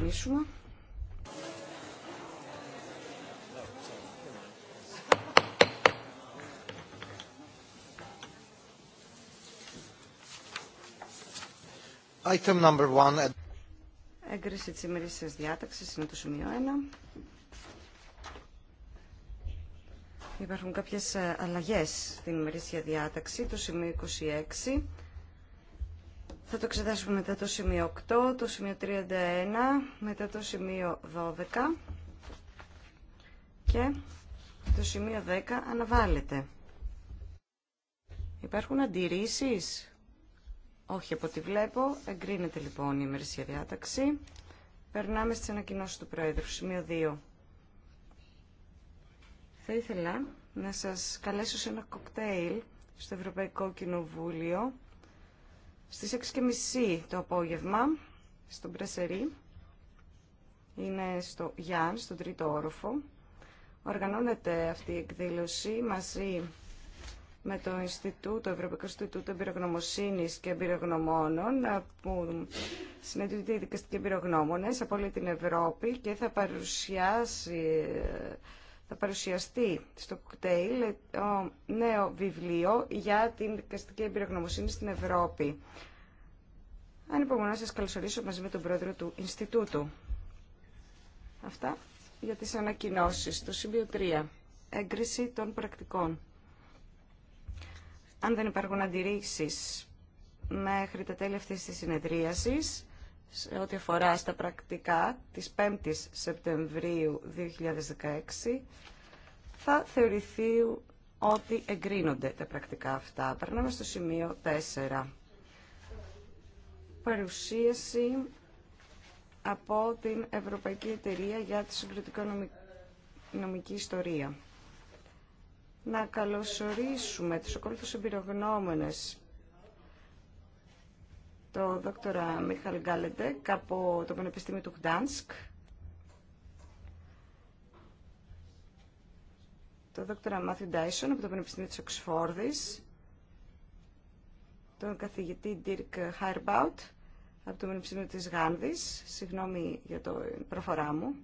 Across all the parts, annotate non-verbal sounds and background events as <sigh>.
κλείσουμε. Item number one. Έγκριση της ημερήσιας διάταξης είναι το σημείο 1. Υπάρχουν κάποιες ε, αλλαγές στην ημερήσια διάταξη, το σημείο 26 θα το εξετάσουμε μετά το σημείο 8, το σημείο 31, μετά το σημείο 12 και το σημείο 10 αναβάλλεται. Υπάρχουν αντιρρήσεις. Όχι από ό,τι βλέπω. Εγκρίνεται λοιπόν η ημερησία διάταξη. Περνάμε στις ανακοινώσεις του Πρόεδρου. Σημείο 2. Θα ήθελα να σας καλέσω σε ένα κοκτέιλ στο Ευρωπαϊκό Κοινοβούλιο στις 6.30 το απόγευμα, στον Πρεσερή, είναι στο Γιάν, στον τρίτο όροφο, οργανώνεται αυτή η εκδήλωση μαζί με το Ινστιτούτο, Ευρωπαϊκό Ινστιτούτο Εμπειρογνωμοσύνης και Εμπειρογνωμόνων, που συνεδριάζει οι δικαστικοί εμπειρογνώμονες από όλη την Ευρώπη και θα παρουσιάσει ε, θα παρουσιαστεί στο κοκτέιλ το ε, νέο βιβλίο για την δικαστική εμπειρογνωμοσύνη στην Ευρώπη. Αν υπομονώ να σας καλωσορίσω μαζί με τον πρόεδρο του Ινστιτούτου. Αυτά για τις ανακοινώσεις. Το σημείο 3. Έγκριση των πρακτικών. Αν δεν υπάρχουν αντιρρήσεις μέχρι τα τέλη αυτής της συνεδρίασης, σε ό,τι αφορά στα πρακτικά της 5ης Σεπτεμβρίου 2016 θα θεωρηθεί ότι εγκρίνονται τα πρακτικά αυτά. Περνάμε στο σημείο 4. Παρουσίαση από την Ευρωπαϊκή Εταιρεία για τη Νομική Ιστορία. Να καλωσορίσουμε τους ακόλουθους εμπειρογνώμενες το δόκτωρα Μίχαλ Γκάλεντεκ από το Πανεπιστήμιο του Γκτάνσκ. Το δόκτωρα Μάθιου Ντάισον από το Πανεπιστήμιο της Οξφόρδης. Τον καθηγητή Dirk Χάιρμπαουτ από το Πανεπιστήμιο της Γάνδης. Συγγνώμη για το προφορά μου.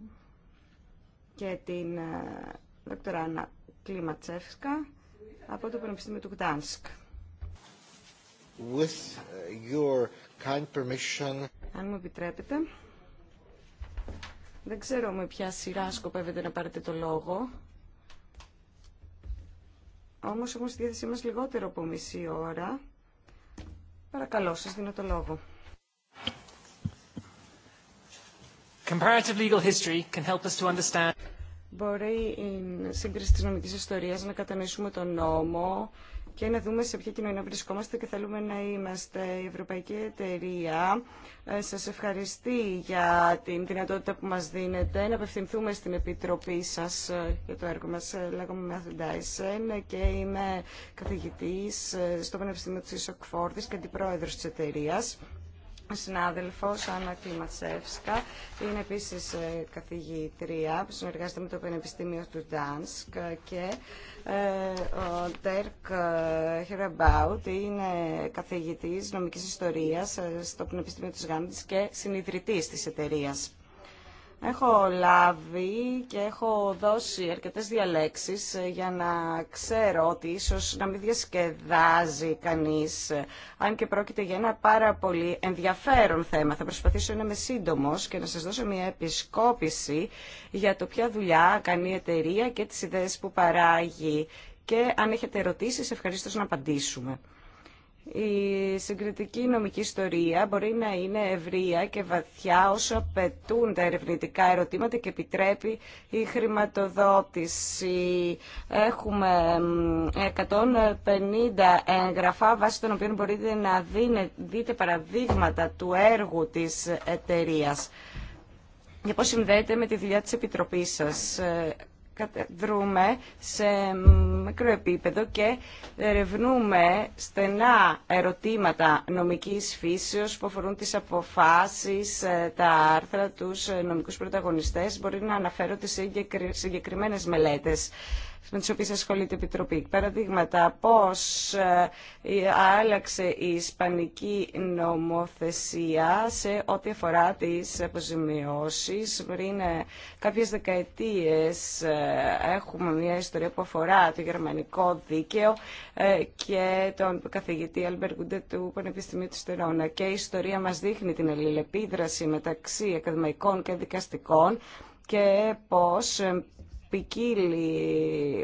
Και την ε, δόκτωρα Άννα Κλίματσεύσκα από το Πανεπιστήμιο του Γκτάνσκ. Uh, Αν μου επιτρέπετε, δεν ξέρω με ποια σειρά σκοπεύετε να πάρετε το λόγο. Όμως έχουμε στη διάθεσή μας λιγότερο από μισή ώρα. Παρακαλώ, σας δίνω το λόγο. Μπορεί η σύγκριση της νομικής ιστορίας να κατανοήσουμε τον νόμο, και να δούμε σε ποια κοινωνία βρισκόμαστε και θέλουμε να είμαστε. Η Ευρωπαϊκή Εταιρεία ε, σας ευχαριστεί για την δυνατότητα που μας δίνετε να απευθυνθούμε στην Επιτροπή σας ε, για το έργο μας. Ε, λέγομαι Μάθου Τάισεν και είμαι καθηγητής στο Πανεπιστήμιο της Ισοκφόρδης και αντιπρόεδρος της εταιρείας συνάδελφος Άννα Κλιματσεύσκα, είναι επίσης ε, καθηγήτρια που συνεργάζεται με το Πανεπιστήμιο του Ντάνσκ και ε, ο Τέρκ ε, Χεραμπάουτ είναι καθηγητής νομικής ιστορίας στο Πανεπιστήμιο της γάντης και συνειδητής της εταιρείας. Έχω λάβει και έχω δώσει αρκετές διαλέξεις ε, για να ξέρω ότι ίσως να μην διασκεδάζει κανείς, ε, αν και πρόκειται για ένα πάρα πολύ ενδιαφέρον θέμα. Θα προσπαθήσω να είμαι σύντομο και να σας δώσω μια επισκόπηση για το ποια δουλειά κάνει η εταιρεία και τις ιδέες που παράγει. Και αν έχετε ερωτήσεις, ευχαριστώ να απαντήσουμε. Η συγκριτική νομική ιστορία μπορεί να είναι ευρεία και βαθιά όσο απαιτούν τα ερευνητικά ερωτήματα και επιτρέπει η χρηματοδότηση. Έχουμε 150 έγγραφα βάσει των οποίων μπορείτε να δείτε παραδείγματα του έργου της εταιρείας. Για πώς συνδέεται με τη δουλειά της Επιτροπής σας δρούμε σε μικρό επίπεδο και ερευνούμε στενά ερωτήματα νομικής φύσεως που αφορούν τις αποφάσεις, ε, τα άρθρα, τους ε, νομικούς πρωταγωνιστές. Μπορεί να αναφέρονται σε συγκεκριμένες μελέτες με τις οποίες ασχολείται η Επιτροπή. Παραδείγματα, πώς ε, άλλαξε η Ισπανική νομοθεσία σε ό,τι αφορά τις αποζημιώσεις. Πριν ε, κάποιες δεκαετίες ε, έχουμε μια ιστορία που αφορά το γερμανικό δίκαιο και τον καθηγητή Αλμπεργούντε του Πανεπιστημίου της Τερώνα. Και η ιστορία μας δείχνει την αλληλεπίδραση μεταξύ ακαδημαϊκών και δικαστικών και πώς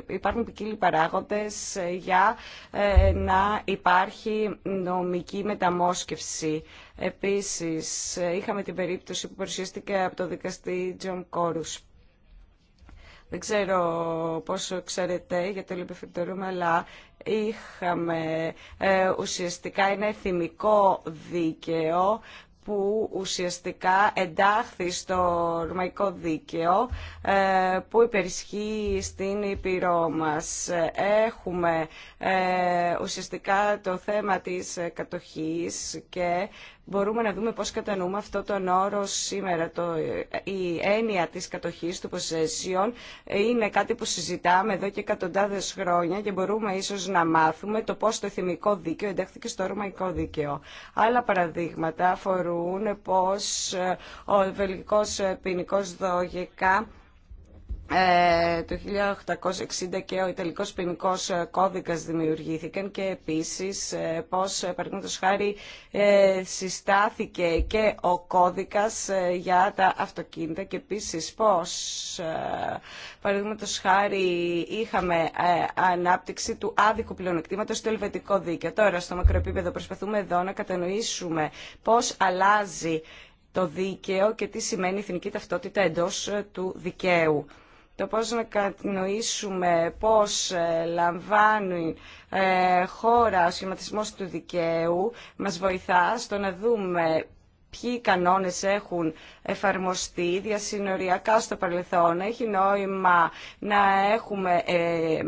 υπάρχουν ποικίλοι παράγοντες για ε, να υπάρχει νομική μεταμόσχευση. Επίσης, είχαμε την περίπτωση που παρουσιάστηκε από το δικαστή Τζον Κόρους. Δεν ξέρω πόσο ξέρετε για το λιπεφιντορούμε, αλλά είχαμε ε, ουσιαστικά ένα εθνικό δίκαιο που ουσιαστικά εντάχθη στο ρωμαϊκό δίκαιο ε, που υπερισχύει στην Ήπειρό μας. Έχουμε ε, ουσιαστικά το θέμα της κατοχής και μπορούμε να δούμε πώς κατανοούμε αυτό τον όρο σήμερα. Το, η έννοια της κατοχής του possession είναι κάτι που συζητάμε εδώ και εκατοντάδες χρόνια και μπορούμε ίσως να μάθουμε το πώς το εθνικό δίκαιο εντάχθηκε στο ρωμαϊκό δίκαιο. Άλλα παραδείγματα αφορούν πώς ε, ο βελγικός ποινικός δόγεκα ε, το 1860 και ο Ιταλικός ποινικό ε, κώδικας δημιουργήθηκαν και επίσης ε, πώς παραδείγματος χάρη συστάθηκε και ο κώδικας για τα αυτοκίνητα και επίσης πώς παραδείγματος χάρη είχαμε ανάπτυξη του άδικου πλεονεκτήματος στο ελβετικό δίκαιο. Τώρα στο μακροεπίπεδο προσπαθούμε εδώ να κατανοήσουμε πώς αλλάζει το δίκαιο και τι σημαίνει η εθνική ταυτότητα εντός του δικαίου το πώς να κατανοήσουμε πώς ε, λαμβάνει ε, χώρα ο σχηματισμός του δικαίου μας βοηθά στο να δούμε ποιοι κανόνες έχουν εφαρμοστεί διασυνοριακά στο παρελθόν. Έχει νόημα να έχουμε ε,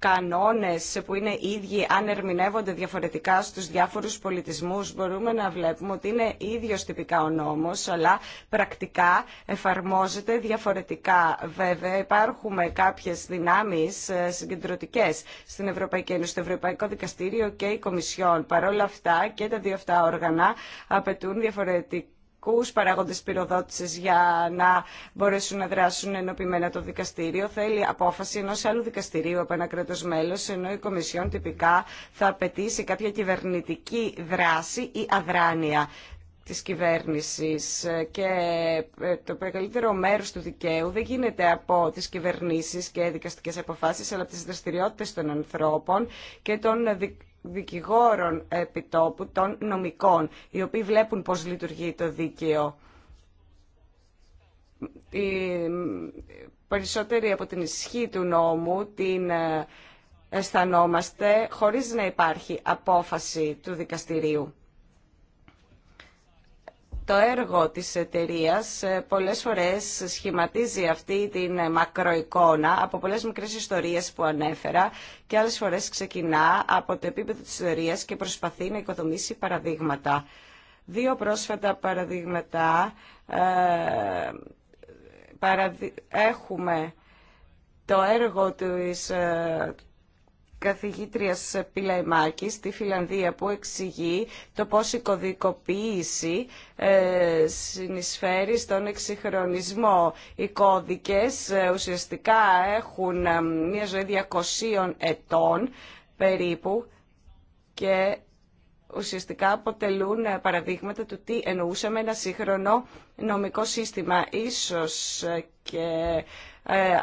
κανόνες που είναι ίδιοι αν ερμηνεύονται διαφορετικά στους διάφορους πολιτισμούς μπορούμε να βλέπουμε ότι είναι ίδιος τυπικά ο νόμος αλλά πρακτικά εφαρμόζεται διαφορετικά. Βέβαια υπάρχουν κάποιες δυνάμεις ε, συγκεντρωτικές στην Ευρωπαϊκή Ένωση, το Ευρωπαϊκό Δικαστήριο και η Κομισιόν. Παρ' όλα αυτά και τα δύο αυτά όργανα απαιτούν διαφορετικά ειδικού παράγοντες πυροδότησης για να μπορέσουν να δράσουν ενωπημένα το δικαστήριο. Θέλει απόφαση ενό άλλου δικαστηρίου από ένα κράτο μέλο, ενώ η Κομισιόν τυπικά θα απαιτήσει κάποια κυβερνητική δράση ή αδράνεια της κυβέρνησης και ε, το μεγαλύτερο μέρος του δικαίου δεν γίνεται από τις κυβερνήσεις και δικαστικές αποφάσεις αλλά από τις δραστηριότητες των ανθρώπων και των δικηγόρων επιτόπου, των νομικών, οι οποίοι βλέπουν πώς λειτουργεί το δίκαιο. Οι περισσότεροι από την ισχύ του νόμου την ε, αισθανόμαστε χωρίς να υπάρχει απόφαση του δικαστηρίου το έργο της εταιρεία ε, πολλές φορές σχηματίζει αυτή την ε, μακροεικόνα από πολλές μικρές ιστορίες που ανέφερα και άλλες φορές ξεκινά από το επίπεδο της εταιρεία και προσπαθεί να οικοδομήσει παραδείγματα. Δύο πρόσφατα παραδείγματα ε, έχουμε το έργο της, Καθηγήτρια Πιλαϊμάκη στη Φιλανδία που εξηγεί το πώς η κωδικοποίηση ε, συνεισφέρει στον εξυγχρονισμό. Οι κώδικες ε, ουσιαστικά έχουν ε, μια ζωή 200 ετών περίπου και ουσιαστικά αποτελούν παραδείγματα του τι εννοούσαμε ένα σύγχρονο νομικό σύστημα. Ίσως και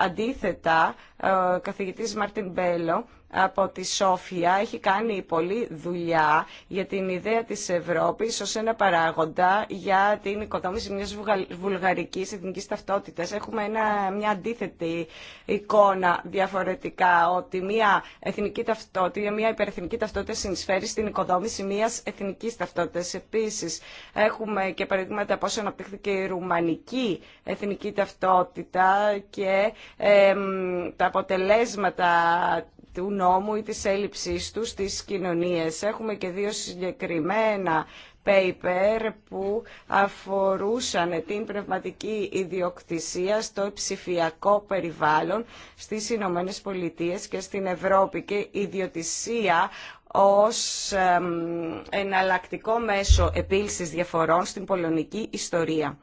αντίθετα, ο καθηγητής Μάρτιν Μπέλο από τη Σόφια έχει κάνει πολλή δουλειά για την ιδέα της Ευρώπης ως ένα παράγοντα για την οικοδόμηση μιας βουλγαρικής εθνικής ταυτότητας. Έχουμε μια αντίθετη εικόνα διαφορετικά ότι μια εθνική ταυτότητα, μια υπερεθνική ταυτότητα συνεισφέρει στην οικοδόμηση μιας εθνικής ταυτότητας. Επίσης έχουμε και παραδείγματα πώς αναπτύχθηκε η ρουμανική εθνική ταυτότητα και τα αποτελέσματα του νόμου ή της έλλειψής του στις κοινωνίες. Έχουμε και δύο συγκεκριμένα paper που αφορούσαν την πνευματική ιδιοκτησία στο ψηφιακό περιβάλλον στις Ηνωμένε Πολιτείες και στην Ευρώπη και ιδιοτησία ως εναλλακτικό μέσο επίλυσης διαφορών στην πολωνική ιστορία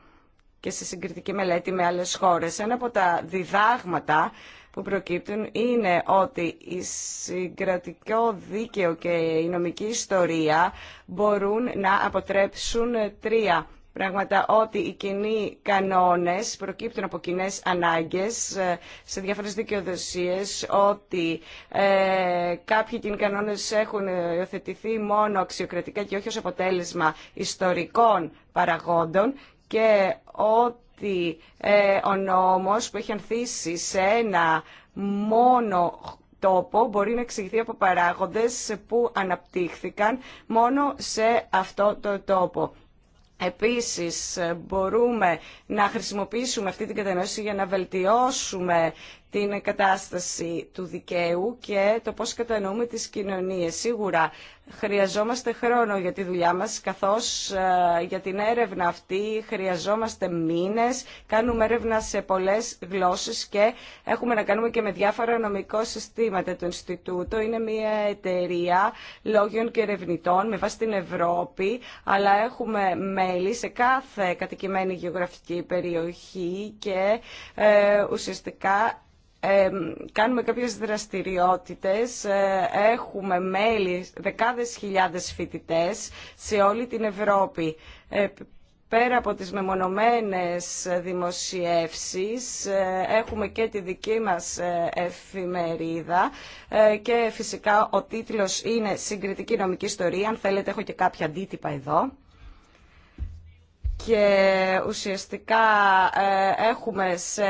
και σε συγκριτική μελέτη με άλλες χώρες. Ένα από τα διδάγματα που προκύπτουν είναι ότι η συγκρατικό δίκαιο και η νομική ιστορία μπορούν να αποτρέψουν τρία πράγματα ότι οι κοινοί κανόνες προκύπτουν από κοινέ ανάγκες ε, σε διάφορες δικαιοδοσίες, ότι ε, κάποιοι κοινοί κανόνες έχουν ε, υιοθετηθεί μόνο αξιοκρατικά και όχι ως αποτέλεσμα ιστορικών παραγόντων και ότι ότι ε, ο νόμος που έχει ανθίσει σε ένα μόνο τόπο μπορεί να εξηγηθεί από παράγοντες που αναπτύχθηκαν μόνο σε αυτό το τόπο. Επίσης μπορούμε να χρησιμοποιήσουμε αυτή την κατανόηση για να βελτιώσουμε την κατάσταση του δικαίου και το πώς κατανοούμε τις κοινωνίες. Σίγουρα χρειαζόμαστε χρόνο για τη δουλειά μας, καθώς ε, για την έρευνα αυτή χρειαζόμαστε μήνες, κάνουμε έρευνα σε πολλές γλώσσες και έχουμε να κάνουμε και με διάφορα νομικό συστήματα. Το Ινστιτούτο είναι μια εταιρεία λόγιων και ερευνητών με βάση την Ευρώπη, αλλά έχουμε μέλη σε κάθε κατοικημένη γεωγραφική περιοχή και ε, ουσιαστικά κάνουμε κάποιες δραστηριότητες, ε, έχουμε μέλη, δεκάδες χιλιάδες φοιτητές σε όλη την Ευρώπη. Ε, πέρα από τις μεμονωμένες δημοσιεύσεις ε, έχουμε και τη δική μας εφημερίδα και φυσικά ο τίτλος είναι «Συγκριτική νομική ιστορία». Αν θέλετε έχω και κάποια αντίτυπα εδώ και ουσιαστικά ε, έχουμε σε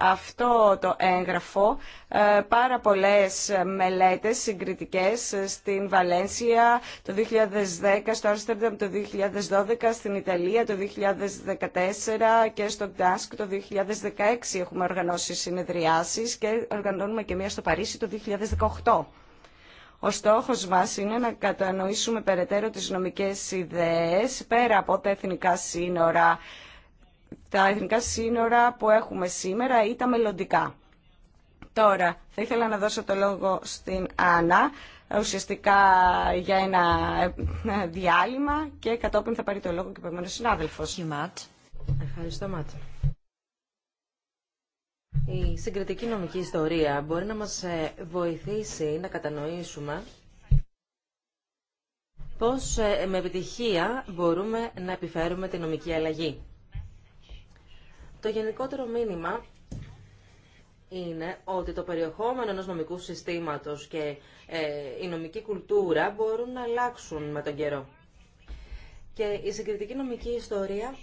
αυτό το έγγραφο ε, πάρα πολλές μελέτες συγκριτικές στην Βαλένσια το 2010, στο Άρστερνταμ το 2012, στην Ιταλία το 2014 και στο Γκτάσκ το 2016 έχουμε οργανώσει συνεδριάσεις και οργανώνουμε και μία στο Παρίσι το 2018. Ο στόχος μας είναι να κατανοήσουμε περαιτέρω τις νομικές ιδέες πέρα από τα εθνικά σύνορα, τα εθνικά σύνορα που έχουμε σήμερα ή τα μελλοντικά. Τώρα, θα ήθελα να δώσω το λόγο στην Άννα, ουσιαστικά για ένα ε, διάλειμμα και κατόπιν θα πάρει το λόγο και ο επόμενος συνάδελφος. Ευχαριστώ, Μάτ. Η συγκριτική νομική ιστορία μπορεί να μας ε, βοηθήσει να κατανοήσουμε πώς ε, με επιτυχία μπορούμε να επιφέρουμε τη νομική αλλαγή. Το γενικότερο μήνυμα είναι ότι το περιεχόμενο ενός νομικού συστήματος και ε, η νομική κουλτούρα μπορούν να αλλάξουν με τον καιρό. Και η συγκριτική νομική ιστορία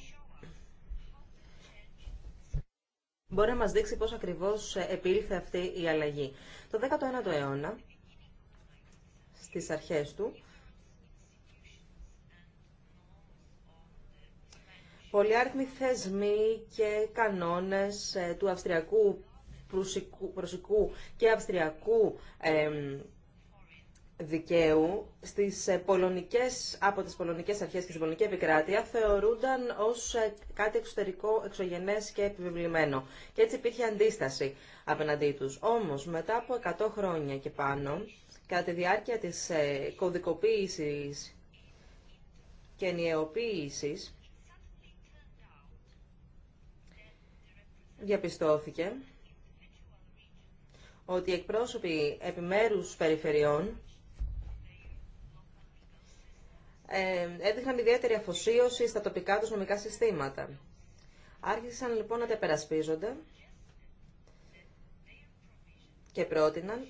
μπορεί να μας δείξει πώς ακριβώς ε, επήλθε αυτή η αλλαγή. Το 19ο αιώνα, στις αρχές του, πολυάριθμοι θεσμοί και κανόνες ε, του αυστριακού, προσικού, και αυστριακού δικαίου στις ε, πολωνικές, από τις πολωνικές αρχές και στην πολωνική επικράτεια θεωρούνταν ως ε, κάτι εξωτερικό, εξωγενές και επιβεβλημένο. Και έτσι υπήρχε αντίσταση απέναντί τους. Όμως μετά από 100 χρόνια και πάνω, κατά τη διάρκεια της ε, κωδικοποίησης και ενιαιοποίησης, διαπιστώθηκε ότι οι εκπρόσωποι επιμέρους περιφερειών ε, έδειχναν ιδιαίτερη αφοσίωση στα τοπικά τους νομικά συστήματα. Άρχισαν λοιπόν να τα περασπίζονται και πρότειναν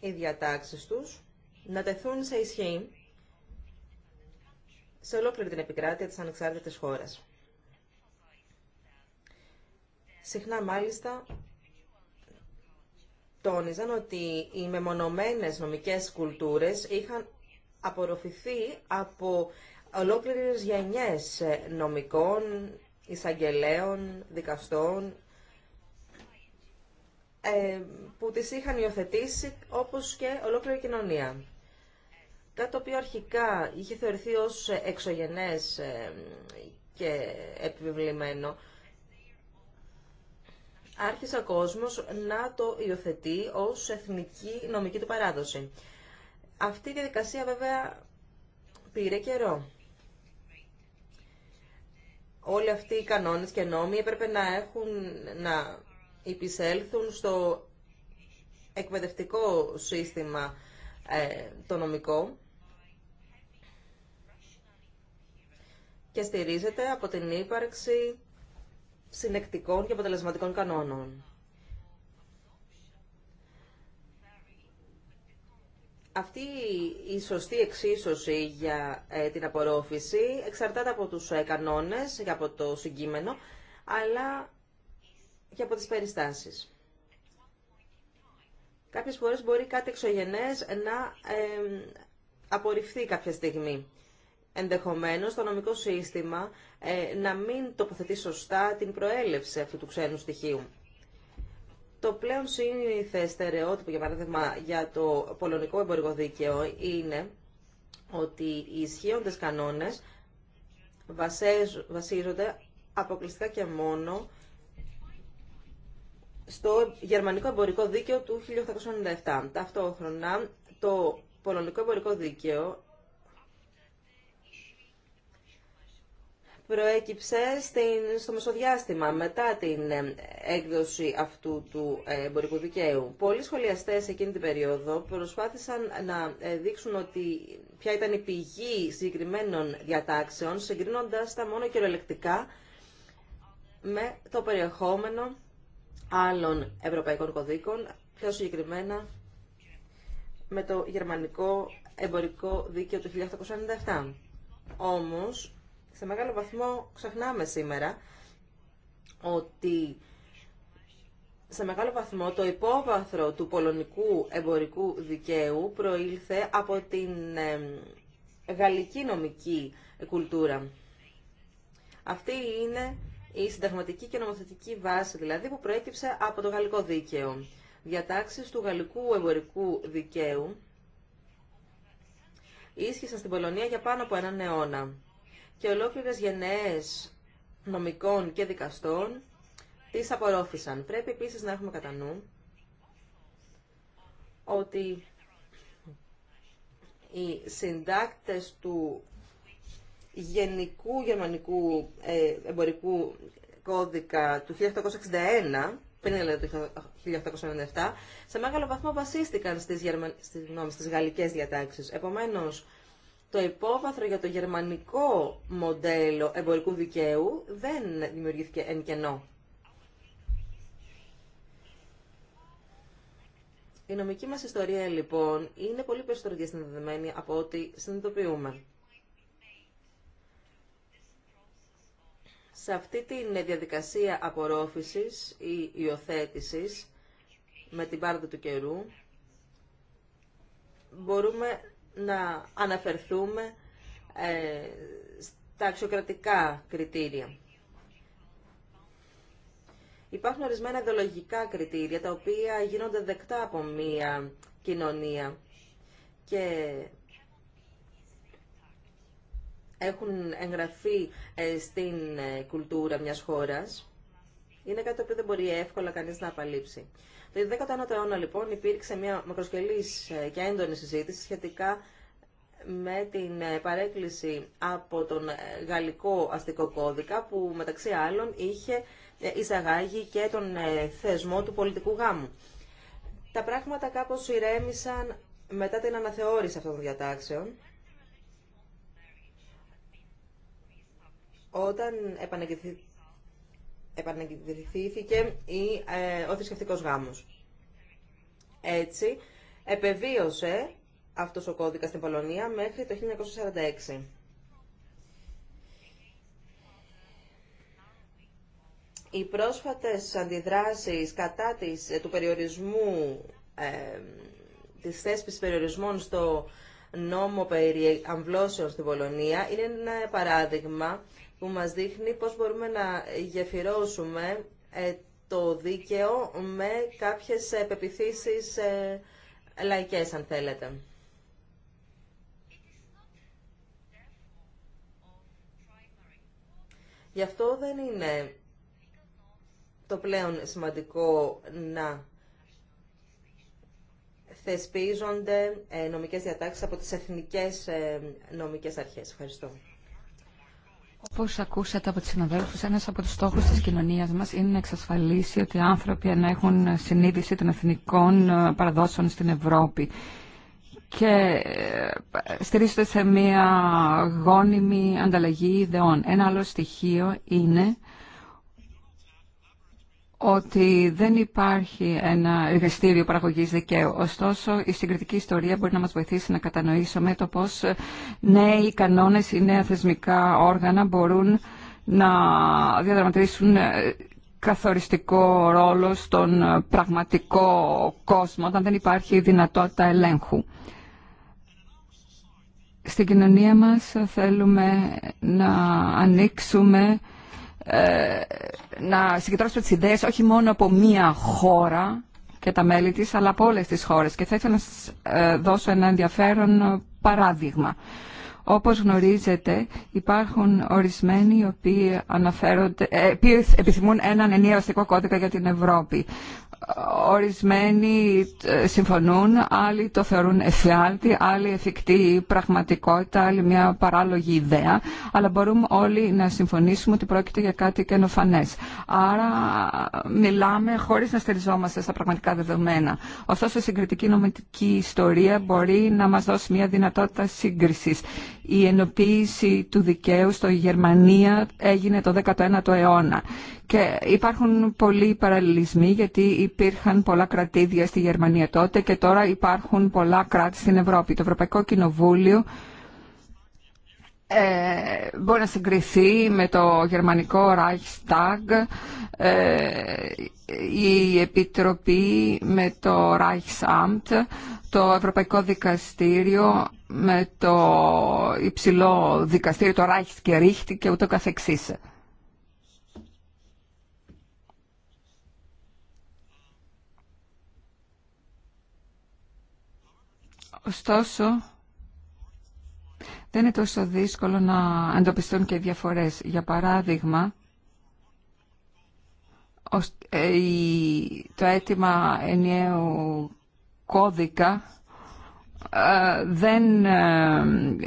οι διατάξεις τους να τεθούν σε ισχύ σε ολόκληρη την επικράτεια της ανεξάρτητης χώρας. Συχνά μάλιστα τόνιζαν ότι οι μεμονωμένες νομικές κουλτούρες είχαν απορροφηθεί από ολόκληρες γενιές νομικών, εισαγγελέων, δικαστών, ε, που τις είχαν υιοθετήσει όπως και ολόκληρη κοινωνία. Κάτι το οποίο αρχικά είχε θεωρηθεί ως εξωγενές ε, και επιβλημένο, άρχισε ο κόσμος να το υιοθετεί ως εθνική νομική του παράδοση. Αυτή η διαδικασία βέβαια πήρε καιρό. Όλοι αυτοί οι κανόνες και νόμοι έπρεπε να έχουν να υπησέλθουν στο εκπαιδευτικό σύστημα ε, το νομικό και στηρίζεται από την ύπαρξη συνεκτικών και αποτελεσματικών κανόνων. Αυτή η σωστή εξίσωση για ε, την απορρόφηση εξαρτάται από τους ε, κανόνες και από το συγκείμενο, αλλά και από τις περιστάσεις. Κάποιες φορές μπορεί κάτι εξωγενές να ε, απορριφθεί κάποια στιγμή. Ενδεχομένως, το νομικό σύστημα να μην τοποθετεί σωστά την προέλευση αυτού του ξένου στοιχείου. Το πλέον σύνηθε στερεότυπο, για παράδειγμα, για το πολωνικό εμπορικό δίκαιο είναι ότι οι ισχύοντε κανόνε βασίζονται αποκλειστικά και μόνο στο γερμανικό εμπορικό δίκαιο του 1897. Ταυτόχρονα, το πολωνικό εμπορικό δίκαιο προέκυψε στην, στο μεσοδιάστημα μετά την ε, έκδοση αυτού του ε, εμπορικού δικαίου. Πολλοί σχολιαστές εκείνη την περίοδο προσπάθησαν να ε, δείξουν ότι ποια ήταν η πηγή συγκεκριμένων διατάξεων, συγκρίνοντας τα μόνο κυριολεκτικά με το περιεχόμενο άλλων ευρωπαϊκών κωδίκων, πιο συγκεκριμένα με το γερμανικό εμπορικό δίκαιο του 1897. Όμως, σε μεγάλο βαθμό ξεχνάμε σήμερα ότι σε μεγάλο βαθμό το υπόβαθρο του πολωνικού εμπορικού δικαίου προήλθε από την γαλλική νομική κουλτούρα. Αυτή είναι η συνταγματική και νομοθετική βάση, δηλαδή, που προέκυψε από το γαλλικό δίκαιο. Διατάξεις του γαλλικού εμπορικού δικαίου ίσχυσαν στην Πολωνία για πάνω από έναν αιώνα και ολόκληρες γενναίες νομικών και δικαστών τις απορρόφησαν. Πρέπει επίσης να έχουμε κατά νου ότι οι συντάκτες του Γενικού Γερμανικού ε, Εμπορικού Κώδικα του 1861 πριν δηλαδή το 1897, σε μεγάλο βαθμό βασίστηκαν στις, γερμα... στις, της στις γαλλικές διατάξεις. Επομένως, το υπόβαθρο για το γερμανικό μοντέλο εμπορικού δικαίου δεν δημιουργήθηκε εν κενό. Η νομική μας ιστορία, λοιπόν, είναι πολύ περισσότερο διασυνδεδεμένη από ό,τι συνειδητοποιούμε. Σε αυτή τη διαδικασία απορρόφησης ή υιοθέτηση με την πάρτα του καιρού, μπορούμε να αναφερθούμε ε, στα αξιοκρατικά κριτήρια. Υπάρχουν ορισμένα ιδεολογικά κριτήρια τα οποία γίνονται δεκτά από μία κοινωνία και έχουν εγγραφεί ε, στην ε, κουλτούρα μιας χώρας. Είναι κάτι που δεν μπορεί εύκολα κανείς να απαλείψει. Το 19ο αιώνα λοιπόν υπήρξε μια μακροσκελής ε, και έντονη συζήτηση σχετικά με την ε, παρέκκληση από τον ε, γαλλικό αστικό κώδικα που μεταξύ άλλων είχε εισαγάγει και τον θεσμό του πολιτικού γάμου. Τα πράγματα κάπως ηρέμησαν μετά την αναθεώρηση αυτών των διατάξεων όταν επανεκδηθήθηκε η, ε, ο θρησκευτικό γάμος. Έτσι, επεβίωσε αυτός ο κώδικας στην Πολωνία μέχρι το 1946. Οι πρόσφατες αντιδράσεις κατά της, ε, του περιορισμού, ε, της θέσπισης περιορισμών στο νόμο περί αμβλώσεων στην Πολωνία είναι ένα παράδειγμα που μας δείχνει πώς μπορούμε να γεφυρώσουμε ε, το δίκαιο με κάποιες επεπιθήσεις ε, λαϊκές, αν θέλετε. Γι' αυτό δεν είναι το πλέον σημαντικό να θεσπίζονται ε, νομικές διατάξεις από τις εθνικές νομικές αρχές. Ευχαριστώ. Όπως ακούσατε από του συναδέλφου, ένα από του στόχου τη κοινωνία μας είναι να εξασφαλίσει ότι οι άνθρωποι να έχουν συνείδηση των εθνικών ε, παραδόσεων στην Ευρώπη και ε, στηρίζονται σε μια γόνιμη ανταλλαγή ιδεών. Ένα άλλο στοιχείο είναι ότι δεν υπάρχει ένα εργαστήριο παραγωγή δικαίου. Ωστόσο, η συγκριτική ιστορία μπορεί να μας βοηθήσει να κατανοήσουμε το πώς νέοι κανόνες ή νέα θεσμικά όργανα μπορούν να διαδραματίσουν ε, καθοριστικό ρόλο στον πραγματικό κόσμο όταν δεν υπάρχει δυνατότητα ελέγχου. Στην κοινωνία μας θέλουμε να ανοίξουμε ε, να συγκεντρώσουμε τις ιδέες όχι μόνο από μία χώρα και τα μέλη της, αλλά από όλες τις χώρες. Και θα ήθελα να σας ε, δώσω ένα ενδιαφέρον παράδειγμα. Όπως γνωρίζετε, υπάρχουν ορισμένοι οι οποίοι, αναφέρονται, ε, επιθυμούν έναν ενιαίο αστικό κώδικα για την Ευρώπη. Ορισμένοι ε, συμφωνούν, άλλοι το θεωρούν εφιάλτη, άλλοι εφικτή πραγματικότητα, άλλοι μια παράλογη ιδέα, αλλά μπορούμε όλοι να συμφωνήσουμε ότι πρόκειται για κάτι καινοφανές. Άρα μιλάμε χωρίς να στεριζόμαστε στα πραγματικά δεδομένα. Ωστόσο η συγκριτική νομική ιστορία μπορεί να μας δώσει μια δυνατότητα σύγκρισης η ενοποίηση του δικαίου στο Γερμανία έγινε το 19ο αιώνα. Και υπάρχουν πολλοί παραλληλισμοί γιατί υπήρχαν πολλά κρατήδια στη Γερμανία τότε και τώρα υπάρχουν πολλά κράτη στην Ευρώπη. Το Ευρωπαϊκό Κοινοβούλιο ε, μπορεί να συγκριθεί με το γερμανικό Reichstag ε, η Επιτροπή με το Reichsamt το Ευρωπαϊκό Δικαστήριο με το υψηλό δικαστήριο το Reichsgericht και ούτω καθεξής. Ωστόσο, δεν είναι τόσο δύσκολο να εντοπιστούν και διαφορές. Για παράδειγμα, ε, το αίτημα ενιαίου κώδικα ε, δεν ε,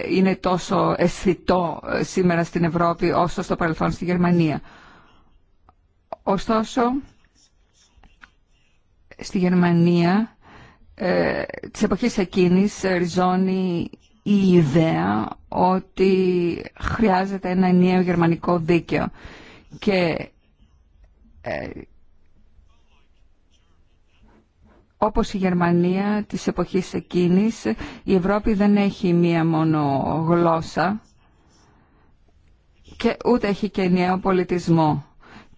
είναι τόσο αισθητό σήμερα στην Ευρώπη όσο στο παρελθόν στη Γερμανία. Ωστόσο, στη Γερμανία, της εποχής εκείνης ριζώνει η ιδέα ότι χρειάζεται ένα νέο γερμανικό δίκαιο και ε, όπως η Γερμανία της εποχής εκείνης η Ευρώπη δεν έχει μία μόνο γλώσσα και ούτε έχει και νέο πολιτισμό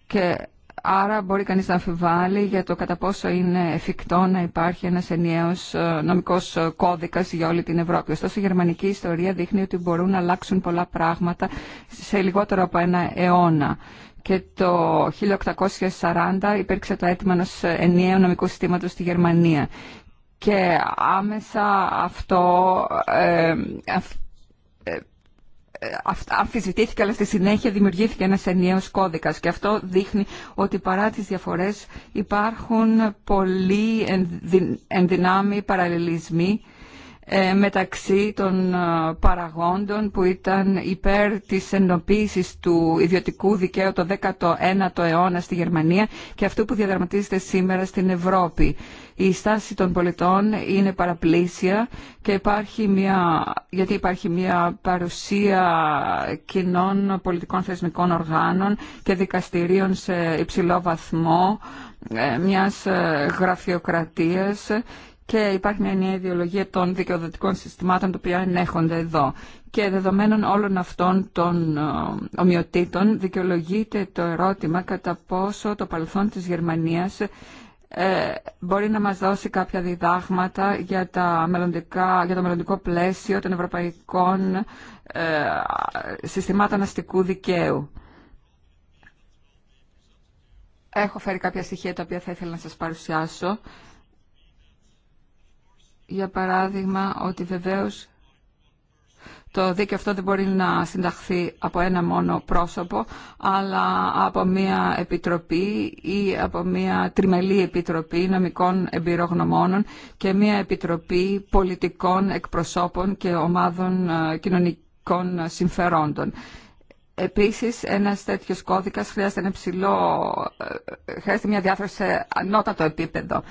και Άρα μπορεί κανείς να αμφιβάλλει για το κατά πόσο είναι εφικτό να υπάρχει ένας ενιαίος ε, νομικός ε, κώδικας για όλη την Ευρώπη. Ωστόσο η γερμανική ιστορία δείχνει ότι μπορούν να αλλάξουν πολλά πράγματα σε λιγότερο από ένα αιώνα. Και το 1840 υπήρξε το αίτημα ενός ενιαίου νομικού συστήματος στη Γερμανία. Και άμεσα αυτό, ε, αμφισβητήθηκε αλλά στη συνέχεια δημιουργήθηκε ένας ενιαίος κώδικας και αυτό δείχνει ότι παρά τις διαφορές υπάρχουν πολλοί ενδυνάμοι παραλληλισμοί ε, μεταξύ των ε, παραγόντων που ήταν υπέρ της ενοποίησης του ιδιωτικού δικαίου το 19ο αιώνα στη Γερμανία και αυτού που διαδραματίζεται σήμερα στην Ευρώπη. Η στάση των πολιτών είναι παραπλήσια και υπάρχει μια, γιατί υπάρχει μια παρουσία κοινών πολιτικών θεσμικών οργάνων και δικαστηρίων σε υψηλό βαθμό ε, μιας γραφειοκρατίας και υπάρχει μια νέα ιδεολογία των δικαιοδοτικών συστημάτων τα οποία ενέχονται εδώ. Και δεδομένων όλων αυτών των ε, ομοιοτήτων δικαιολογείται το ερώτημα κατά πόσο το παρελθόν της Γερμανίας ε, μπορεί να μας δώσει κάποια διδάγματα για, τα μελλοντικά, για το μελλοντικό πλαίσιο των ευρωπαϊκών ε, συστημάτων αστικού δικαίου. Έχω φέρει κάποια στοιχεία τα οποία θα ήθελα να σας παρουσιάσω για παράδειγμα ότι βεβαίως το δίκαιο αυτό δεν μπορεί να συνταχθεί από ένα μόνο πρόσωπο, αλλά από μια επιτροπή ή από μια τριμελή επιτροπή νομικών εμπειρογνωμόνων και μια επιτροπή πολιτικών εκπροσώπων και ομάδων ε, κοινωνικών συμφερόντων. Επίσης, ένας τέτοιος κώδικας χρειάζεται, ένα ψηλό, ε, ε, χρειάζεται μια διαθεση σε ανώτατο επίπεδο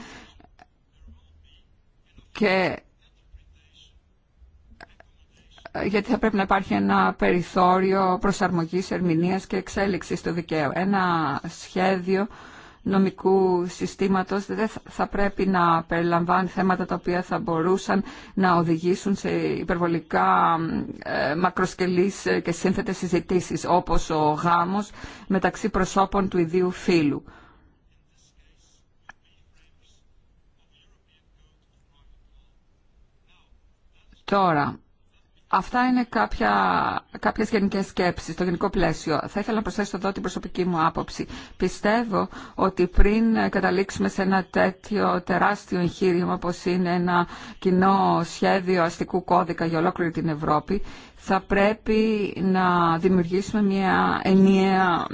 και ε, γιατί θα πρέπει να υπάρχει ένα περιθώριο προσαρμογής, ερμηνείας και εξέλιξης του δικαίου. Ένα σχέδιο νομικού συστήματος δεν θα πρέπει να περιλαμβάνει θέματα τα οποία θα μπορούσαν να οδηγήσουν σε υπερβολικά ε, μακροσκελείς και σύνθετες συζητήσεις όπως ο γάμος μεταξύ προσώπων του ιδίου φύλου. Τώρα, αυτά είναι κάποια, κάποιες γενικές σκέψεις, το γενικό πλαίσιο. Θα ήθελα να προσθέσω εδώ την προσωπική μου άποψη. Πιστεύω ότι πριν καταλήξουμε σε ένα τέτοιο τεράστιο εγχείρημα, όπως είναι ένα κοινό σχέδιο αστικού κώδικα για ολόκληρη την Ευρώπη, θα πρέπει να δημιουργήσουμε μια ενιαία,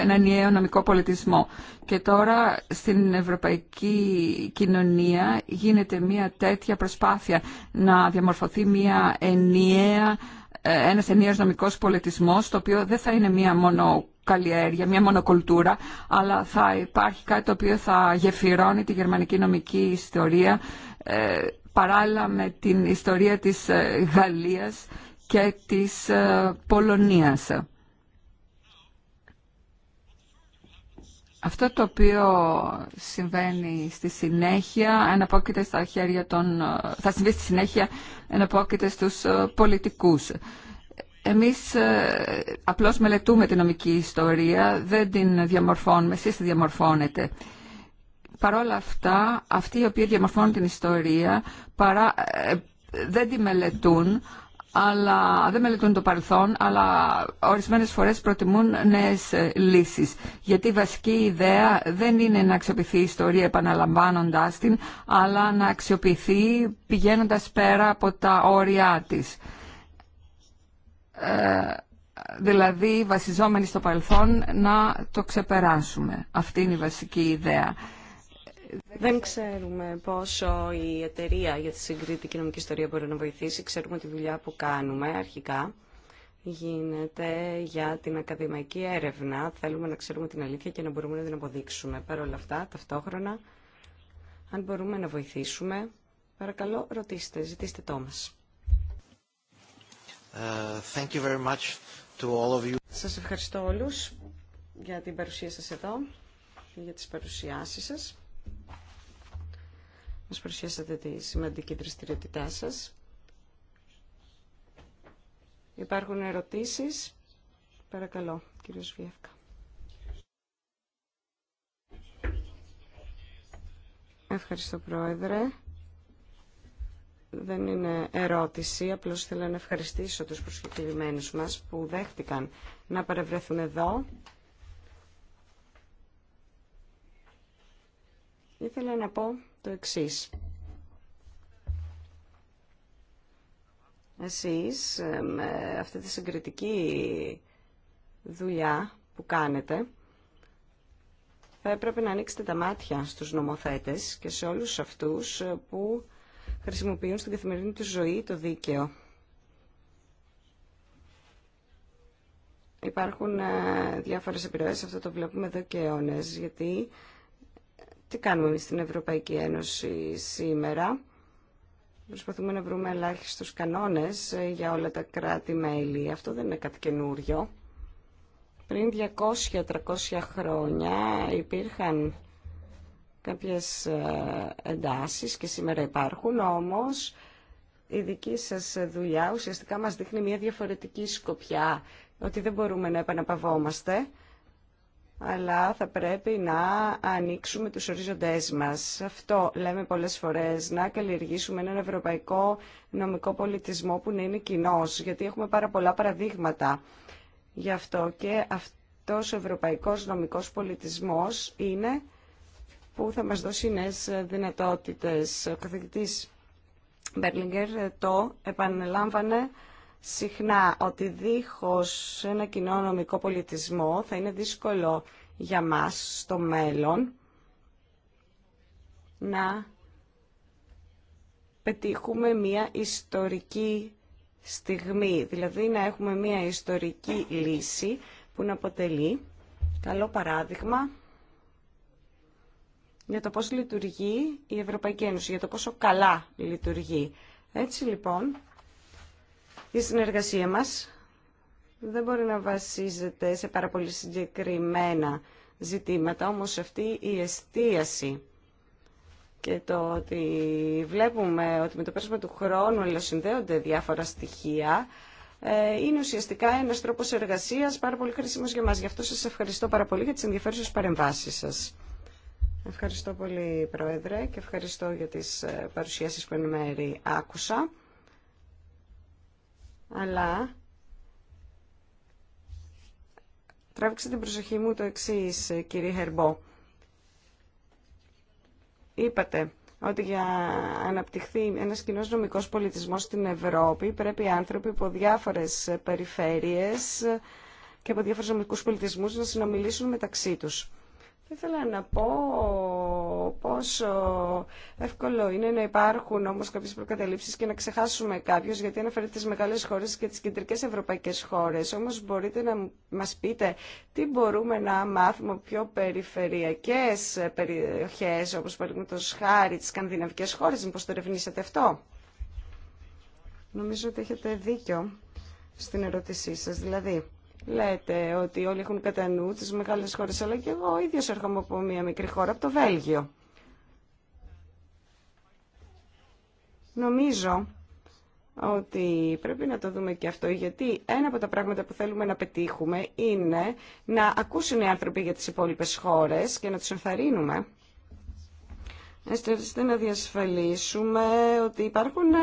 ένα ενιαίο νομικό πολιτισμό. Και τώρα στην ευρωπαϊκή κοινωνία γίνεται μια τέτοια προσπάθεια να διαμορφωθεί μια ενιαία, ένας ενιαίος νομικός πολιτισμός, το οποίο δεν θα είναι μια μόνο καλλιέργεια, μια μονοκουλτούρα, αλλά θα υπάρχει κάτι το οποίο θα γεφυρώνει τη γερμανική νομική ιστορία, ε, παράλληλα με την ιστορία της ε, Γαλλίας, και της ε, Πολωνίας. Αυτό το οποίο συμβαίνει στη συνέχεια εναπόκειται στα χέρια των... Ε, θα συμβεί στη συνέχεια εναπόκειται στους ε, πολιτικούς. Εμείς απλώς μελετούμε την νομική ιστορία, δεν την διαμορφώνουμε, εσείς τη διαμορφώνετε. Παρ' όλα αυτά, αυτοί οι οποίοι διαμορφώνουν την ιστορία παρά, δεν τη μελετούν, αλλά δεν μελετούν το παρελθόν, αλλά ορισμένες φορές προτιμούν νέες ε, λύσεις. Γιατί η βασική ιδέα δεν είναι να αξιοποιηθεί η ιστορία επαναλαμβάνοντας την, αλλά να αξιοποιηθεί πηγαίνοντας πέρα από τα όρια της. Ε, δηλαδή βασιζόμενοι στο παρελθόν να το ξεπεράσουμε. Αυτή είναι η βασική ιδέα. Δεν ξέρουμε πόσο η εταιρεία για τη συγκρίτη κοινωνική ιστορία μπορεί να βοηθήσει. Ξέρουμε τη δουλειά που κάνουμε αρχικά. Γίνεται για την ακαδημαϊκή έρευνα. Θέλουμε να ξέρουμε την αλήθεια και να μπορούμε να την αποδείξουμε. Παρ' όλα αυτά, ταυτόχρονα, αν μπορούμε να βοηθήσουμε, παρακαλώ ρωτήστε, ζητήστε το μας. Uh, Σας ευχαριστώ όλους για την παρουσία σας εδώ, για τις παρουσιάσεις σας μας προσχέσατε τη σημαντική δραστηριότητά σας. Υπάρχουν ερωτήσεις. Παρακαλώ, κύριος Βιεύκα. Ευχαριστώ, Πρόεδρε. Δεν είναι ερώτηση, απλώς θέλω να ευχαριστήσω τους προσκεκλημένους μας που δέχτηκαν να παρευρεθούν εδώ. Ήθελα να πω το εξής. Εσείς με αυτή τη συγκριτική δουλειά που κάνετε θα έπρεπε να ανοίξετε τα μάτια στους νομοθέτες και σε όλους αυτούς που χρησιμοποιούν στην καθημερινή τους ζωή το δίκαιο. Υπάρχουν ε, διάφορες επιρροές, αυτό το βλέπουμε εδώ και αιώνες, γιατί τι κάνουμε εμείς στην Ευρωπαϊκή Ένωση σήμερα. Προσπαθούμε να βρούμε ελάχιστους κανόνες ε, για όλα τα κράτη-μέλη. Αυτό δεν είναι κάτι καινούριο. Πριν 200-300 χρόνια υπήρχαν κάποιες ε, εντάσεις και σήμερα υπάρχουν, όμως η δική σας δουλειά ουσιαστικά μας δείχνει μια διαφορετική σκοπιά, ότι δεν μπορούμε να επαναπαυόμαστε αλλά θα πρέπει να ανοίξουμε τους ορίζοντές μας. Αυτό λέμε πολλές φορές, να καλλιεργήσουμε έναν ευρωπαϊκό νομικό πολιτισμό που να είναι κοινό, γιατί έχουμε πάρα πολλά παραδείγματα γι' αυτό και αυτός ο ευρωπαϊκός νομικός πολιτισμός είναι που θα μας δώσει νέες δυνατότητες. Ο καθηγητής Μπέρλιγκερ το επανελάμβανε συχνά ότι δίχως ένα κοινό νομικό πολιτισμό θα είναι δύσκολο για μας στο μέλλον να πετύχουμε μια ιστορική στιγμή, δηλαδή να έχουμε μια ιστορική λύση που να αποτελεί καλό παράδειγμα για το πώς λειτουργεί η Ευρωπαϊκή Ένωση, για το πόσο καλά λειτουργεί. Έτσι λοιπόν, η συνεργασία μας δεν μπορεί να βασίζεται σε πάρα πολύ συγκεκριμένα ζητήματα, όμως αυτή η εστίαση και το ότι βλέπουμε ότι με το πέρασμα του χρόνου αλληλοσυνδέονται διάφορα στοιχεία, ε, είναι ουσιαστικά ένας τρόπος εργασίας πάρα πολύ χρήσιμος για μας. Γι' αυτό σας ευχαριστώ πάρα πολύ για τις ενδιαφέρουσες παρεμβάσεις σας. Ευχαριστώ πολύ, Πρόεδρε, και ευχαριστώ για τις ε, παρουσιάσεις που εν μέρη άκουσα αλλά τράβηξε την προσοχή μου το εξής, κύριε Χερμπό. Είπατε ότι για να αναπτυχθεί ένας κοινό νομικός πολιτισμός στην Ευρώπη πρέπει οι άνθρωποι από διάφορες περιφέρειες και από διάφορους νομικούς πολιτισμούς να συνομιλήσουν μεταξύ τους. Θα ήθελα να πω πόσο εύκολο είναι να υπάρχουν όμως κάποιες προκαταλήψεις και να ξεχάσουμε κάποιους, γιατί αναφέρεται τις μεγάλες χώρες και τις κεντρικές ευρωπαϊκές χώρες. Όμως μπορείτε να μας πείτε τι μπορούμε να μάθουμε πιο περιφερειακές περιοχές, όπως παραδείγματος χάρη τις σκανδιναβικές χώρες, μήπως το ερευνήσετε αυτό. Νομίζω ότι έχετε δίκιο στην ερώτησή σας. Δηλαδή, Λέτε ότι όλοι έχουν κατά νου τις μεγάλες χώρες, αλλά και εγώ ίδιος έρχομαι από μια μικρή χώρα, από το Βέλγιο. Νομίζω ότι πρέπει να το δούμε και αυτό, γιατί ένα από τα πράγματα που θέλουμε να πετύχουμε είναι να ακούσουν οι άνθρωποι για τις υπόλοιπες χώρες και να τους ενθαρρύνουμε εστιάζεται να διασφαλίσουμε ότι υπάρχουν ε,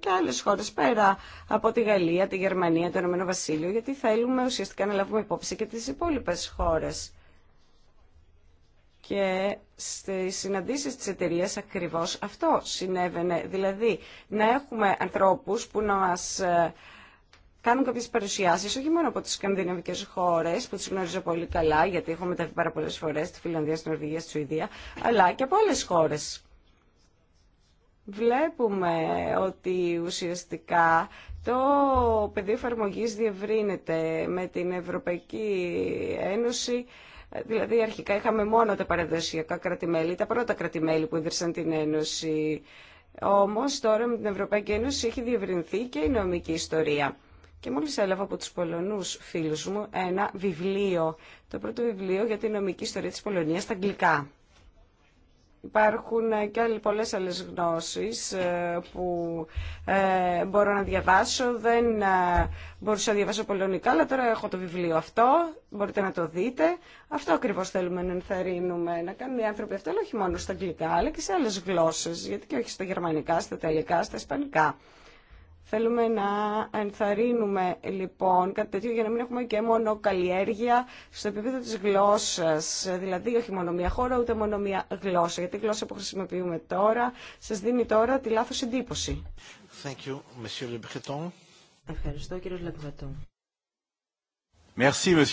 και άλλες χώρες πέρα από τη Γαλλία, τη Γερμανία, το Ηνωμένο Βασίλειο, γιατί θέλουμε ουσιαστικά να λάβουμε υπόψη και τις υπόλοιπες χώρες. Και στις συναντήσεις της εταιρεία ακριβώς αυτό συνέβαινε. Δηλαδή, να έχουμε ανθρώπους που να μας ε, κάνουν κάποιε παρουσιάσει όχι μόνο από τι σκανδιναβικέ χώρε που τι γνωρίζω πολύ καλά, γιατί έχω μεταβεί πάρα πολλέ φορέ στη Φιλανδία, στην Νορβηγία, στη Σουηδία, αλλά και από άλλε χώρε. Βλέπουμε ότι ουσιαστικά το πεδίο εφαρμογή διευρύνεται με την Ευρωπαϊκή Ένωση. Δηλαδή, αρχικά είχαμε μόνο τα παραδοσιακά κρατημέλη, τα πρώτα κρατημέλη που ίδρυσαν την Ένωση. Όμως, τώρα με την Ευρωπαϊκή Ένωση έχει διευρυνθεί και η νομική ιστορία. Και μόλις έλαβα από τους Πολωνούς φίλους μου ένα βιβλίο, το πρώτο βιβλίο για την νομική ιστορία της Πολωνίας στα αγγλικά. Υπάρχουν ε, και πολλές άλλες γνώσεις ε, που ε, μπορώ να διαβάσω. Δεν μπορούσα να διαβάσω πολωνικά, αλλά τώρα έχω το βιβλίο αυτό. Μπορείτε να το δείτε. Αυτό ακριβώς θέλουμε να ενθαρρύνουμε, να κάνουν οι άνθρωποι αυτό, όχι μόνο στα αγγλικά, αλλά και σε άλλες γλώσσες, γιατί και όχι στα γερμανικά, στα ιταλικά, στα ισπανικά. Θέλουμε να ενθαρρύνουμε λοιπόν κάτι τέτοιο για να μην έχουμε και μόνο καλλιέργεια στο επίπεδο της γλώσσας. Δηλαδή όχι μόνο μία χώρα ούτε μόνο μία γλώσσα. Γιατί η γλώσσα που χρησιμοποιούμε τώρα σας δίνει τώρα τη λάθος εντύπωση. Thank you, Ευχαριστώ κύριε monsieur.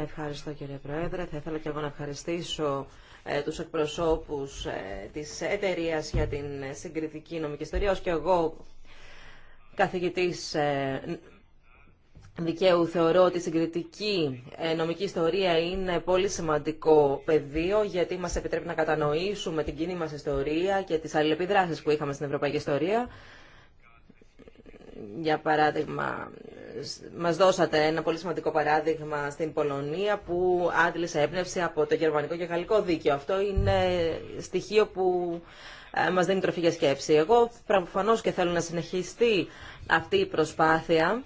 Ευχαριστώ κύριε Πρόεδρε. Θα ήθελα και εγώ να ευχαριστήσω ε, τους εκπροσώπους ε, της εταιρεία για την συγκριτική νομική ιστορία, ως και εγώ καθηγητής ε, δικαίου θεωρώ ότι η συγκριτική ε, νομική ιστορία είναι πολύ σημαντικό πεδίο γιατί μας επιτρέπει να κατανοήσουμε την κοινή μας ιστορία και τις αλληλεπιδράσεις που είχαμε στην ευρωπαϊκή ιστορία. Για παράδειγμα, μας δώσατε ένα πολύ σημαντικό παράδειγμα στην Πολωνία που άντλησε έμπνευση από το γερμανικό και γαλλικό δίκαιο. Αυτό είναι στοιχείο που ε, μας δίνει τροφή για σκέψη. Εγώ προφανώ και θέλω να συνεχιστεί αυτή η προσπάθεια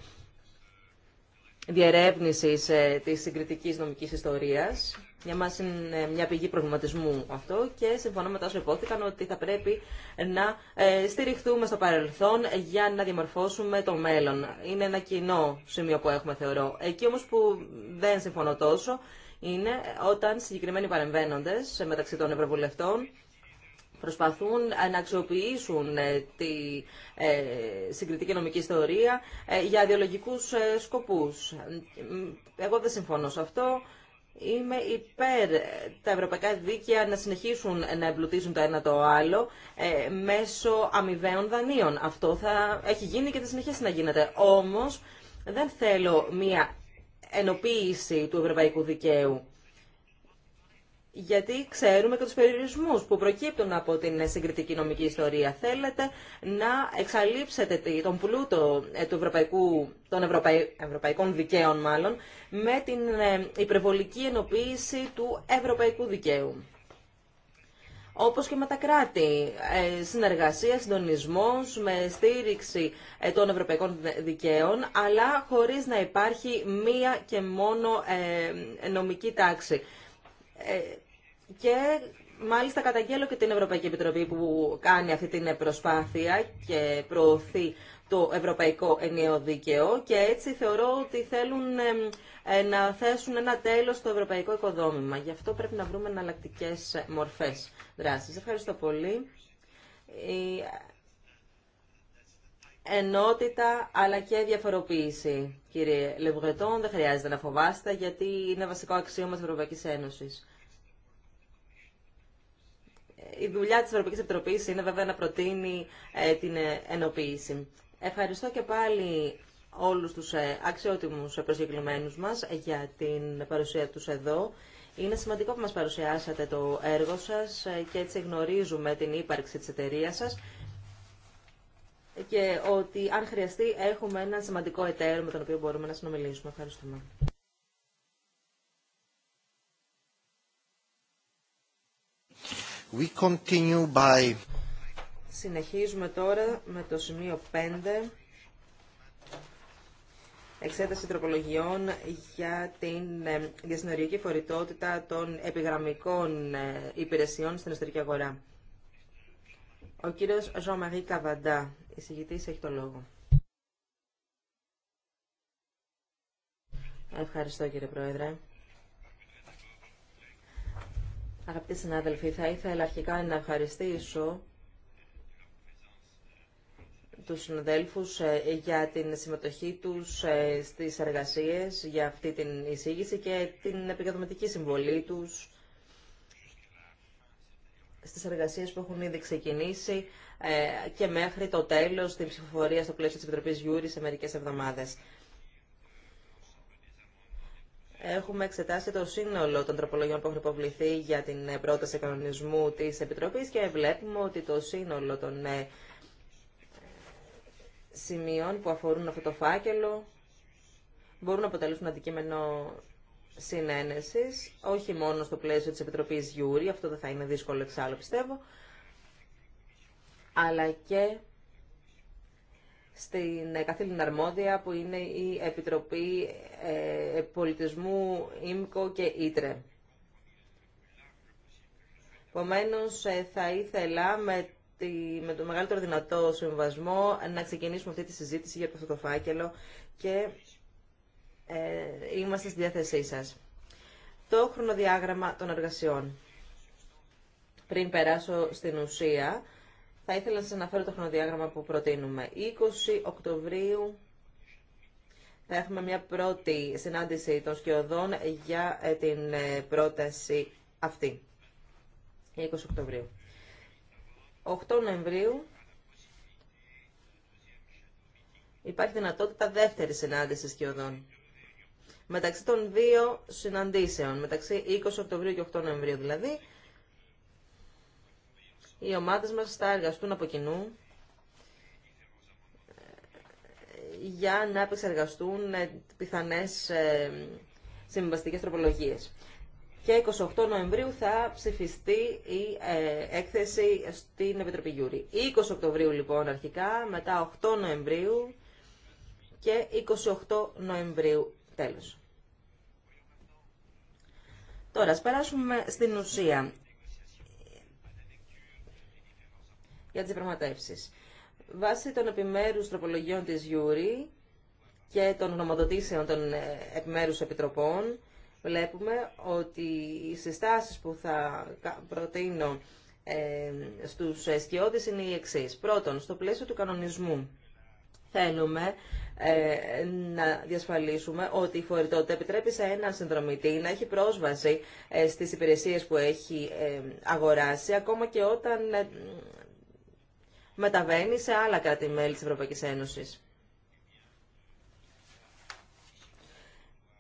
διερεύνησης ε, της συγκριτικής νομικής ιστορίας. Για μας είναι μια πηγή προβληματισμού αυτό και συμφωνώ με τα όσο υπόθηκαν ότι θα πρέπει να ε, στηριχθούμε στο παρελθόν για να διαμορφώσουμε το μέλλον. Είναι ένα κοινό σημείο που έχουμε θεωρώ. Εκεί όμως που δεν συμφωνώ τόσο είναι όταν συγκεκριμένοι παρεμβαίνοντες μεταξύ των ευρωβουλευτών Προσπαθούν να αξιοποιήσουν ε, τη ε, συγκριτική νομική ιστορία ε, για ιδεολογικούς σκοπούς. Εγώ δεν συμφωνώ σε αυτό. Είμαι υπέρ τα ευρωπαϊκά δίκαια να συνεχίσουν να εμπλουτίζουν το ένα το άλλο μέσω αμοιβαίων δανείων. Αυτό θα έχει γίνει και θα συνεχίσει να γίνεται. Όμως δεν θέλω μία ενοποίηση του ευρωπαϊκού δικαίου γιατί ξέρουμε και τους περιορισμούς που προκύπτουν από την συγκριτική νομική ιστορία. Θέλετε να εξαλείψετε τον πλούτο ε, του ευρωπαϊκού, των ευρωπαϊκών δικαίων μάλλον με την ε, υπερβολική ενοποίηση του ευρωπαϊκού δικαίου. Όπως και με τα κράτη, ε, συνεργασία, συντονισμός με στήριξη των ευρωπαϊκών δικαίων, αλλά χωρίς να υπάρχει μία και μόνο νομική τάξη. Και μάλιστα καταγγέλλω και την Ευρωπαϊκή Επιτροπή που κάνει αυτή την προσπάθεια και προωθεί το Ευρωπαϊκό Ενιαίο Δίκαιο και έτσι θεωρώ ότι θέλουν ε, να θέσουν ένα τέλος στο ευρωπαϊκό οικοδόμημα. Γι' αυτό πρέπει να βρούμε εναλλακτικέ μορφές δράσης. Ευχαριστώ πολύ. Η ενότητα αλλά και διαφοροποίηση, κύριε Λευγετών, δεν χρειάζεται να φοβάστε γιατί είναι βασικό αξίωμα της Ευρωπαϊκής Ένωσης η δουλειά της Ευρωπαϊκής Επιτροπής είναι βέβαια να προτείνει ε, την ε, ενοποίηση. Ευχαριστώ και πάλι όλους τους ε, αξιότιμους προσκεκλημένους μας για την παρουσία τους εδώ. Είναι σημαντικό που μας παρουσιάσατε το έργο σας και έτσι γνωρίζουμε την ύπαρξη της εταιρεία σας και ότι αν χρειαστεί έχουμε ένα σημαντικό εταίρο με τον οποίο μπορούμε να συνομιλήσουμε. Ευχαριστούμε. We continue Συνεχίζουμε τώρα με το σημείο 5 εξέταση τροπολογιών για την ε, διασυνοριακή φορητότητα των επιγραμμικών ε, υπηρεσιών στην εσωτερική αγορά. Ο κύριος Ζωμαρή Καβαντά, εισηγητής, έχει το λόγο. Ευχαριστώ κύριε Πρόεδρε. Αγαπητοί συνάδελφοι, θα ήθελα αρχικά να ευχαριστήσω τους συναδέλφους ε, για την συμμετοχή τους ε, στις εργασίες για αυτή την εισήγηση και την επικοδομητική συμβολή τους στις εργασίες που έχουν ήδη ξεκινήσει ε, και μέχρι το τέλος την ψηφοφορία στο πλαίσιο της Επιτροπής Γιούρη σε μερικές εβδομάδες έχουμε εξετάσει το σύνολο των τροπολογιών που έχουν υποβληθεί για την ε, πρόταση κανονισμού της Επιτροπής και βλέπουμε ότι το σύνολο των ε, σημείων που αφορούν αυτό το φάκελο μπορούν να αποτελούσουν αντικείμενο συνένεσης, όχι μόνο στο πλαίσιο της Επιτροπής Γιούρη, αυτό δεν θα είναι δύσκολο εξάλλου πιστεύω, αλλά και στην ε, καθήλυνα αρμόδια που είναι η Επιτροπή ε, Πολιτισμού ΙΜΚΟ και ΙΤΡΕ. Επομένω, ε, θα ήθελα με, τη, με το μεγαλύτερο δυνατό συμβασμό να ξεκινήσουμε αυτή τη συζήτηση για αυτό το φάκελο και ε, είμαστε στη διάθεσή σας. Το χρονοδιάγραμμα των εργασιών. Πριν περάσω στην ουσία, θα ήθελα να σας αναφέρω το χρονοδιάγραμμα που προτείνουμε. 20 Οκτωβρίου θα έχουμε μια πρώτη συνάντηση των σκιωδών για ε, την ε, πρόταση αυτή. 20 Οκτωβρίου. 8 Νοεμβρίου υπάρχει δυνατότητα δεύτερη συνάντηση σκιωδών. Μεταξύ των δύο συναντήσεων, μεταξύ 20 Οκτωβρίου και 8 Νοεμβρίου δηλαδή, οι ομάδες μας θα εργαστούν από κοινού ε, για να επεξεργαστούν ε, πιθανές ε, συμβαστικές τροπολογίες. Και 28 Νοεμβρίου θα ψηφιστεί η έκθεση στην Επιτροπή Γιούρη. 20 Οκτωβρίου λοιπόν αρχικά, μετά 8 Νοεμβρίου και 28 Νοεμβρίου τέλος. Τώρα, ας περάσουμε στην ουσία. για τις διαπραγματεύσεις. Βάσει των επιμέρους τροπολογιών της Γιούρη και των γνωμοδοτήσεων των ε, επιμέρους επιτροπών, βλέπουμε ότι οι συστάσεις που θα προτείνω ε, στους εστιώδεις είναι οι εξή. Πρώτον, στο πλαίσιο του κανονισμού θέλουμε ε, να διασφαλίσουμε ότι η φορητότητα επιτρέπει σε έναν συνδρομητή να έχει πρόσβαση ε, στις υπηρεσίες που έχει ε, αγοράσει, ακόμα και όταν μεταβαίνει σε άλλα κράτη-μέλη της Ευρωπαϊκής Ένωσης.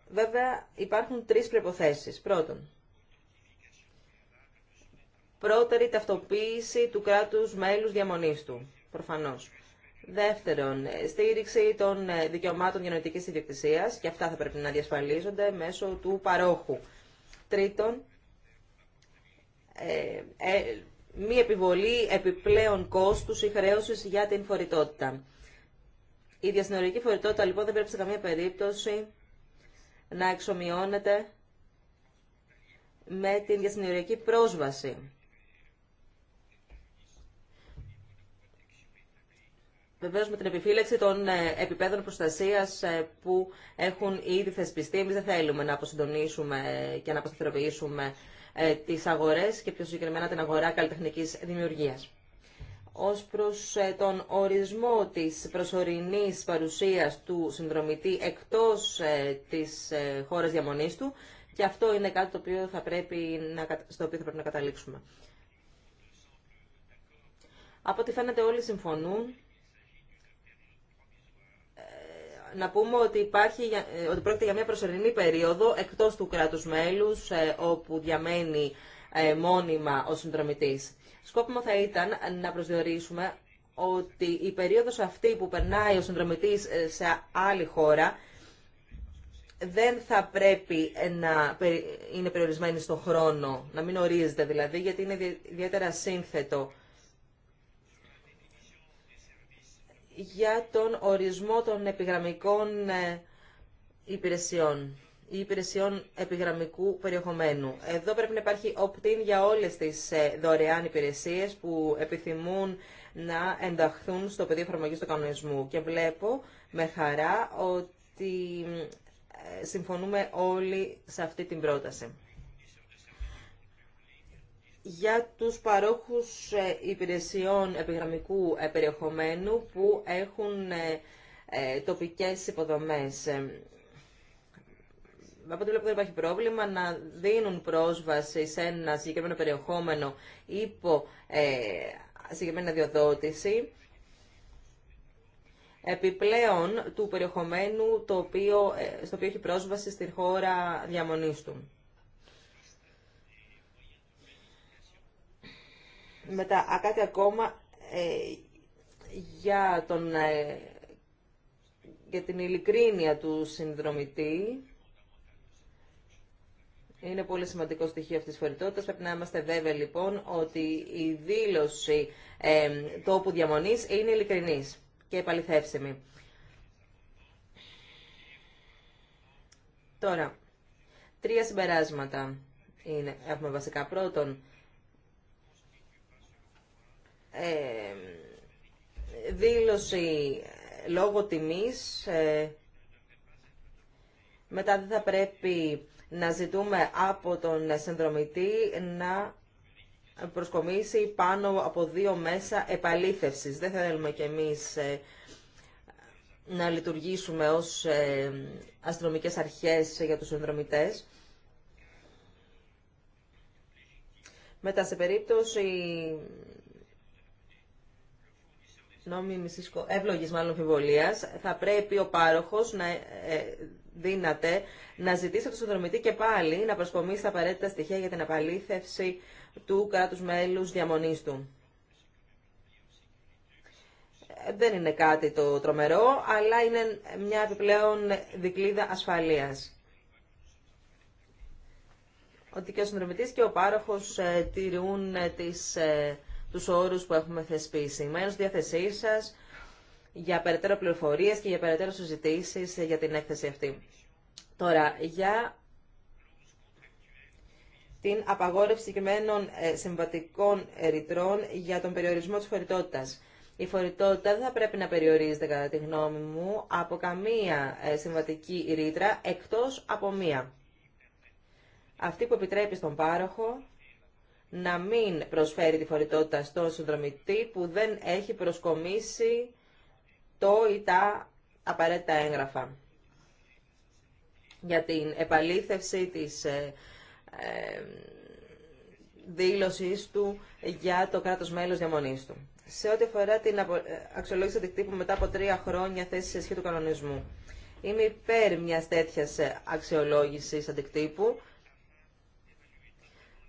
Βέβαια, υπάρχουν τρεις προϋποθέσεις. Πρώτον, πρώτερη ταυτοποίηση του κράτους μέλους διαμονής του, προφανώς. Δεύτερον, στήριξη των δικαιωμάτων γενετικής ιδιοκτησίας και αυτά θα πρέπει να διασφαλίζονται μέσω του παρόχου. Τρίτον, ε, ε μη επιβολή επιπλέον κόστους ή χρέωσης για την φορητότητα. Η διασυνοριακή φορητότητα λοιπόν δεν πρέπει σε καμία περίπτωση να εξομοιώνεται με την διασυνοριακή πρόσβαση Βεβαίω με την επιφύλαξη των ε, επιπέδων προστασίας ε, που έχουν ήδη θεσπιστεί, Εμεί δεν θέλουμε να αποσυντονίσουμε και να αποσταθεροποιήσουμε ε, τις αγορές και πιο συγκεκριμένα την αγορά καλλιτεχνική δημιουργία. Ως προς τον ορισμό της προσωρινή παρουσίας του συνδρομητή εκτός της χώρας διαμονής του και αυτό είναι κάτι το οποίο θα πρέπει να, στο οποίο θα πρέπει να καταλήξουμε. Από ό,τι φαίνεται όλοι συμφωνούν να πούμε ότι, υπάρχει, ε, ότι πρόκειται για μια προσωρινή περίοδο εκτός του κράτους μέλους ε, όπου διαμένει ε, μόνιμα ο συνδρομητής. Σκόπιμο θα ήταν να προσδιορίσουμε ότι η περίοδος αυτή που περνάει ο συνδρομητής σε άλλη χώρα δεν θα πρέπει να είναι περιορισμένη στον χρόνο, να μην ορίζεται δηλαδή, γιατί είναι ιδιαίτερα σύνθετο για τον ορισμό των επιγραμμικών ε, υπηρεσιών ή υπηρεσιών επιγραμμικού περιεχομένου. Εδώ πρέπει να υπάρχει για όλες τις ε, δωρεάν υπηρεσίες που επιθυμούν να ενταχθούν στο πεδίο εφαρμογή του κανονισμού. Και βλέπω με χαρά ότι ε, συμφωνούμε όλοι σε αυτή την πρόταση για τους παρόχους ε, υπηρεσιών επιγραμμικού περιεχομένου που έχουν ε, ε, τοπικές υποδομές. Από ό,τι βλέπω δεν υπάρχει πρόβλημα να δίνουν πρόσβαση σε ένα συγκεκριμένο περιεχόμενο υπό συγκεκριμένη αδειοδότηση επιπλέον του περιεχομένου το οποίο, στο οποίο έχει πρόσβαση στη χώρα διαμονής του. Μετά, κάτι ακόμα ε, για, τον, ε, για την ειλικρίνεια του συνδρομητή. Είναι πολύ σημαντικό στοιχείο αυτής της φορητότητας. Πρέπει να είμαστε βέβαιοι λοιπόν ότι η δήλωση ε, τόπου διαμονής είναι ειλικρινής και επαληθεύσιμη. Τώρα, τρία συμπεράσματα είναι, έχουμε βασικά. Πρώτον, ε, δήλωση λόγω τιμής ε, μετά δεν θα πρέπει να ζητούμε από τον συνδρομητή να προσκομίσει πάνω από δύο μέσα επαλήθευσης. Δεν θέλουμε κι εμείς ε, να λειτουργήσουμε ως αστυνομικές αρχές για τους συνδρομητές. Μετά σε περίπτωση σκο... εύλογης μάλλον φιβολίας, θα πρέπει ο πάροχος να ε, ε, δύναται να ζητήσει από τον συνδρομητή και πάλι να προσκομίσει τα απαραίτητα στοιχεία για την απαλήθευση του κράτους μέλους διαμονής του. Ε, δεν είναι κάτι το τρομερό, αλλά είναι μια επιπλέον δικλίδα ασφαλείας. Ότι και ο συνδρομητής και ο πάροχος τηρούν τις του όρου που έχουμε θεσπίσει. Μένω στη διάθεσή σα, για περαιτέρω πληροφορίες και για περαιτέρω συζητήσει για την έκθεση αυτή. Τώρα, για την απαγόρευση συγκεκριμένων ε, συμβατικών ρητρών για τον περιορισμό της φορητότητα. Η φορητότητα δεν θα πρέπει να περιορίζεται, κατά τη γνώμη μου, από καμία ε, συμβατική ρήτρα, εκτός από μία. Αυτή που επιτρέπει στον πάροχο να μην προσφέρει τη φορητότητα στον συνδρομητή που δεν έχει προσκομίσει το ή τα απαραίτητα έγγραφα για την επαλήθευση της ε, ε δήλωσής του για το κράτος μέλος διαμονής του. Σε ό,τι αφορά την ε, αξιολόγηση αντικτύπου μετά από τρία χρόνια θέση σε σχέση του κανονισμού. Είμαι υπέρ μια τέτοια ε, αξιολόγηση αντικτύπου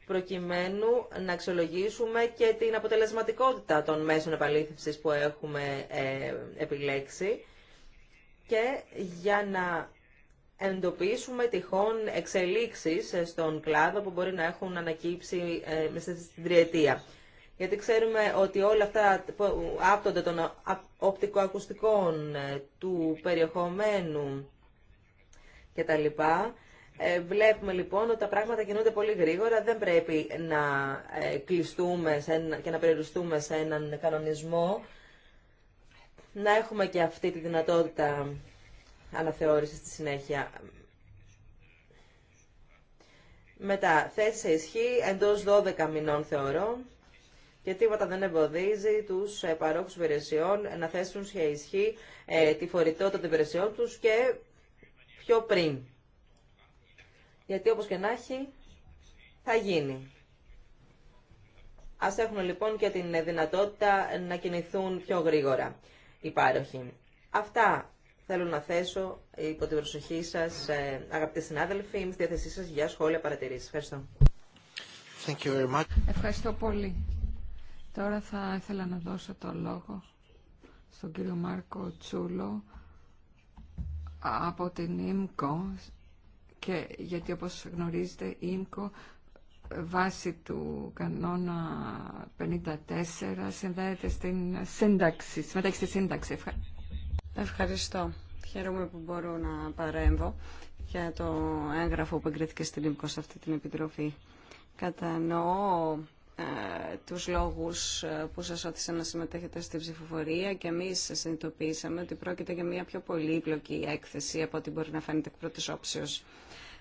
προκειμένου να αξιολογήσουμε και την αποτελεσματικότητα των μέσων επαλήθευσης που έχουμε ε, επιλέξει και για να εντοπίσουμε τυχόν εξελίξεις στον κλάδο που μπορεί να έχουν ανακύψει ε, μέσα στην τριετία. Γιατί ξέρουμε ότι όλα αυτά που άπτονται των οπτικοακουστικών, ε, του περιεχομένου κτλ. Ε, βλέπουμε λοιπόν ότι τα πράγματα κινούνται πολύ γρήγορα. Δεν πρέπει να ε, κλειστούμε και να περιοριστούμε σε έναν κανονισμό. Να έχουμε και αυτή τη δυνατότητα αναθεώρησης στη συνέχεια. Μετά, θέση σε ισχύ εντός 12 μηνών θεωρώ και τίποτα δεν εμποδίζει τους ε, παρόχους υπηρεσιών να θέσουν σε ισχύ τη φορητότητα των υπηρεσιών τους και πιο πριν γιατί όπως και να έχει θα γίνει. Ας έχουν λοιπόν και την δυνατότητα να κινηθούν πιο γρήγορα οι πάροχοι. Αυτά θέλω να θέσω υπό την προσοχή σας, ε, αγαπητοί συνάδελφοι. Είμαι στη διάθεσή σας για σχόλια παρατηρήσεις. Ευχαριστώ. Thank you very much. Ευχαριστώ πολύ. Τώρα θα ήθελα να δώσω το λόγο στον κύριο Μάρκο Τσούλο από την ΙΜΚΟ και γιατί όπως γνωρίζετε η ΙΜΚΟ ε, βάσει του κανόνα 54 συνδέεται στην σύνταξη, συμμετέχει στη σύνταξη. Ευχαριστώ. Χαίρομαι που μπορώ να παρέμβω για το έγγραφο που εγκρίθηκε στην ΙΜΚΟ σε αυτή την επιτροφή. Κατανοώ ε, τους λόγους ε, που σας όθησαν να συμμετέχετε στην ψηφοφορία και εμείς συνειδητοποίησαμε ότι πρόκειται για μια πιο πολύπλοκη έκθεση από ό,τι μπορεί να φαίνεται εκ πρώτης όψεως.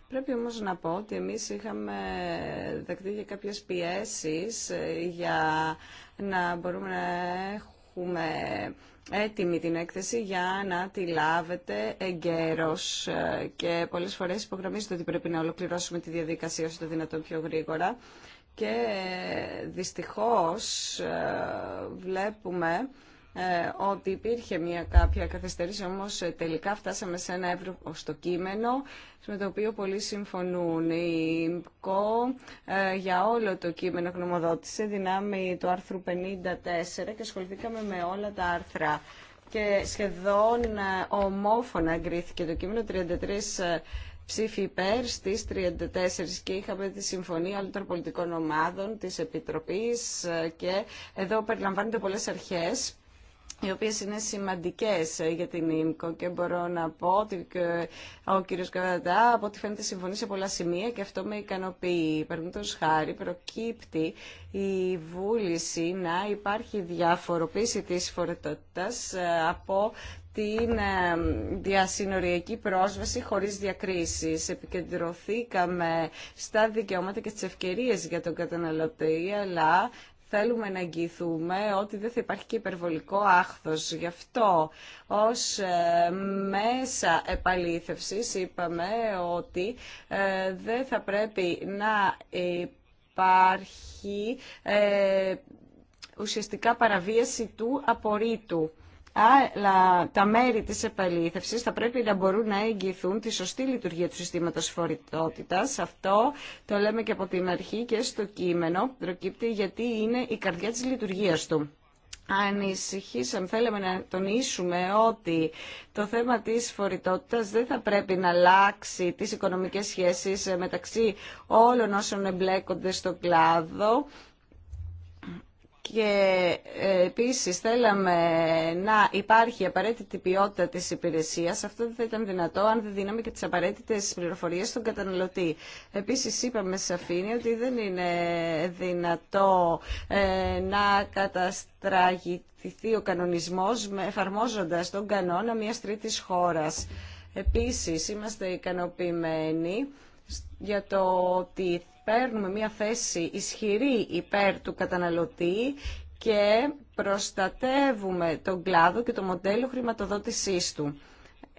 Πρέπει όμως να πω ότι εμείς είχαμε δεκτεί για κάποιες πιέσεις ε, για να μπορούμε να έχουμε έτοιμη την έκθεση για να τη λάβετε εγκαίρως και πολλές φορές υπογραμμίζεται ότι πρέπει να ολοκληρώσουμε τη διαδικασία όσο το δυνατόν πιο γρήγορα και δυστυχώς ε, βλέπουμε ε, ότι υπήρχε μια κάποια καθυστερήση, όμως ε, τελικά φτάσαμε σε ένα στο κείμενο με το οποίο πολλοί συμφωνούν. Η ΚΟ για όλο το κείμενο γνωμοδότησε δυνάμει του άρθρου 54 και ασχοληθήκαμε με όλα τα άρθρα και σχεδόν ομόφωνα εγκρίθηκε το κείμενο 33 ψήφοι υπέρ στις 34 και είχαμε τη συμφωνία όλων των πολιτικών ομάδων της Επιτροπής ε, και εδώ περιλαμβάνονται πολλές αρχές οι οποίες είναι σημαντικές για την ΙΜΚΟ και μπορώ να πω ότι ε, ο κύριος Καβαντά από ό,τι φαίνεται συμφωνεί σε πολλά σημεία και αυτό με ικανοποιεί. Παραδείγματος χάρη προκύπτει η βούληση να υπάρχει διαφοροποίηση τη φορετότητας ε, από την ε, διασυνοριακή πρόσβαση χωρίς διακρίσεις. Επικεντρωθήκαμε στα δικαιώματα και τις ευκαιρίες για τον καταναλωτή, αλλά θέλουμε να εγγυηθούμε ότι δεν θα υπάρχει και υπερβολικό άχθος. Γι' αυτό ως ε, μέσα επαλήθευσης είπαμε ότι ε, δεν θα πρέπει να υπάρχει ουσιαστικά παραβίαση του απορρίτου αλλά τα μέρη της επαλήθευσης θα πρέπει να μπορούν να εγγυηθούν τη σωστή λειτουργία του συστήματος φορητότητας. Αυτό το λέμε και από την αρχή και στο κείμενο προκύπτει γιατί είναι η καρδιά της λειτουργίας του. ησυχήσαμε, θέλαμε να τονίσουμε ότι το θέμα της φορητότητας δεν θα πρέπει να αλλάξει τις οικονομικές σχέσεις μεταξύ όλων όσων εμπλέκονται στο κλάδο και ε, επίσης θέλαμε να υπάρχει απαραίτητη ποιότητα της υπηρεσίας. Αυτό δεν θα ήταν δυνατό αν δεν δίναμε και τις απαραίτητες πληροφορίες στον καταναλωτή. Επίσης είπαμε σαφήνεια ότι δεν είναι δυνατό ε, να καταστραγηθεί ο κανονισμός εφαρμόζοντας τον κανόνα μιας τρίτης χώρας. Επίσης είμαστε ικανοποιημένοι για το ότι παίρνουμε μια θέση ισχυρή υπέρ του καταναλωτή και προστατεύουμε τον κλάδο και το μοντέλο χρηματοδότησής του.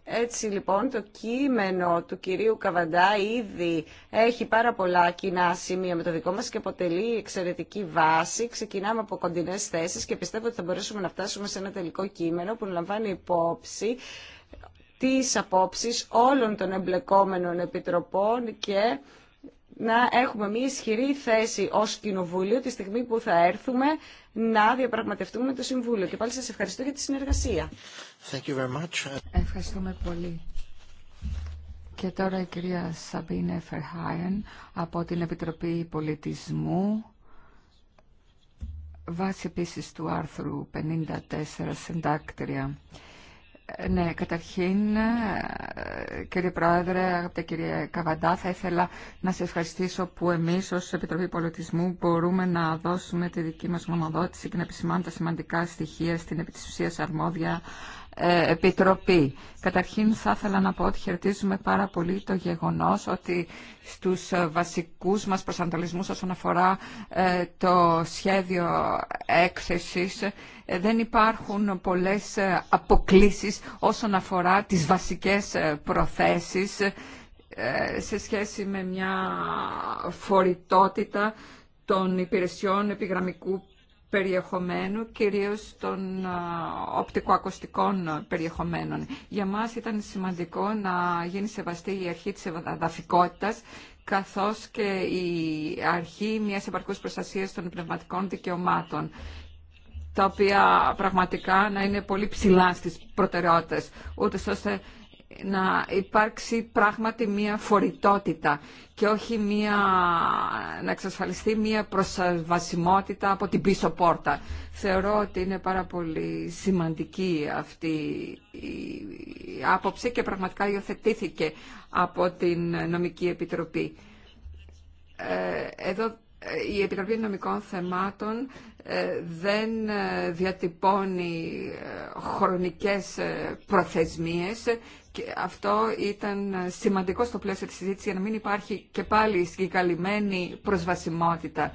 Έτσι λοιπόν το κείμενο του κυρίου Καβαντά ήδη έχει πάρα πολλά κοινά σημεία με το δικό μας και αποτελεί εξαιρετική βάση. Ξεκινάμε από κοντινές θέσεις και πιστεύω ότι θα μπορέσουμε να φτάσουμε σε ένα τελικό κείμενο που λαμβάνει υπόψη τις απόψεις όλων των εμπλεκόμενων επιτροπών και να έχουμε μια ισχυρή θέση ως Κοινοβούλιο τη στιγμή που θα έρθουμε να διαπραγματευτούμε το Συμβούλιο. Και πάλι σας ευχαριστώ για τη συνεργασία. Thank you very much. Ευχαριστούμε πολύ. Και τώρα η κυρία Σαμπίνε Φερχάιεν από την Επιτροπή Πολιτισμού βάσει επίσης του άρθρου 54 συντάκτρια. Ναι, καταρχήν, κύριε Πρόεδρε, αγαπητέ κύριε Καβαντά, θα ήθελα να σας ευχαριστήσω που εμείς ως Επιτροπή Πολιτισμού μπορούμε να δώσουμε τη δική μας γνωμοδότηση και να επισημάνουμε τα σημαντικά στοιχεία στην επί της αρμόδια ε, Επιτροπή. Καταρχήν θα ήθελα να πω ότι χαιρετίζουμε πάρα πολύ το γεγονός ότι στους ε, βασικούς μας προσανατολισμούς όσον αφορά ε, το σχέδιο έκθεσης δεν υπάρχουν πολλές αποκλίσεις όσον αφορά τις βασικές προθέσεις σε σχέση με μια φορητότητα των υπηρεσιών επιγραμμικού περιεχομένου, κυρίως των οπτικοακουστικών περιεχομένων. Για μας ήταν σημαντικό να γίνει σεβαστή η αρχή της εδαφικότητας, καθώς και η αρχή μιας επαρκούς προστασίας των πνευματικών δικαιωμάτων τα οποία πραγματικά να είναι πολύ ψηλά στις προτεραιότητες, ούτως ώστε να υπάρξει πράγματι μία φορητότητα και όχι μία, να εξασφαλιστεί μία προσβασιμότητα από την πίσω πόρτα. Θεωρώ ότι είναι πάρα πολύ σημαντική αυτή η άποψη και πραγματικά υιοθετήθηκε από την Νομική Επιτροπή. Ε, εδώ η Επιτροπή Νομικών Θεμάτων ε, δεν ε, διατυπώνει ε, χρονικές προθεσμίες και αυτό ήταν σημαντικό στο πλαίσιο της συζήτησης για να μην υπάρχει και πάλι συγκαλυμμένη προσβασιμότητα.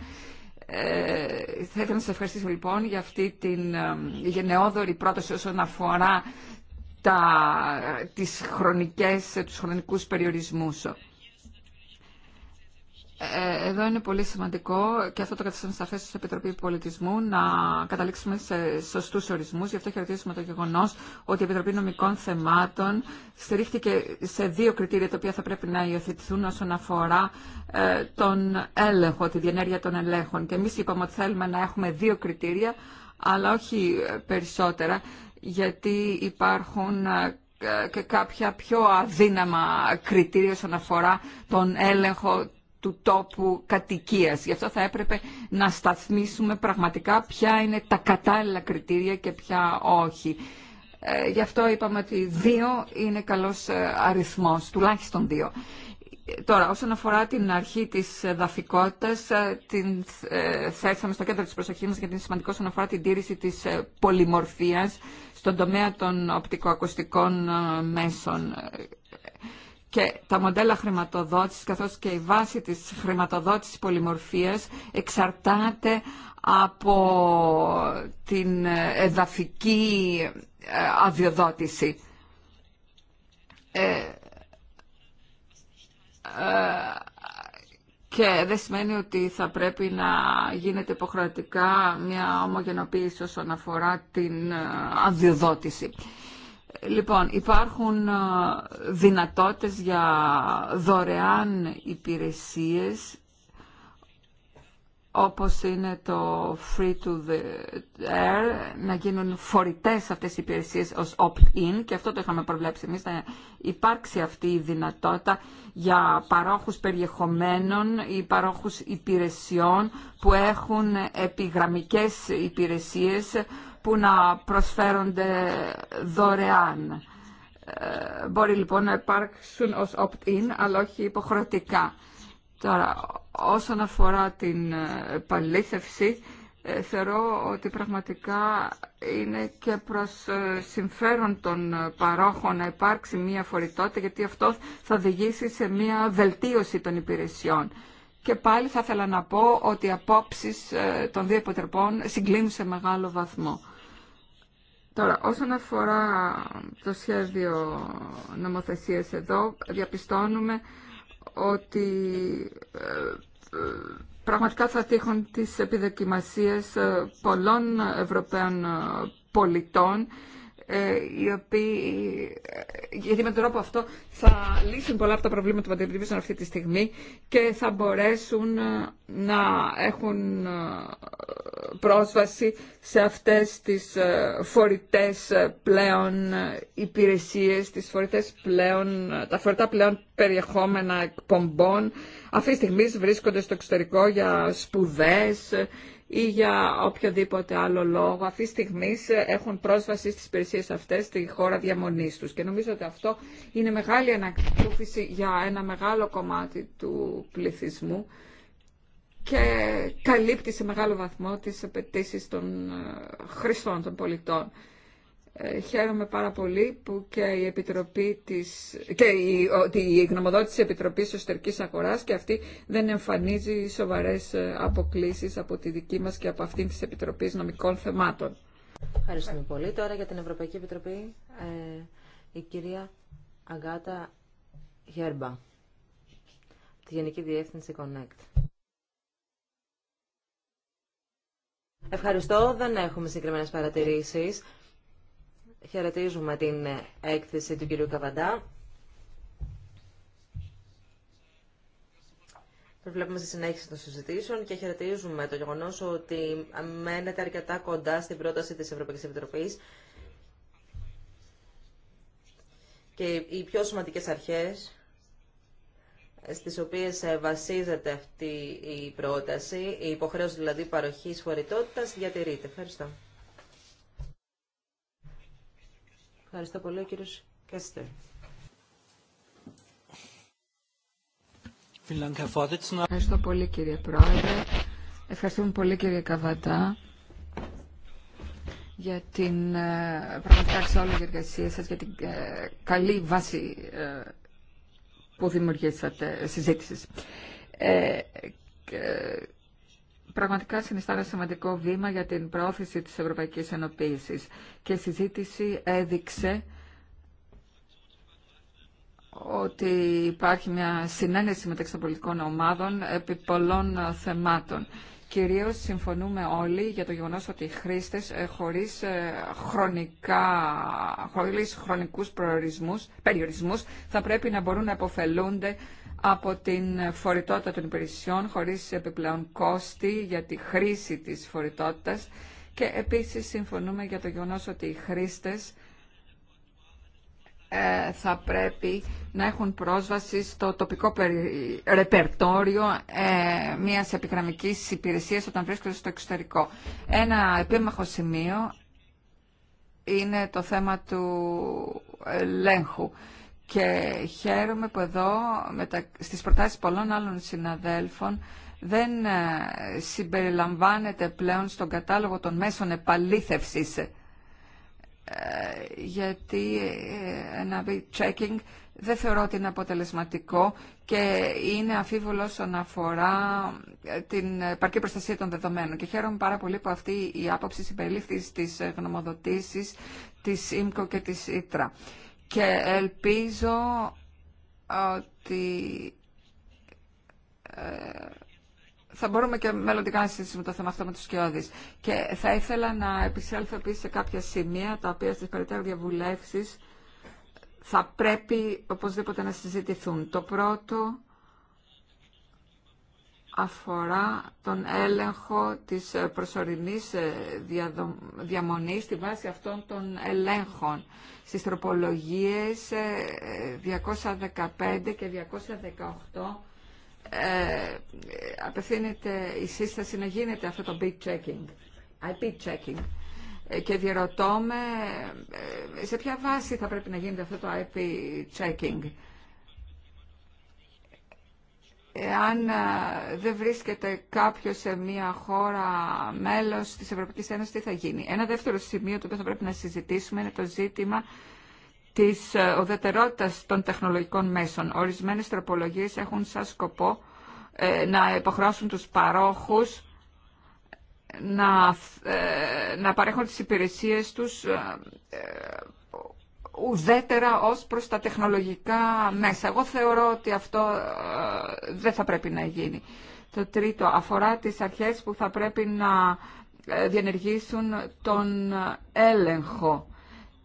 Θα ήθελα να σας ευχαριστήσω λοιπόν για αυτή την γενναιόδορη πρόταση όσον αφορά τα, τις χρονικές, τους χρονικούς περιορισμούς. Ε, εδώ είναι πολύ σημαντικό και αυτό το καθιστάμε σαφέ στην Επιτροπή Πολιτισμού να καταλήξουμε σε σωστού ορισμού. Γι' αυτό χαιρετίζουμε το γεγονό ότι η Επιτροπή Νομικών Θεμάτων στηρίχθηκε σε δύο κριτήρια τα οποία θα πρέπει να υιοθετηθούν όσον αφορά ε, τον έλεγχο, τη διενέργεια των ελέγχων. Και εμεί είπαμε ότι θέλουμε να έχουμε δύο κριτήρια, αλλά όχι ε, περισσότερα, γιατί υπάρχουν και κάποια πιο αδύναμα κριτήρια όσον αφορά τον έλεγχο του τόπου κατοικίας. Γι' αυτό θα έπρεπε να σταθμίσουμε πραγματικά ποια είναι τα κατάλληλα κριτήρια και ποια όχι. Ε, γι' αυτό είπαμε ότι δύο είναι καλός ε, αριθμός, τουλάχιστον δύο. Τώρα, όσον αφορά την αρχή της δαφικότητας, ε, την θέσαμε στο κέντρο της προσοχής μας γιατί είναι σημαντικό όσον αφορά την τήρηση της πολυμορφίας στον τομέα των οπτικοακουστικών μέσων και τα μοντέλα χρηματοδότησης καθώς και η βάση της χρηματοδότησης πολυμορφίας εξαρτάται από την εδαφική ε, αδειοδότηση. Ε, ε, και δεν σημαίνει ότι θα πρέπει να γίνεται υποχρεωτικά μια ομογενοποίηση όσον αφορά την αδειοδότηση. Λοιπόν, υπάρχουν ε, δυνατότητες για δωρεάν υπηρεσίες όπως είναι το free to the air, να γίνουν φορητές αυτές οι υπηρεσίες ως opt-in και αυτό το είχαμε προβλέψει εμείς, να υπάρξει αυτή η δυνατότητα για παρόχους περιεχομένων ή παρόχους υπηρεσιών που έχουν επιγραμμικές υπηρεσίες που να προσφέρονται δωρεάν. Ε, μπορεί λοιπόν να υπάρξουν ως opt-in, αλλά όχι υποχρεωτικά. Τώρα, όσον αφορά την ε, παλήθευση, ε, θεωρώ ότι πραγματικά είναι και προς συμφέρον των παρόχων να υπάρξει μία φορητότητα, γιατί αυτό θα οδηγήσει σε μία βελτίωση των υπηρεσιών. Και πάλι θα ήθελα να πω ότι οι απόψεις των δύο υποτερπών συγκλίνουν σε μεγάλο βαθμό. Τώρα, όσον αφορά το σχέδιο νομοθεσίες εδώ, διαπιστώνουμε ότι ε, ε, πραγματικά θα τύχουν τις επιδοκιμασίες ε, πολλών Ευρωπαίων πολιτών ε, οι οποίοι, ε, γιατί με τον τρόπο αυτό θα λύσουν πολλά από τα προβλήματα που αντιμετωπίζουν αυτή τη στιγμή και θα μπορέσουν ε, να έχουν πρόσβαση σε αυτές τις φορητές πλέον υπηρεσίες, τις φορητές πλέον, τα φορητά πλέον περιεχόμενα εκπομπών. Αυτή τη στιγμή βρίσκονται στο εξωτερικό για σπουδές ή για οποιοδήποτε άλλο λόγο αυτή τη στιγμή έχουν πρόσβαση στις υπηρεσίες αυτές στη χώρα διαμονής τους. Και νομίζω ότι αυτό είναι μεγάλη ανακούφιση για ένα μεγάλο κομμάτι του πληθυσμού και καλύπτει σε μεγάλο βαθμό τις απαιτήσει των ε, χρηστών, των πολιτών. Ε, χαίρομαι πάρα πολύ που και η, Επιτροπή της, και η, η γνωμοδότηση της Επιτροπής Εσωτερικής Αγοράς και αυτή δεν εμφανίζει σοβαρές ε, αποκλήσεις από τη δική μας και από αυτήν της Επιτροπής Νομικών Θεμάτων. Ευχαριστούμε πολύ. Τώρα για την Ευρωπαϊκή Επιτροπή ε, η κυρία Αγκάτα Γέρμπα, τη Γενική Διεύθυνση Connect. Ευχαριστώ. Δεν έχουμε συγκεκριμένε παρατηρήσει. Χαιρετίζουμε την ε, έκθεση του κυρίου Καβαντά. Βλέπουμε στη συνέχιση των συζητήσεων και χαιρετίζουμε το γεγονό ότι μένεται αρκετά κοντά στην πρόταση τη Ευρωπαϊκή Επιτροπή και οι πιο σημαντικές αρχές στις οποίες ε, βασίζεται αυτή η πρόταση, η υποχρέωση δηλαδή παροχής φορητότητας, διατηρείται. Ευχαριστώ. Ευχαριστώ πολύ, κύριο Κέστερ. Ευχαριστώ πολύ, κύριε Πρόεδρε. Ευχαριστούμε πολύ, κύριε Καβατά για την ε, πραγματικά αξιόλογη εργασία σας, για την ε, καλή βάση ε, που δημιουργήσατε συζήτησης πραγματικά συνιστά ένα σημαντικό βήμα για την πρόθεση της Ευρωπαϊκής Ενοποίησης και η συζήτηση έδειξε ότι υπάρχει μια συνένεση μεταξύ των πολιτικών ομάδων επί πολλών θεμάτων. Κυρίως συμφωνούμε όλοι για το γεγονός ότι οι χρήστες ε, χωρίς, ε, χρονικά, χωρίς χρονικούς προορισμούς, περιορισμούς θα πρέπει να μπορούν να υποφελούνται από την φορητότητα των υπηρεσιών χωρίς επιπλέον κόστη για τη χρήση της φορητότητας και επίσης συμφωνούμε για το γεγονός ότι οι χρήστες ε, θα πρέπει να έχουν πρόσβαση στο τοπικό ρεπερτόριο ε, μιας επιγραμμικής υπηρεσίας όταν βρίσκονται στο εξωτερικό. Ένα επίμαχο σημείο είναι το θέμα του ελέγχου. Και χαίρομαι που εδώ μετα... στις προτάσεις πολλών άλλων συναδέλφων δεν ε, συμπεριλαμβάνεται πλέον στον κατάλογο των μέσων επαλήθευσης γιατί ένα ε, checking δεν θεωρώ ότι είναι αποτελεσματικό και είναι αφίβολο όσον αφορά ε, την επαρκή προστασία των δεδομένων. Και χαίρομαι πάρα πολύ που αυτή η άποψη συμπεριλήφθη στις ε, γνωμοδοτήσεις της ΙΜΚΟ και της ΙΤΡΑ. Και ελπίζω ότι θα μπορούμε και μελλοντικά να συζητήσουμε το θέμα αυτό με τους Και θα ήθελα να επισέλθω επίση σε κάποια σημεία τα οποία στι περαιτέρω διαβουλεύσεις θα πρέπει οπωσδήποτε να συζητηθούν. Το πρώτο αφορά τον έλεγχο της προσωρινής ε, διαμονής στη βάση αυτών των ελέγχων στις τροπολογίες 215 ε, ε, και 218 ε, απευθύνεται η σύσταση να γίνεται αυτό το beat checking, IP checking ε, και διερωτώ με ε, σε ποια βάση θα πρέπει να γίνεται αυτό το IP checking. Εάν ε, δεν βρίσκεται κάποιος σε μια χώρα μέλος της Ευρωπαϊκής Ένωσης, τι θα γίνει. Ένα δεύτερο σημείο το οποίο θα πρέπει να συζητήσουμε είναι το ζήτημα της ε, οδετερότητας των τεχνολογικών μέσων. Ορισμένες τροπολογίες έχουν σαν σκοπό ε, να υποχρεώσουν τους παρόχους να, ε, να παρέχουν τις υπηρεσίες τους ουδέτερα ως προς τα τεχνολογικά μέσα. Εγώ θεωρώ ότι αυτό δεν θα πρέπει να γίνει. Το τρίτο αφορά τις αρχές που θα πρέπει να διενεργήσουν τον έλεγχο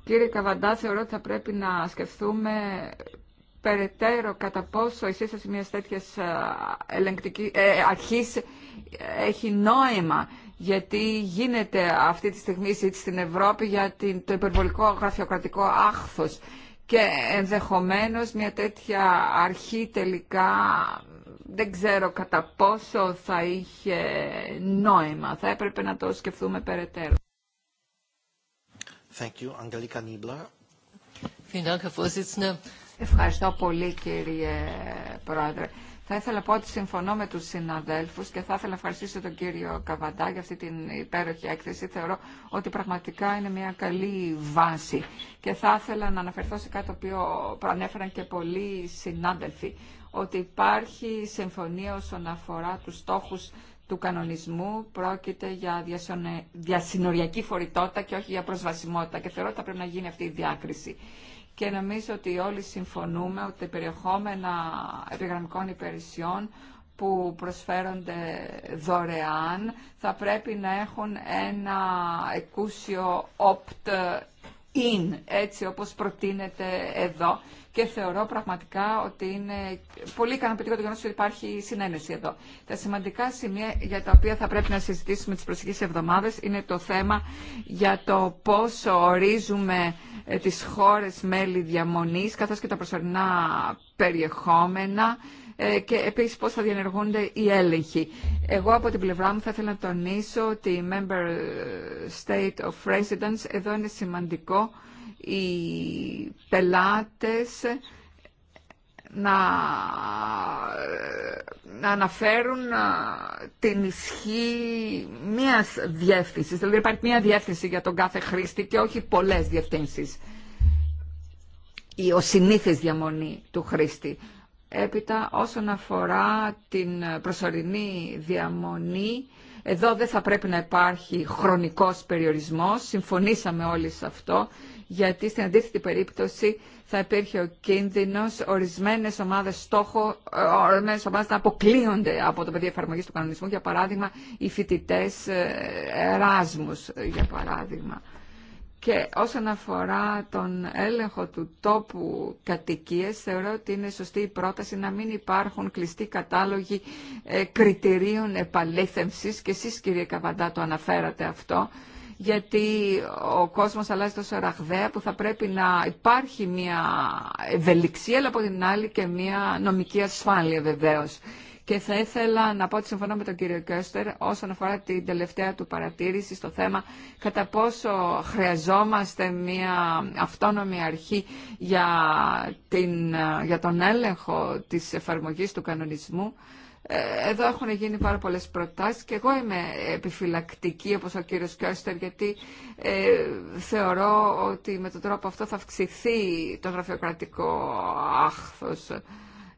Κύριε Καβαντά, θεωρώ ότι θα πρέπει να σκεφτούμε περαιτέρω κατά πόσο η σύσταση μιας τέτοιας ε, ελεγκτική, ε, αρχής έχει νόημα γιατί γίνεται αυτή τη στιγμή στην Ευρώπη για την, το υπερβολικό γραφειοκρατικό άχθος και ενδεχομένως μια τέτοια αρχή τελικά δεν ξέρω κατά πόσο θα είχε νόημα. Θα έπρεπε να το σκεφτούμε περαιτέρω. Ευχαριστώ πολύ κύριε Πρόεδρε. Θα ήθελα πω ότι συμφωνώ με τους συναδέλφους και θα ήθελα να ευχαριστήσω τον κύριο Καβαντά για αυτή την υπέροχη έκθεση. Θεωρώ ότι πραγματικά είναι μια καλή βάση και θα ήθελα να αναφερθώ σε κάτι το οποίο προανέφεραν και πολλοί συνάδελφοι ότι υπάρχει συμφωνία όσον αφορά τους στόχους του κανονισμού πρόκειται για διασυνοριακή φορητότητα και όχι για προσβασιμότητα και θεωρώ ότι θα πρέπει να γίνει αυτή η διάκριση. Και νομίζω ότι όλοι συμφωνούμε ότι τα περιεχόμενα επιγραμμικών υπηρεσιών που προσφέρονται δωρεάν θα πρέπει να έχουν ένα εκούσιο opt in, έτσι όπως προτείνεται εδώ. Και θεωρώ πραγματικά ότι είναι πολύ ικανοποιητικό το γεγονό ότι υπάρχει συνένεση εδώ. Τα σημαντικά σημεία για τα οποία θα πρέπει να συζητήσουμε τι προσεχεί εβδομάδε είναι το θέμα για το πόσο ορίζουμε ε, τι χώρε μέλη διαμονή, καθώ και τα προσωρινά περιεχόμενα, ε, και επίσης πώς θα διενεργούνται οι έλεγχοι. Εγώ από την πλευρά μου θα ήθελα να τονίσω ότι η Member ε, State of Residence εδώ είναι σημαντικό οι πελάτες να, ε, αναφέρουν την ισχύ μίας διεύθυνσης. Δηλαδή υπάρχει μία διεύθυνση για τον κάθε χρήστη και όχι πολλές διευθύνσεις ή ο συνήθις διαμονή του χρήστη. Έπειτα όσον αφορά την προσωρινή διαμονή, εδώ δεν θα πρέπει να υπάρχει χρονικός περιορισμός, συμφωνήσαμε όλοι σε αυτό, γιατί στην αντίθετη περίπτωση θα υπήρχε ο κίνδυνος ορισμένες ομάδες στόχο, ε, ορισμένες ομάδες να αποκλείονται από το πεδίο εφαρμογή του κανονισμού, για παράδειγμα οι φοιτητέ Εράσμους, για παράδειγμα. Και όσον αφορά τον έλεγχο του τόπου κατοικίες, θεωρώ ότι είναι σωστή η πρόταση να μην υπάρχουν κλειστοί κατάλογοι ε, κριτηρίων επαλήθευσης και εσείς κύριε Καβαντά το αναφέρατε αυτό γιατί ο κόσμος αλλάζει τόσο ραγδαία που θα πρέπει να υπάρχει μια ευελιξία αλλά από την άλλη και μια νομική ασφάλεια βεβαίως. Και θα ήθελα να πω ότι συμφωνώ με τον κύριο Κέστερ όσον αφορά την τελευταία του παρατήρηση στο θέμα κατά πόσο χρειαζόμαστε μια αυτόνομη αρχή για, την, για τον έλεγχο της εφαρμογής του κανονισμού. Ε, εδώ έχουν γίνει πάρα πολλές προτάσεις και εγώ είμαι επιφυλακτική όπως ο κύριος Κιώστερ γιατί ε, θεωρώ ότι με τον τρόπο αυτό θα αυξηθεί το γραφειοκρατικό άχθο.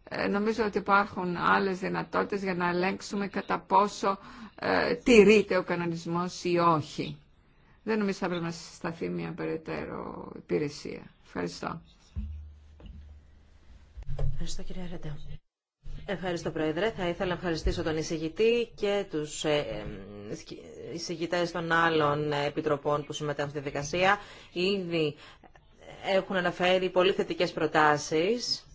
Ε, νομίζω ότι υπάρχουν άλλες δυνατότητες για να ελέγξουμε κατά πόσο ε, τηρείται ο κανονισμός ή όχι. Δεν νομίζω θα πρέπει να συσταθεί μια περαιτέρω υπηρεσία. Ευχαριστώ. Ευχαριστώ κυρία Ρέντα. Ευχαριστώ Πρόεδρε. Θα ήθελα να ευχαριστήσω τον εισηγητή και τους ε, ε, εισηγητές των άλλων επιτροπών που συμμετέχουν στη δικασία. Ήδη έχουν αναφέρει πολύ θετικές προτάσεις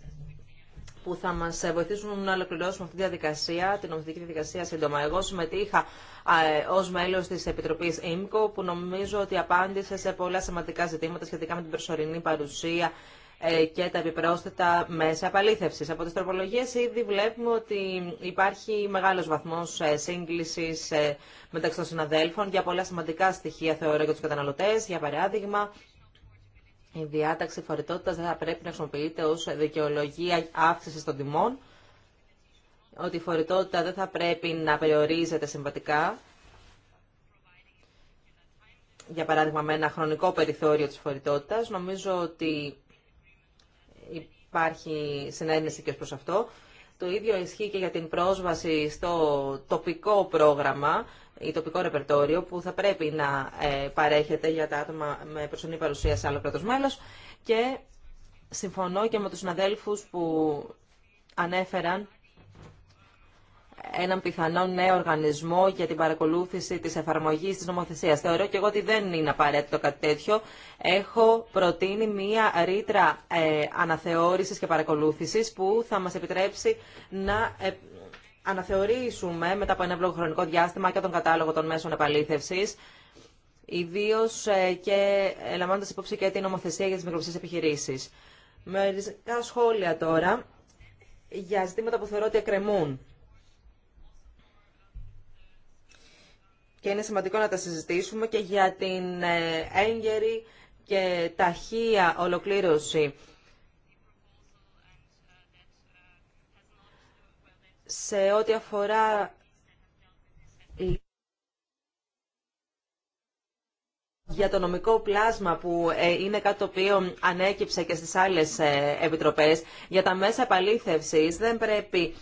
που θα μας βοηθήσουν να ολοκληρώσουμε αυτή τη διαδικασία, την νομοθετική διαδικασία σύντομα. Εγώ συμμετείχα ως μέλος της Επιτροπής Εμκο, που νομίζω ότι απάντησε σε πολλά σημαντικά ζητήματα σχετικά με την προσωρινή παρουσία ε, και τα επιπρόσθετα μέσα απαλήθευση. Από τι τροπολογίε ήδη βλέπουμε ότι υπάρχει μεγάλος βαθμός ε, σύγκλησης ε, μεταξύ των συναδέλφων για πολλά σημαντικά στοιχεία θεωρώ για τους καταναλωτές, για παράδειγμα η διάταξη φορητότητας δεν θα πρέπει να χρησιμοποιείται ως δικαιολογία αύξηση των τιμών, ότι η φορητότητα δεν θα πρέπει να περιορίζεται συμβατικά, για παράδειγμα με ένα χρονικό περιθώριο της φορητότητας. Νομίζω ότι υπάρχει συνένεση και προς αυτό. Το ίδιο ισχύει και για την πρόσβαση στο τοπικό πρόγραμμα, ή τοπικό ρεπερτόριο που θα πρέπει να ε, παρέχεται για τα άτομα με προσωπική παρουσία σε άλλο κράτο μέλο. και συμφωνώ και με τους συναδέλφου που ανέφεραν έναν πιθανό νέο οργανισμό για την παρακολούθηση της εφαρμογής της νομοθεσίας. Θεωρώ και εγώ ότι δεν είναι απαραίτητο κάτι τέτοιο. Έχω προτείνει μία ρήτρα ε, αναθεώρησης και παρακολούθησης που θα μας επιτρέψει να ε, αναθεωρήσουμε μετά από ένα ευλόγο χρονικό διάστημα και τον κατάλογο των μέσων επαλήθευση, ιδίω ε, και ε, λαμβάνοντα υπόψη και την νομοθεσία για τι μικροψηφίε επιχειρήσει. Με σχόλια τώρα για ζητήματα που θεωρώ ότι εκκρεμούν. Και είναι σημαντικό να τα συζητήσουμε και για την ε, έγκαιρη και ταχεία ολοκλήρωση σε ό,τι αφορά για το νομικό πλάσμα που ε, είναι κάτι το οποίο ανέκυψε και στις άλλες ε, επιτροπές, για τα μέσα επαλήθευσης δεν πρέπει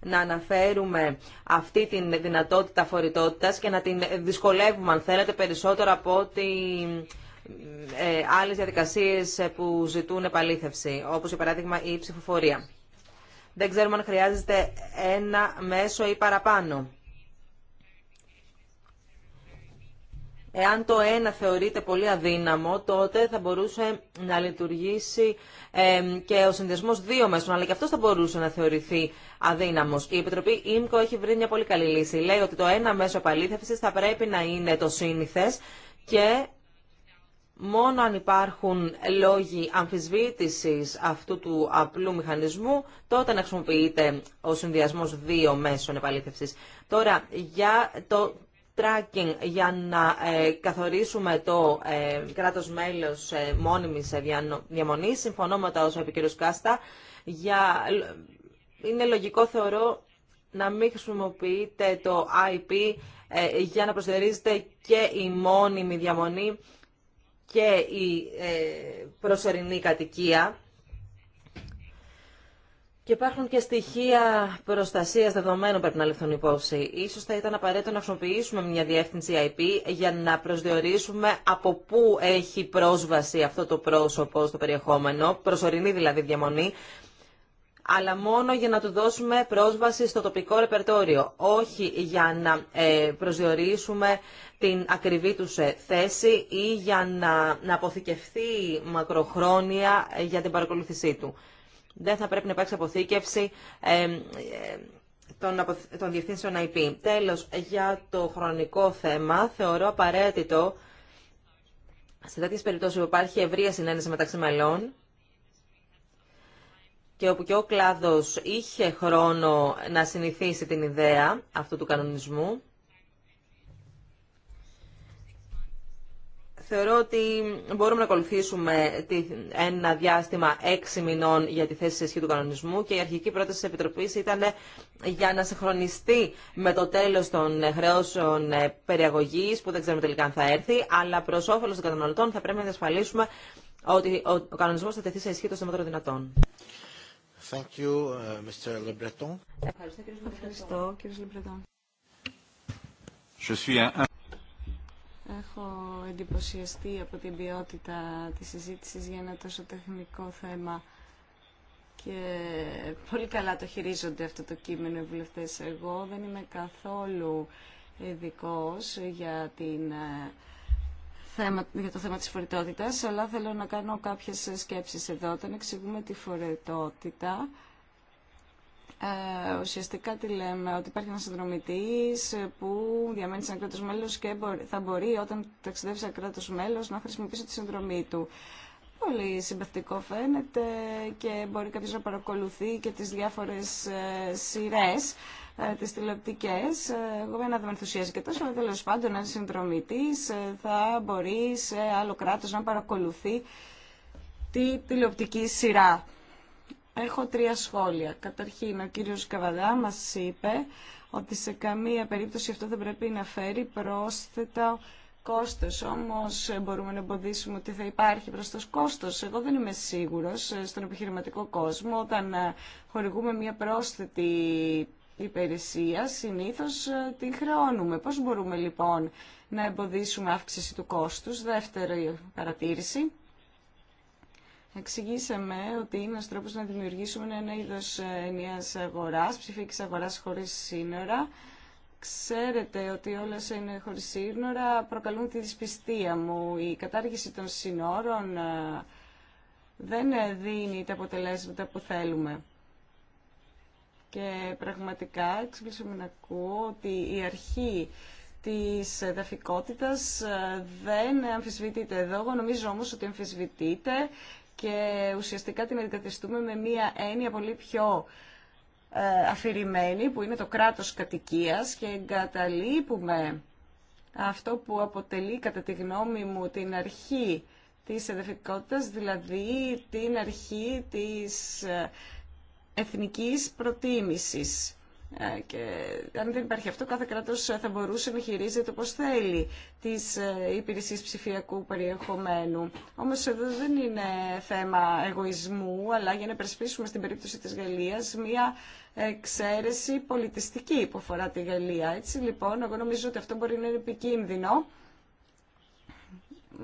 να αναφέρουμε αυτή τη δυνατότητα φορητότητας και να την δυσκολεύουμε, αν θέλετε, περισσότερο από ότι ε, άλλες διαδικασίες που ζητούν επαλήθευση, όπως για παράδειγμα η ψηφοφορία. Δεν ξέρουμε αν χρειάζεται ένα μέσο ή παραπάνω. Εάν το ένα θεωρείται πολύ αδύναμο, τότε θα μπορούσε να λειτουργήσει και ο συνδυασμό δύο μέσων, αλλά και αυτό θα μπορούσε να θεωρηθεί αδύναμο. Η Επιτροπή ΙΜΚΟ έχει βρει μια πολύ καλή λύση. Λέει ότι το ένα μέσο επαλήθευση θα πρέπει να είναι το σύνηθε και μόνο αν υπάρχουν λόγοι αμφισβήτησης αυτού του απλού μηχανισμού, τότε να χρησιμοποιείται ο συνδυασμός δύο μέσων επαλήθευσης. Τώρα, για το tracking, για να ε, καθορίσουμε το ε, κράτος μέλος ε, μόνιμης ε, διαμονής, συμφωνώ με τα όσα είπε ο Κάστα, για, ε, είναι λογικό θεωρώ να μην χρησιμοποιείται το IP για να προσδιορίζεται και η μόνιμη διαμονή και η ε, προσωρινή κατοικία. Και υπάρχουν και στοιχεία προστασίας δεδομένων πρέπει να λεφθούν υπόψη. Ίσως θα ήταν απαραίτητο να χρησιμοποιήσουμε μια διεύθυνση IP για να προσδιορίσουμε από πού έχει πρόσβαση αυτό το πρόσωπο στο περιεχόμενο, προσωρινή δηλαδή διαμονή, αλλά μόνο για να του δώσουμε πρόσβαση στο τοπικό ρεπερτόριο, όχι για να ε, προσδιορίσουμε την ακριβή τους ε, θέση ή για να, να αποθηκευθεί μακροχρόνια ε, για την παρακολούθησή του. Δεν θα πρέπει να υπάρξει αποθήκευση των, των διευθύνσεων IP. Τέλος, για το χρονικό θέμα, θεωρώ απαραίτητο σε τέτοιες περιπτώσεις που υπάρχει ευρεία συνένεση μεταξύ μελών, και όπου και ο κλάδος είχε χρόνο να συνηθίσει την ιδέα αυτού του κανονισμού. Θεωρώ ότι μπορούμε να ακολουθήσουμε ένα διάστημα έξι μηνών για τη θέση σε ισχύ του κανονισμού και η αρχική πρόταση της Επιτροπής ήταν για να συγχρονιστεί με το τέλος των χρεώσεων ε, περιαγωγής, που δεν ξέρουμε τελικά αν θα έρθει, αλλά προς όφελος των καταναλωτών θα πρέπει να διασφαλίσουμε ότι ο κανονισμός θα τεθεί σε ισχύ το στεμότερο δυνατόν. Uh, Ευχαριστώ, κύριε Έχω εντυπωσιαστεί από την ποιότητα της συζήτησης για ένα τόσο τεχνικό θέμα και πολύ καλά το χειρίζονται αυτό το κείμενο οι βουλευτές. Εγώ δεν είμαι καθόλου ειδικό για την ε, για το θέμα της φορητότητας, αλλά θέλω να κάνω κάποιες σκέψεις εδώ. Όταν εξηγούμε τη φορετότητα, ε, ουσιαστικά τι λέμε, ότι υπάρχει ένας συνδρομητής που διαμένει σαν κράτος μέλος και θα μπορεί όταν ταξιδεύει σαν κράτος μέλος να χρησιμοποιήσει τη συνδρομή του. Πολύ συμπαθητικό φαίνεται και μπορεί κάποιο να παρακολουθεί και τις διάφορες ε, σειρές ε, τι τηλεοπτικές. Ε, εγώ δεν με ενθουσιάζει και τόσο, αλλά τέλο πάντων ένας συνδρομητή, ε, θα μπορεί σε άλλο κράτο να παρακολουθεί τη τηλεοπτική σειρά. Έχω τρία σχόλια. Καταρχήν, ο κύριος Καβαδά μας είπε ότι σε καμία περίπτωση αυτό δεν πρέπει να φέρει πρόσθετα κόστος. Όμως μπορούμε να εμποδίσουμε ότι θα υπάρχει προς κόστος. Εγώ δεν είμαι σίγουρος στον επιχειρηματικό κόσμο όταν χορηγούμε μια πρόσθετη υπηρεσία συνήθως ε, την χρεώνουμε. Πώς μπορούμε λοιπόν να εμποδίσουμε αύξηση του κόστους. Δεύτερη παρατήρηση. Εξηγήσαμε ότι είναι ένα τρόπο να δημιουργήσουμε ένα είδος ε, ενιαίας αγοράς, ψηφιακής αγοράς χωρίς σύνορα. Ξέρετε ότι όλα είναι χωρίς σύνορα προκαλούν τη δυσπιστία μου. Η κατάργηση των σύνορων ε, δεν δίνει τα αποτελέσματα που θέλουμε. Και πραγματικά εξυπλήσαμε να ακούω ότι η αρχή της εδαφικότητας ε, δεν αμφισβητείται εδώ. Εγώ νομίζω όμως ότι αμφισβητείται και ουσιαστικά την αντικαθιστούμε με μία έννοια πολύ πιο ε, αφηρημένη που είναι το κράτος κατοικίας και εγκαταλείπουμε αυτό που αποτελεί κατά τη γνώμη μου την αρχή της εδαφικότητας, δηλαδή την αρχή της ε, εθνικής προτίμησης. Ε, και αν δεν υπάρχει αυτό, κάθε κράτος θα μπορούσε να χειρίζεται όπως θέλει τις ε, υπηρεσίες ψηφιακού περιεχομένου. Όμως εδώ δεν είναι θέμα εγωισμού, αλλά για να υπερασπίσουμε στην περίπτωση της Γαλλίας μια εξαίρεση πολιτιστική που αφορά τη Γαλλία. Έτσι λοιπόν, εγώ νομίζω ότι αυτό μπορεί να είναι επικίνδυνο.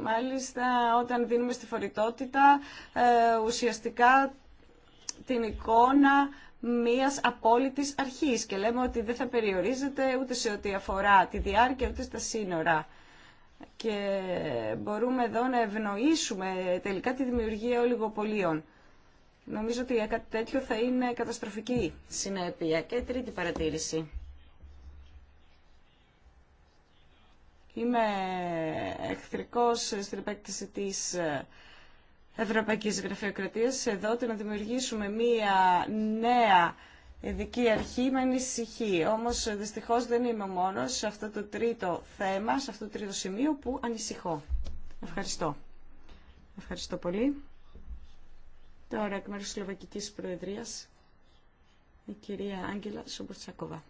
Μάλιστα, όταν δίνουμε στη φορητότητα, ε, ουσιαστικά την εικόνα μίας απόλυτης αρχής και λέμε ότι δεν θα περιορίζεται ούτε σε ό,τι αφορά τη διάρκεια ούτε στα σύνορα. Και μπορούμε εδώ να ευνοήσουμε τελικά τη δημιουργία ολιγοπολίων. Νομίζω ότι κάτι τέτοιο θα είναι καταστροφική συνέπεια. Και τρίτη παρατήρηση. Είμαι εχθρικός στην επέκτηση της Ευρωπαϊκή Γραφειοκρατία εδώ ότι να δημιουργήσουμε μία νέα ειδική αρχή με ανησυχεί. Όμως δυστυχώς δεν είμαι μόνος σε αυτό το τρίτο θέμα, σε αυτό το τρίτο σημείο που ανησυχώ. Ευχαριστώ. Ευχαριστώ πολύ. Τώρα εκ μέρου τη Σλοβακικής Προεδρίας η κυρία Άγγελα Σομπορτσακοβά.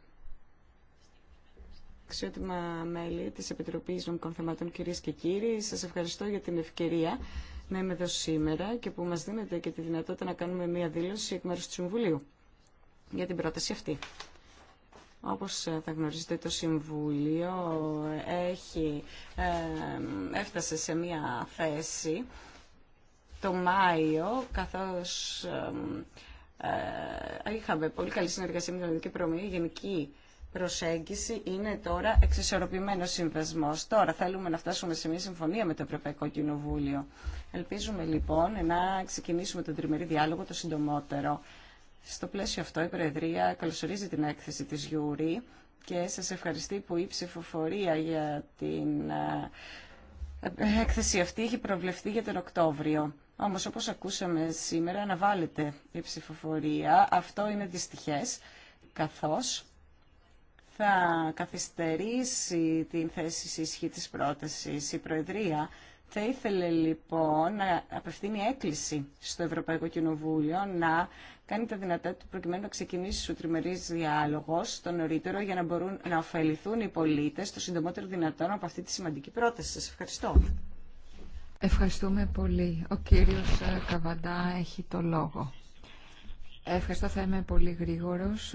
Αξιότιμα μέλη της Επιτροπής Νομικών Θεμάτων, κυρίες και κύριοι, σας ευχαριστώ για την ευκαιρία να είμαι εδώ σήμερα και που μας δίνεται και τη δυνατότητα να κάνουμε μία δήλωση εκ μέρους του Συμβουλίου για την πρόταση αυτή. Όπως ε, θα γνωρίζετε το Συμβούλιο ε, έχει, ε, έφτασε σε μία θέση το Μάιο καθώς είχαμε πολύ καλή συνεργασία με την Ελληνική Προμήθεια, Γενική προσέγγιση είναι τώρα εξισορροπημένο συμβεσμό. Τώρα θέλουμε να φτάσουμε σε μια συμφωνία με το Ευρωπαϊκό Κοινοβούλιο. Ελπίζουμε λοιπόν να ξεκινήσουμε τον τριμερή διάλογο το συντομότερο. Στο πλαίσιο αυτό η Προεδρία καλωσορίζει την έκθεση τη Γιούρη και σα ευχαριστεί που η ψηφοφορία για την ε, έκθεση αυτή έχει προβλεφθεί για τον Οκτώβριο. Όμω, όπω ακούσαμε σήμερα αναβάλλεται η ψηφοφορία. Αυτό είναι δυστυχέ, καθώς θα καθυστερήσει την θέση ισχύ της πρότασης η Προεδρία. Θα ήθελε λοιπόν να απευθύνει έκκληση στο Ευρωπαϊκό Κοινοβούλιο να κάνει τα δυνατά του προκειμένου να ξεκινήσει ο τριμερής διάλογος το νωρίτερο για να μπορούν να ωφεληθούν οι πολίτες το συντομότερο δυνατόν από αυτή τη σημαντική πρόταση. Σας ευχαριστώ. Ευχαριστούμε πολύ. Ο κύριος ε, Καβαντά έχει το λόγο. Ευχαριστώ, θα είμαι πολύ γρήγορος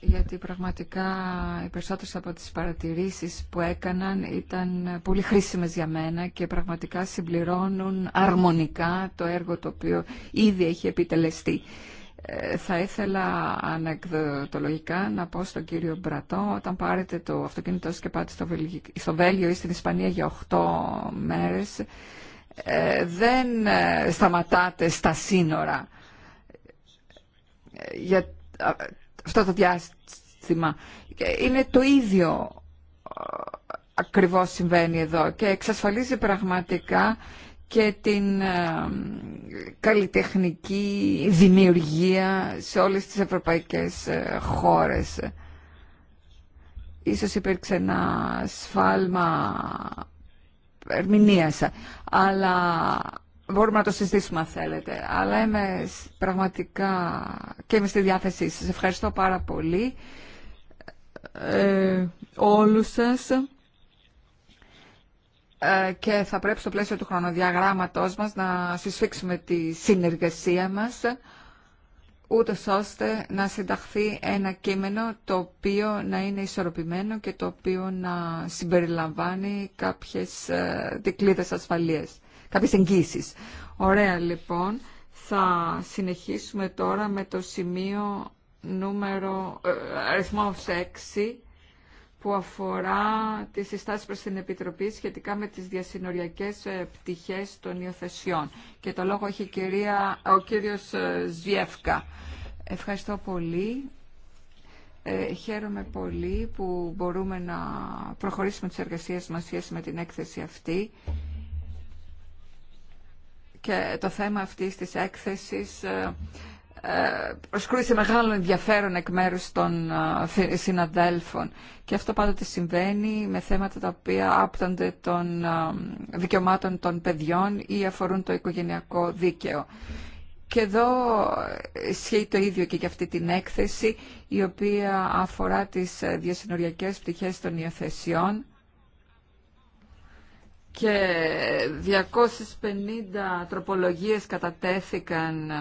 γιατί πραγματικά οι περισσότερες από τις παρατηρήσεις που έκαναν ήταν πολύ χρήσιμες για μένα και πραγματικά συμπληρώνουν αρμονικά το έργο το οποίο ήδη έχει επιτελεστεί. Ε, θα ήθελα ανεκδοτολογικά να πω στον κύριο Μπρατό, όταν πάρετε το αυτοκίνητό και πάτε στο, Βέλγιο, ή στην Ισπανία για 8 μέρες, ε, δεν ε, σταματάτε στα σύνορα. Για αυτό το διάστημα. Είναι το ίδιο ε, ακριβώς συμβαίνει εδώ και εξασφαλίζει πραγματικά και την ε, καλλιτεχνική δημιουργία σε όλες τις ευρωπαϊκές ε, χώρες. Ίσως υπήρξε ένα σφάλμα ερμηνείας, αλλά μπορούμε να το συζητήσουμε αν θέλετε. Αλλά είμαι πραγματικά και είμαι στη διάθεσή σας. Ευχαριστώ πάρα πολύ ε, όλους σας ε, και θα πρέπει στο πλαίσιο του χρονοδιαγράμματός μας να συσφίξουμε τη συνεργασία μας ούτε ώστε να συνταχθεί ένα κείμενο το οποίο να είναι ισορροπημένο και το οποίο να συμπεριλαμβάνει κάποιες ε, δικλείδες ασφαλείας κάποιες εγγύσεις. Ωραία λοιπόν, θα συνεχίσουμε τώρα με το σημείο νούμερο, ε, αριθμό 6 που αφορά τις συστάσεις προς την Επιτροπή σχετικά με τις διασυνοριακές ε, πτυχές των υιοθεσιών. Και το λόγο έχει κυρία, ο κύριος ε, Ζιέφκα. Ευχαριστώ πολύ. Ε, χαίρομαι πολύ που μπορούμε να προχωρήσουμε τις εργασίες μας σχέση με την έκθεση αυτή και το θέμα αυτής της έκθεσης ε, ε, προσκρούει μεγάλο ενδιαφέρον εκ μέρους των ε, συναδέλφων και αυτό πάντοτε συμβαίνει με θέματα τα οποία άπτονται των δικαιωμάτων των παιδιών ή αφορούν το οικογενειακό δίκαιο. Και εδώ ισχύει το ίδιο και για αυτή την έκθεση η οποία αφορά τις διασυνοριακές πτυχές των υιοθεσιών και 250 τροπολογίες κατατέθηκαν ε,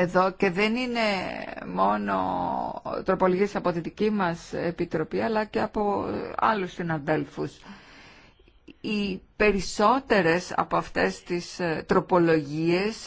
εδώ και δεν είναι μόνο τροπολογίες από τη δική μας επιτροπή αλλά και από άλλους συναδέλφους. Οι περισσότερες από αυτές τις ε, τροπολογίες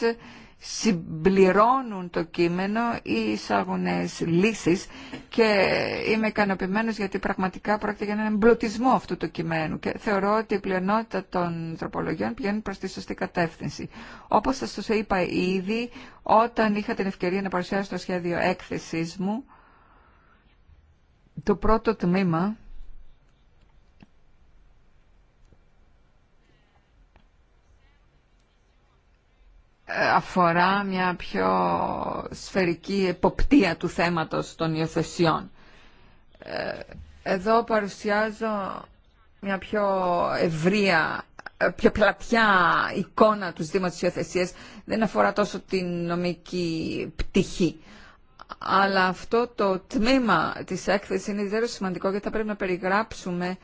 συμπληρώνουν το κείμενο ή εισάγουν λύσεις και είμαι ικανοποιημένος γιατί πραγματικά πρόκειται για έναν εμπλουτισμό αυτού του κειμένου και θεωρώ ότι η πλειονότητα των τροπολογιών πηγαίνει προς τη σωστή κατεύθυνση. Όπως σας το είπα ήδη, όταν είχα την ευκαιρία να παρουσιάσω το σχέδιο έκθεσής μου, το πρώτο τμήμα αφορά μια πιο σφαιρική εποπτεία του θέματος των υιοθεσιών. Ε, εδώ παρουσιάζω μια πιο ευρεία, ε, πιο πλατιά εικόνα του ζητήματος της υιοθεσίας. Δεν αφορά τόσο την νομική πτυχή. Αλλά αυτό το τμήμα της έκθεσης είναι ιδιαίτερα σημαντικό γιατί θα πρέπει να περιγράψουμε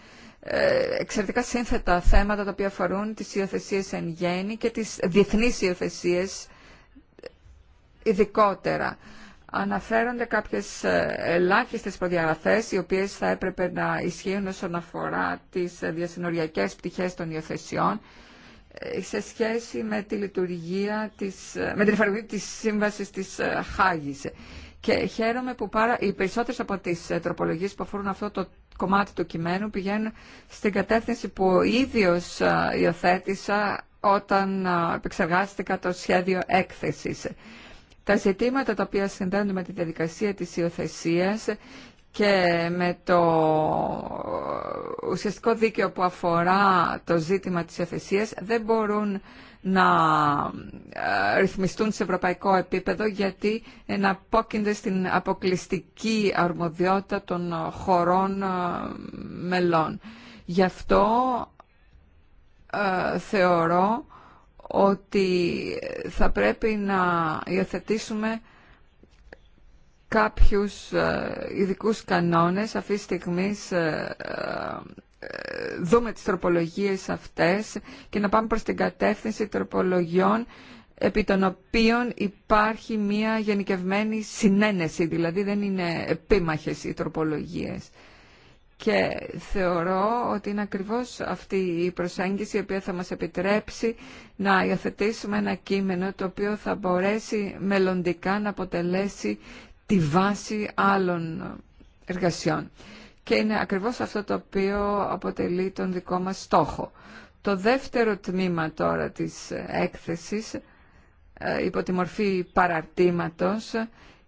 ε, εξαιρετικά σύνθετα θέματα τα οποία αφορούν τις υιοθεσίε εν γέννη και τις διεθνείς υιοθεσίε ειδικότερα. Αναφέρονται κάποιες ε, ελάχιστες προδιαγραφές οι οποίες θα έπρεπε να ισχύουν όσον αφορά τις διασυνοριακές πτυχές των υιοθεσιών ε, σε σχέση με τη λειτουργία της, με την εφαρμογή της σύμβασης της Χάγης. Και χαίρομαι που πάρα, οι περισσότερες από τις τροπολογίες που αφορούν αυτό το κομμάτι του κειμένου πηγαίνουν στην κατεύθυνση που ίδιος υιοθέτησα όταν επεξεργάστηκα το σχέδιο έκθεσης. Τα ζητήματα τα οποία συνδέονται με τη διαδικασία της υιοθεσία και με το ουσιαστικό δίκαιο που αφορά το ζήτημα της υιοθεσία δεν μπορούν να ε, ρυθμιστούν σε ευρωπαϊκό επίπεδο γιατί εναπόκεινται στην αποκλειστική αρμοδιότητα των χωρών ε, μελών. Γι' αυτό ε, θεωρώ ότι θα πρέπει να υιοθετήσουμε κάποιους ειδικού κανόνες αυτή τη στιγμή δούμε τις τροπολογίες αυτές και να πάμε προς την κατεύθυνση τροπολογιών επί των οποίων υπάρχει μια γενικευμένη συνένεση, δηλαδή δεν είναι επίμαχες οι τροπολογίες. Και θεωρώ ότι είναι ακριβώς αυτή η προσέγγιση η οποία θα μας επιτρέψει να υιοθετήσουμε ένα κείμενο το οποίο θα μπορέσει μελλοντικά να αποτελέσει τη βάση άλλων εργασιών και είναι ακριβώς αυτό το οποίο αποτελεί τον δικό μας στόχο. Το δεύτερο τμήμα τώρα της έκθεσης ε, υπό τη μορφή παραρτήματος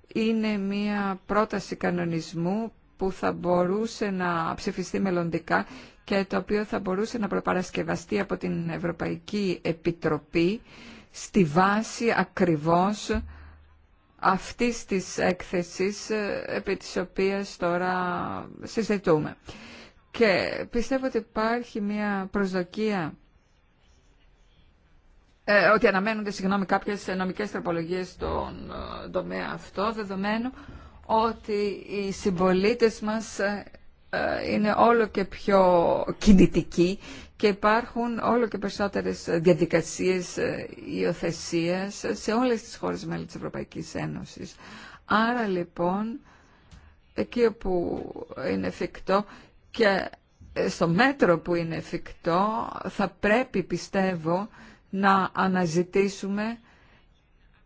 είναι μια πρόταση κανονισμού που θα μπορούσε να ψηφιστεί μελλοντικά και το οποίο θα μπορούσε να προπαρασκευαστεί από την Ευρωπαϊκή Επιτροπή στη βάση ακριβώς αυτής της έκθεσης ε, επί της οποίας τώρα συζητούμε. Και πιστεύω ότι υπάρχει μια προσδοκία ε, ότι αναμένονται συγγνώμη, κάποιες νομικές τροπολογίες στον ε, τομέα αυτό, δεδομένου ότι οι συμπολίτε μας είναι όλο και πιο κινητικοί και υπάρχουν όλο και περισσότερες διαδικασίες ε, υιοθεσία σε όλες τις χώρες μέλη της Ευρωπαϊκής Ένωσης. Άρα λοιπόν, εκεί όπου είναι εφικτό και ε, στο μέτρο που είναι εφικτό, θα πρέπει πιστεύω να αναζητήσουμε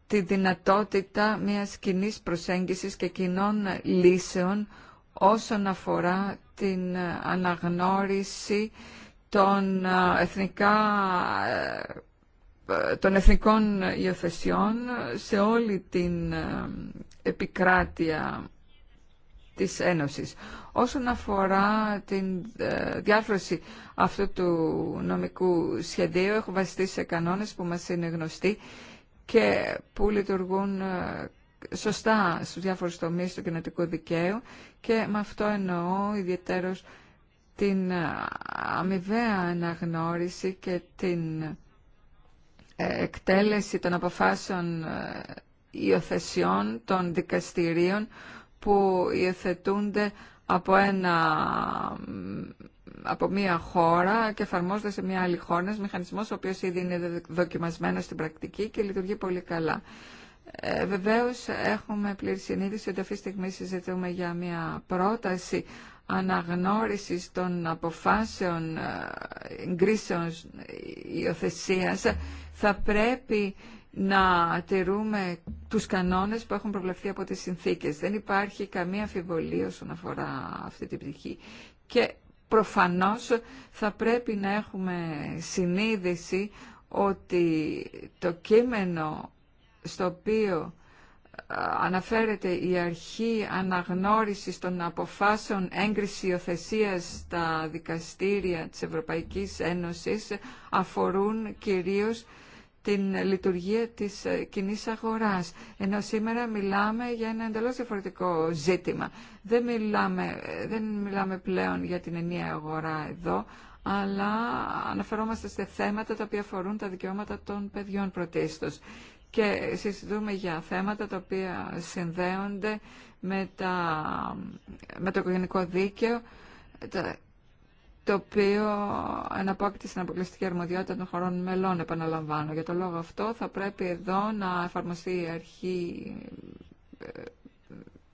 τη δυνατότητα μιας κοινή προσέγγισης και κοινών λύσεων όσον αφορά την ε, αναγνώριση των, ε, εθνικά, ε, ε, των εθνικών υιοθεσιών σε όλη την επικράτεια της Ένωσης. Όσον αφορά την διάρθρωση αυτού του νομικού σχεδίου, έχω βασιστεί σε κανόνες που μας είναι γνωστοί και που λειτουργούν σωστά στους διάφορους τομείς του κοινωτικού δικαίου και με αυτό εννοώ ιδιαίτερος την ε, αμοιβαία αναγνώριση και την ε, εκτέλεση των αποφάσεων ε, υιοθεσιών των δικαστηρίων που υιοθετούνται από, ένα, από μία χώρα και εφαρμόζονται σε μία άλλη χώρα. Ένας μηχανισμός ο οποίος ήδη είναι δοκιμασμένος στην πρακτική και λειτουργεί πολύ καλά. Ε, Βεβαίω έχουμε πλήρη συνείδηση ότι αυτή τη στιγμή συζητούμε για μια πρόταση αναγνώρισης των αποφάσεων ε, εγκρίσεων υιοθεσία θα πρέπει να τηρούμε τους κανόνες που έχουν προβλεφθεί από τις συνθήκες. Δεν υπάρχει καμία αμφιβολία όσον αφορά αυτή την πτυχή και προφανώς θα πρέπει να έχουμε συνείδηση ότι το κείμενο στο οποίο αναφέρεται η αρχή αναγνώρισης των αποφάσεων έγκριση υιοθεσία στα δικαστήρια της Ευρωπαϊκής Ένωσης αφορούν κυρίως την λειτουργία της κοινή αγοράς. Ενώ σήμερα μιλάμε για ένα εντελώς διαφορετικό ζήτημα. Δεν μιλάμε, δεν μιλάμε πλέον για την ενιαία αγορά εδώ, αλλά αναφερόμαστε σε θέματα τα οποία αφορούν τα δικαιώματα των παιδιών πρωτίστως και συζητούμε για θέματα τα οποία συνδέονται με, το οικογενικό δίκαιο, το οποίο αναπόκειται στην αποκλειστική αρμοδιότητα των χωρών μελών, επαναλαμβάνω. Για τον λόγο αυτό θα πρέπει εδώ να εφαρμοστεί η αρχή ε,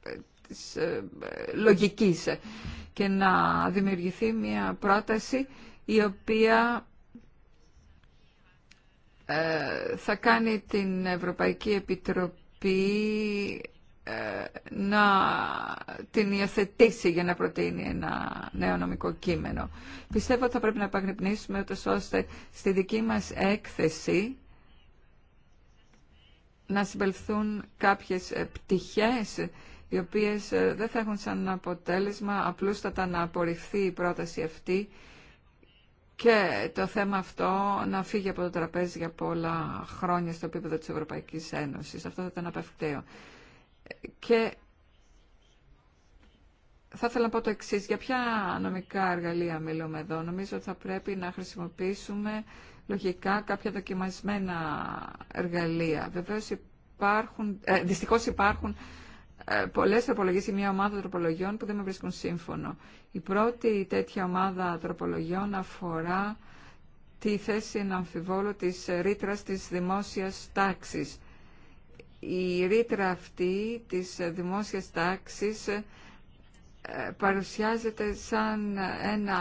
ε, της ε, λογικής και να δημιουργηθεί μια πρόταση η οποία ε, θα κάνει την Ευρωπαϊκή Επιτροπή ε, να την υιοθετήσει για να προτείνει ένα νέο νομικό κείμενο. Πιστεύω ότι θα πρέπει να επαγρυπνήσουμε ώστε στη δική μας έκθεση να συμπελθούν κάποιες πτυχές οι οποίες ε, δεν θα έχουν σαν αποτέλεσμα απλούστατα να απορριφθεί η πρόταση αυτή και το θέμα αυτό να φύγει από το τραπέζι για πολλά χρόνια στο επίπεδο της Ευρωπαϊκής Ένωσης. Αυτό θα ήταν απευκταίο. Και θα ήθελα να πω το εξή. Για ποια νομικά εργαλεία μιλούμε εδώ. Νομίζω ότι θα πρέπει να χρησιμοποιήσουμε λογικά κάποια δοκιμασμένα εργαλεία. Βεβαίως υπάρχουν, ε, δυστυχώς υπάρχουν ε, Πολλέ τροπολογίε ή μια ομάδα τροπολογιών που δεν με βρίσκουν σύμφωνο. Η πρώτη τέτοια ομάδα τροπολογιών αφορά τη θέση εν αμφιβόλο της ρήτρα της δημόσιας τάξης. Η ρήτρα αυτή της δημόσιας τάξης ε, παρουσιάζεται σαν ένα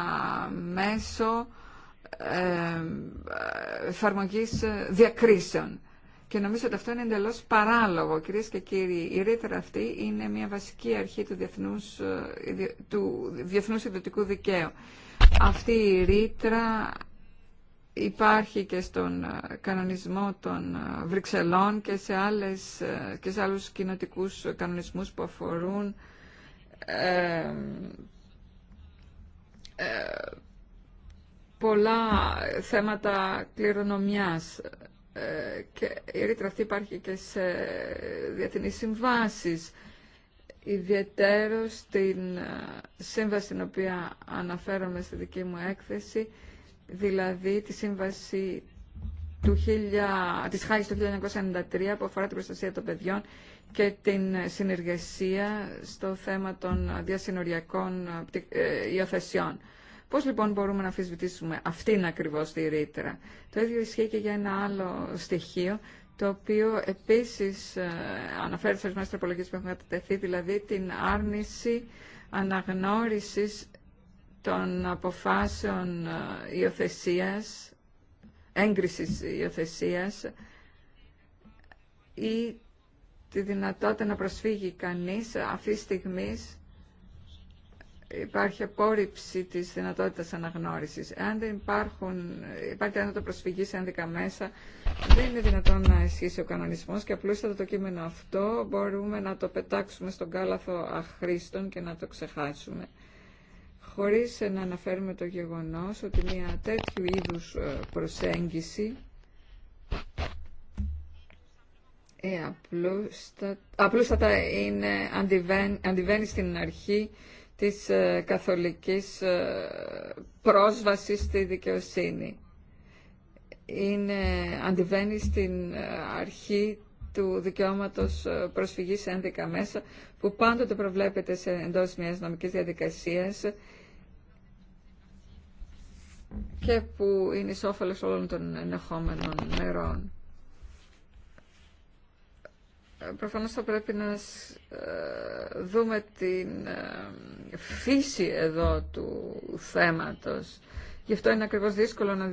μέσο ε, εφαρμογής διακρίσεων. Και νομίζω ότι αυτό είναι εντελώς παράλογο. Κυρίες και κύριοι, η ρήτρα αυτή είναι μια βασική αρχή του διεθνούς, ε, του ιδιωτικού δικαίου. Αυτή η ρήτρα υπάρχει και στον ε, κανονισμό των ε, Βρυξελών και σε, άλλες, και σε άλλους κανονισμούς που αφορούν πολλά θέματα κληρονομιάς ε, και η ρήτρα αυτή υπάρχει και σε διεθνείς συμβάσεις ιδιαίτερο στην ε, σύμβαση την οποία αναφέρομαι στη δική μου έκθεση, δηλαδή τη σύμβαση του 1000, της Χάγης του 1993 που αφορά την προστασία των παιδιών και την συνεργασία στο θέμα των διασυνοριακών ε, υιοθεσιών. Πώς λοιπόν μπορούμε να αφισβητήσουμε αυτήν ακριβώς τη ρήτρα. Το ίδιο ισχύει και για ένα άλλο στοιχείο, το οποίο επίσης ε, αναφέρει σε ορισμένε τροπολογίε που έχουν κατατεθεί, δηλαδή την άρνηση αναγνώρισης των αποφάσεων ε, υιοθεσία, έγκρισης υιοθεσία ή τη δυνατότητα να προσφύγει κανείς αυτή τη στιγμή υπάρχει απόρριψη της δυνατότητας αναγνώρισης. Εάν δεν υπάρχουν, υπάρχει δυνατότητα προσφυγή σε ένδικα μέσα, δεν είναι δυνατόν να ισχύσει ο κανονισμός και απλούστατα το κείμενο αυτό μπορούμε να το πετάξουμε στον κάλαθο αχρήστων και να το ξεχάσουμε χωρίς να αναφέρουμε το γεγονός ότι μια τέτοιου είδους ε, προσέγγιση ε, απλούστατα, είναι, αντιβαίνει στην αρχή της ε, καθολικής ε, πρόσβασης στη δικαιοσύνη. Είναι, αντιβαίνει στην ε, αρχή του δικαιώματος προσφυγής ένδικα μέσα που πάντοτε προβλέπεται σε, εντός μιας νομικής διαδικασίας και που είναι ισόφαλος όλων των ενεχόμενων μερών προφανώς θα πρέπει να ε, δούμε την ε, φύση εδώ του θέματος. Γι' αυτό είναι ακριβώς δύσκολο να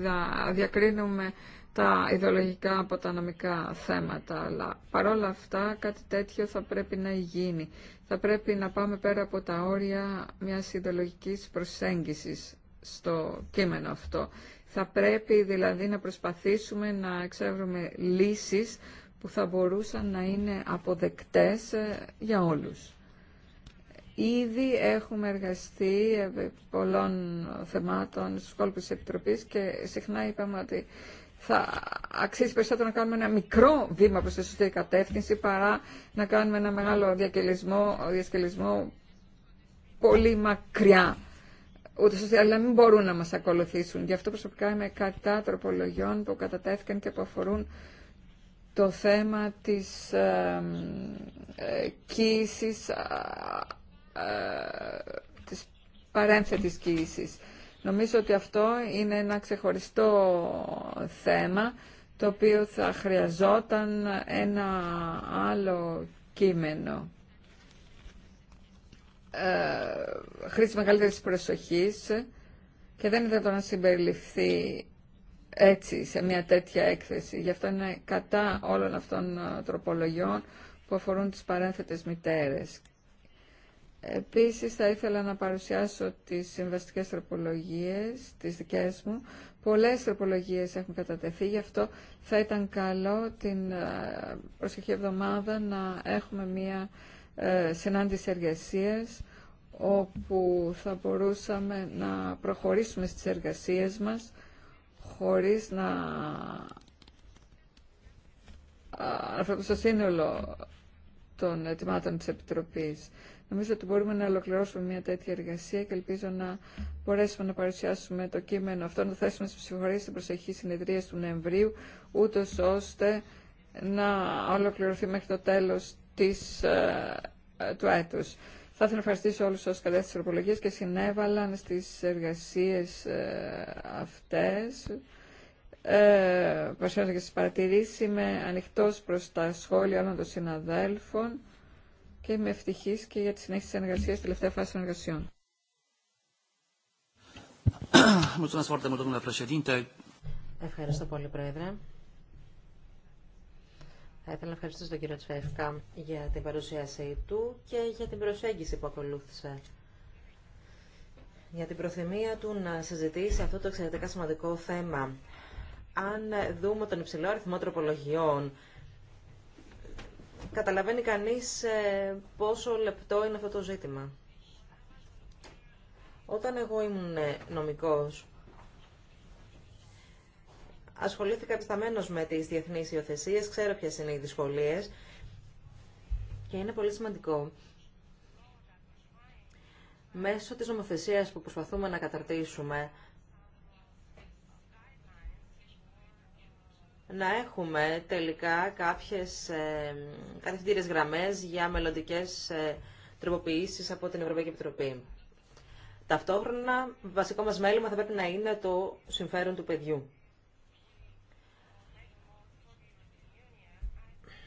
διακρίνουμε τα ιδεολογικά από τα νομικά θέματα, αλλά παρόλα αυτά κάτι τέτοιο θα πρέπει να γίνει. Θα πρέπει να πάμε πέρα από τα όρια μιας ιδεολογικής προσέγγισης στο κείμενο αυτό. Θα πρέπει δηλαδή να προσπαθήσουμε να εξεύρουμε λύσεις που θα μπορούσαν να είναι αποδεκτές ε, για όλους. Ήδη έχουμε εργαστεί πολλών θεμάτων στους κόλπους της Επιτροπής και συχνά είπαμε ότι θα αξίζει περισσότερο να κάνουμε ένα μικρό βήμα προς τη σωστή κατεύθυνση παρά να κάνουμε ένα μεγάλο διακελισμό, διασκελισμό πολύ μακριά. Ούτε σωστή, αλλά μην μπορούν να μας ακολουθήσουν. Γι' αυτό προσωπικά είμαι κατά τροπολογιών που κατατέθηκαν και που αφορούν το θέμα της ε, ε, κοίησης, της παρένθετης κοίησης. Νομίζω ότι αυτό είναι ένα ξεχωριστό θέμα, το οποίο θα χρειαζόταν ένα άλλο κείμενο. Ε, χρήση μεγαλύτερης προσοχής και δεν ήταν το να συμπεριληφθεί έτσι σε μια τέτοια έκθεση. Γι' αυτό είναι κατά όλων αυτών ε, τροπολογιών που αφορούν τις παρένθετες μητέρες. Επίσης θα ήθελα να παρουσιάσω τις συμβαστικές τροπολογίες, τις δικές μου. Πολλές τροπολογίες έχουν κατατεθεί, γι' αυτό θα ήταν καλό την ε, προσεχή εβδομάδα να έχουμε μία ε, συνάντηση εργασίας όπου θα μπορούσαμε να προχωρήσουμε στις εργασίες μας χωρίς να αναφέρουμε στο σύνολο των ετοιμάτων της Επιτροπής. Νομίζω ότι μπορούμε να ολοκληρώσουμε μια τέτοια εργασία και ελπίζω να μπορέσουμε να παρουσιάσουμε το κείμενο αυτό, να θέσουμε στις ψηφορίες στην προσεχή συνεδρία του Νοεμβρίου, ούτω ώστε να ολοκληρωθεί μέχρι το τέλος της, ε, ε, του έτους. Θα ήθελα να ευχαριστήσω όλους όσους κατέθεσαν τροπολογίες και συνέβαλαν στις εργασίες ε, αυτές. Ε, Παρουσιάζω και στις παρατηρήσεις. Είμαι ανοιχτός προς τα σχόλια όλων των συναδέλφων και είμαι ευτυχής και για τη συνέχιση της εργασίας, τελευταία φάση εργασιών. Ευχαριστώ πολύ, Πρόεδρε. Θα ήθελα να ευχαριστήσω τον κύριο Τσφεύκα για την παρουσίασή του και για την προσέγγιση που ακολούθησε. Για την προθυμία του να συζητήσει αυτό το εξαιρετικά σημαντικό θέμα. Αν δούμε τον υψηλό αριθμό τροπολογιών, καταλαβαίνει κανείς ε, πόσο λεπτό είναι αυτό το ζήτημα. Όταν εγώ ήμουν νομικός, ασχολήθηκα επισταμένως με τις διεθνεί υιοθεσίε, ξέρω ποιε είναι οι δυσκολίε και είναι πολύ σημαντικό μέσω της νομοθεσίας που προσπαθούμε να καταρτήσουμε να έχουμε τελικά κάποιες ε, κατευθυντήρες γραμμές για μελλοντικές τροποποιήσει τροποποιήσεις από την Ευρωπαϊκή Επιτροπή. Ταυτόχρονα, βασικό μας μέλημα θα πρέπει να είναι το συμφέρον του παιδιού.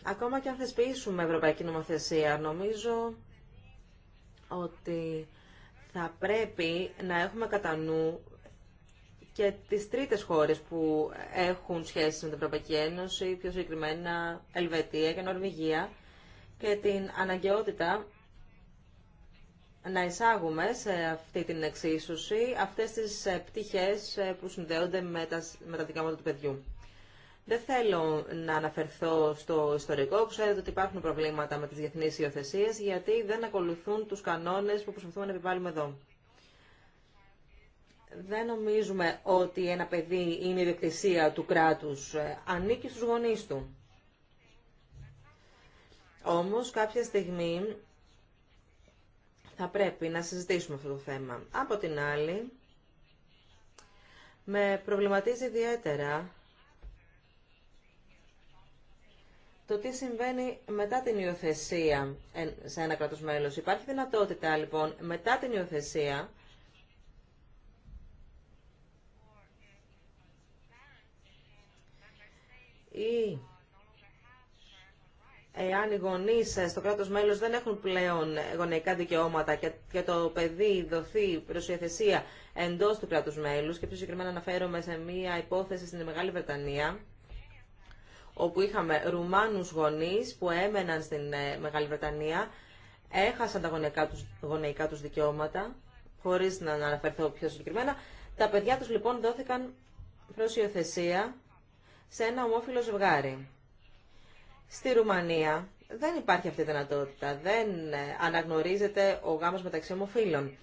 Ακόμα και αν θεσπίσουμε ευρωπαϊκή νομοθεσία, νομίζω ότι θα πρέπει να έχουμε κατά νου και τις τρίτες χώρες που έχουν σχέση με την Ευρωπαϊκή Ένωση, πιο συγκεκριμένα Ελβετία και Νορβηγία, και την αναγκαιότητα να εισάγουμε σε αυτή την εξίσωση αυτές τις πτυχές που συνδέονται με τα, με τα δικαιώματα του παιδιού. Δεν θέλω να αναφερθώ στο ιστορικό. Ξέρετε ότι υπάρχουν προβλήματα με τις διεθνεί υιοθεσίε γιατί δεν ακολουθούν τους κανόνες που προσπαθούμε να επιβάλλουμε εδώ. Δεν νομίζουμε ότι ένα παιδί είναι ιδιοκτησία του κράτους. Ε, ανήκει στους γονεί του. Όμως κάποια στιγμή θα πρέπει να συζητήσουμε αυτό το θέμα. Από την άλλη, με προβληματίζει ιδιαίτερα το τι συμβαίνει μετά την υιοθεσία σε ένα κράτος μέλος. Υπάρχει δυνατότητα λοιπόν μετά την υιοθεσία ή εάν οι γονεί στο κράτος μέλος δεν έχουν πλέον γονεϊκά δικαιώματα και το παιδί δοθεί προς υιοθεσία εντός του κράτους μέλους και πιο συγκεκριμένα αναφέρομαι σε μία υπόθεση στην Μεγάλη Βρετανία, όπου είχαμε Ρουμάνους γονείς που έμεναν στην ε, Μεγάλη Βρετανία, έχασαν τα γονεϊκά τους, δικαιώματα, χωρίς να αναφερθώ πιο συγκεκριμένα. Τα παιδιά τους λοιπόν δόθηκαν προς υιοθεσία σε ένα ομόφυλο ζευγάρι. Στη Ρουμανία δεν υπάρχει αυτή η δυνατότητα, δεν ε, αναγνωρίζεται ο γάμος μεταξύ ομοφύλων.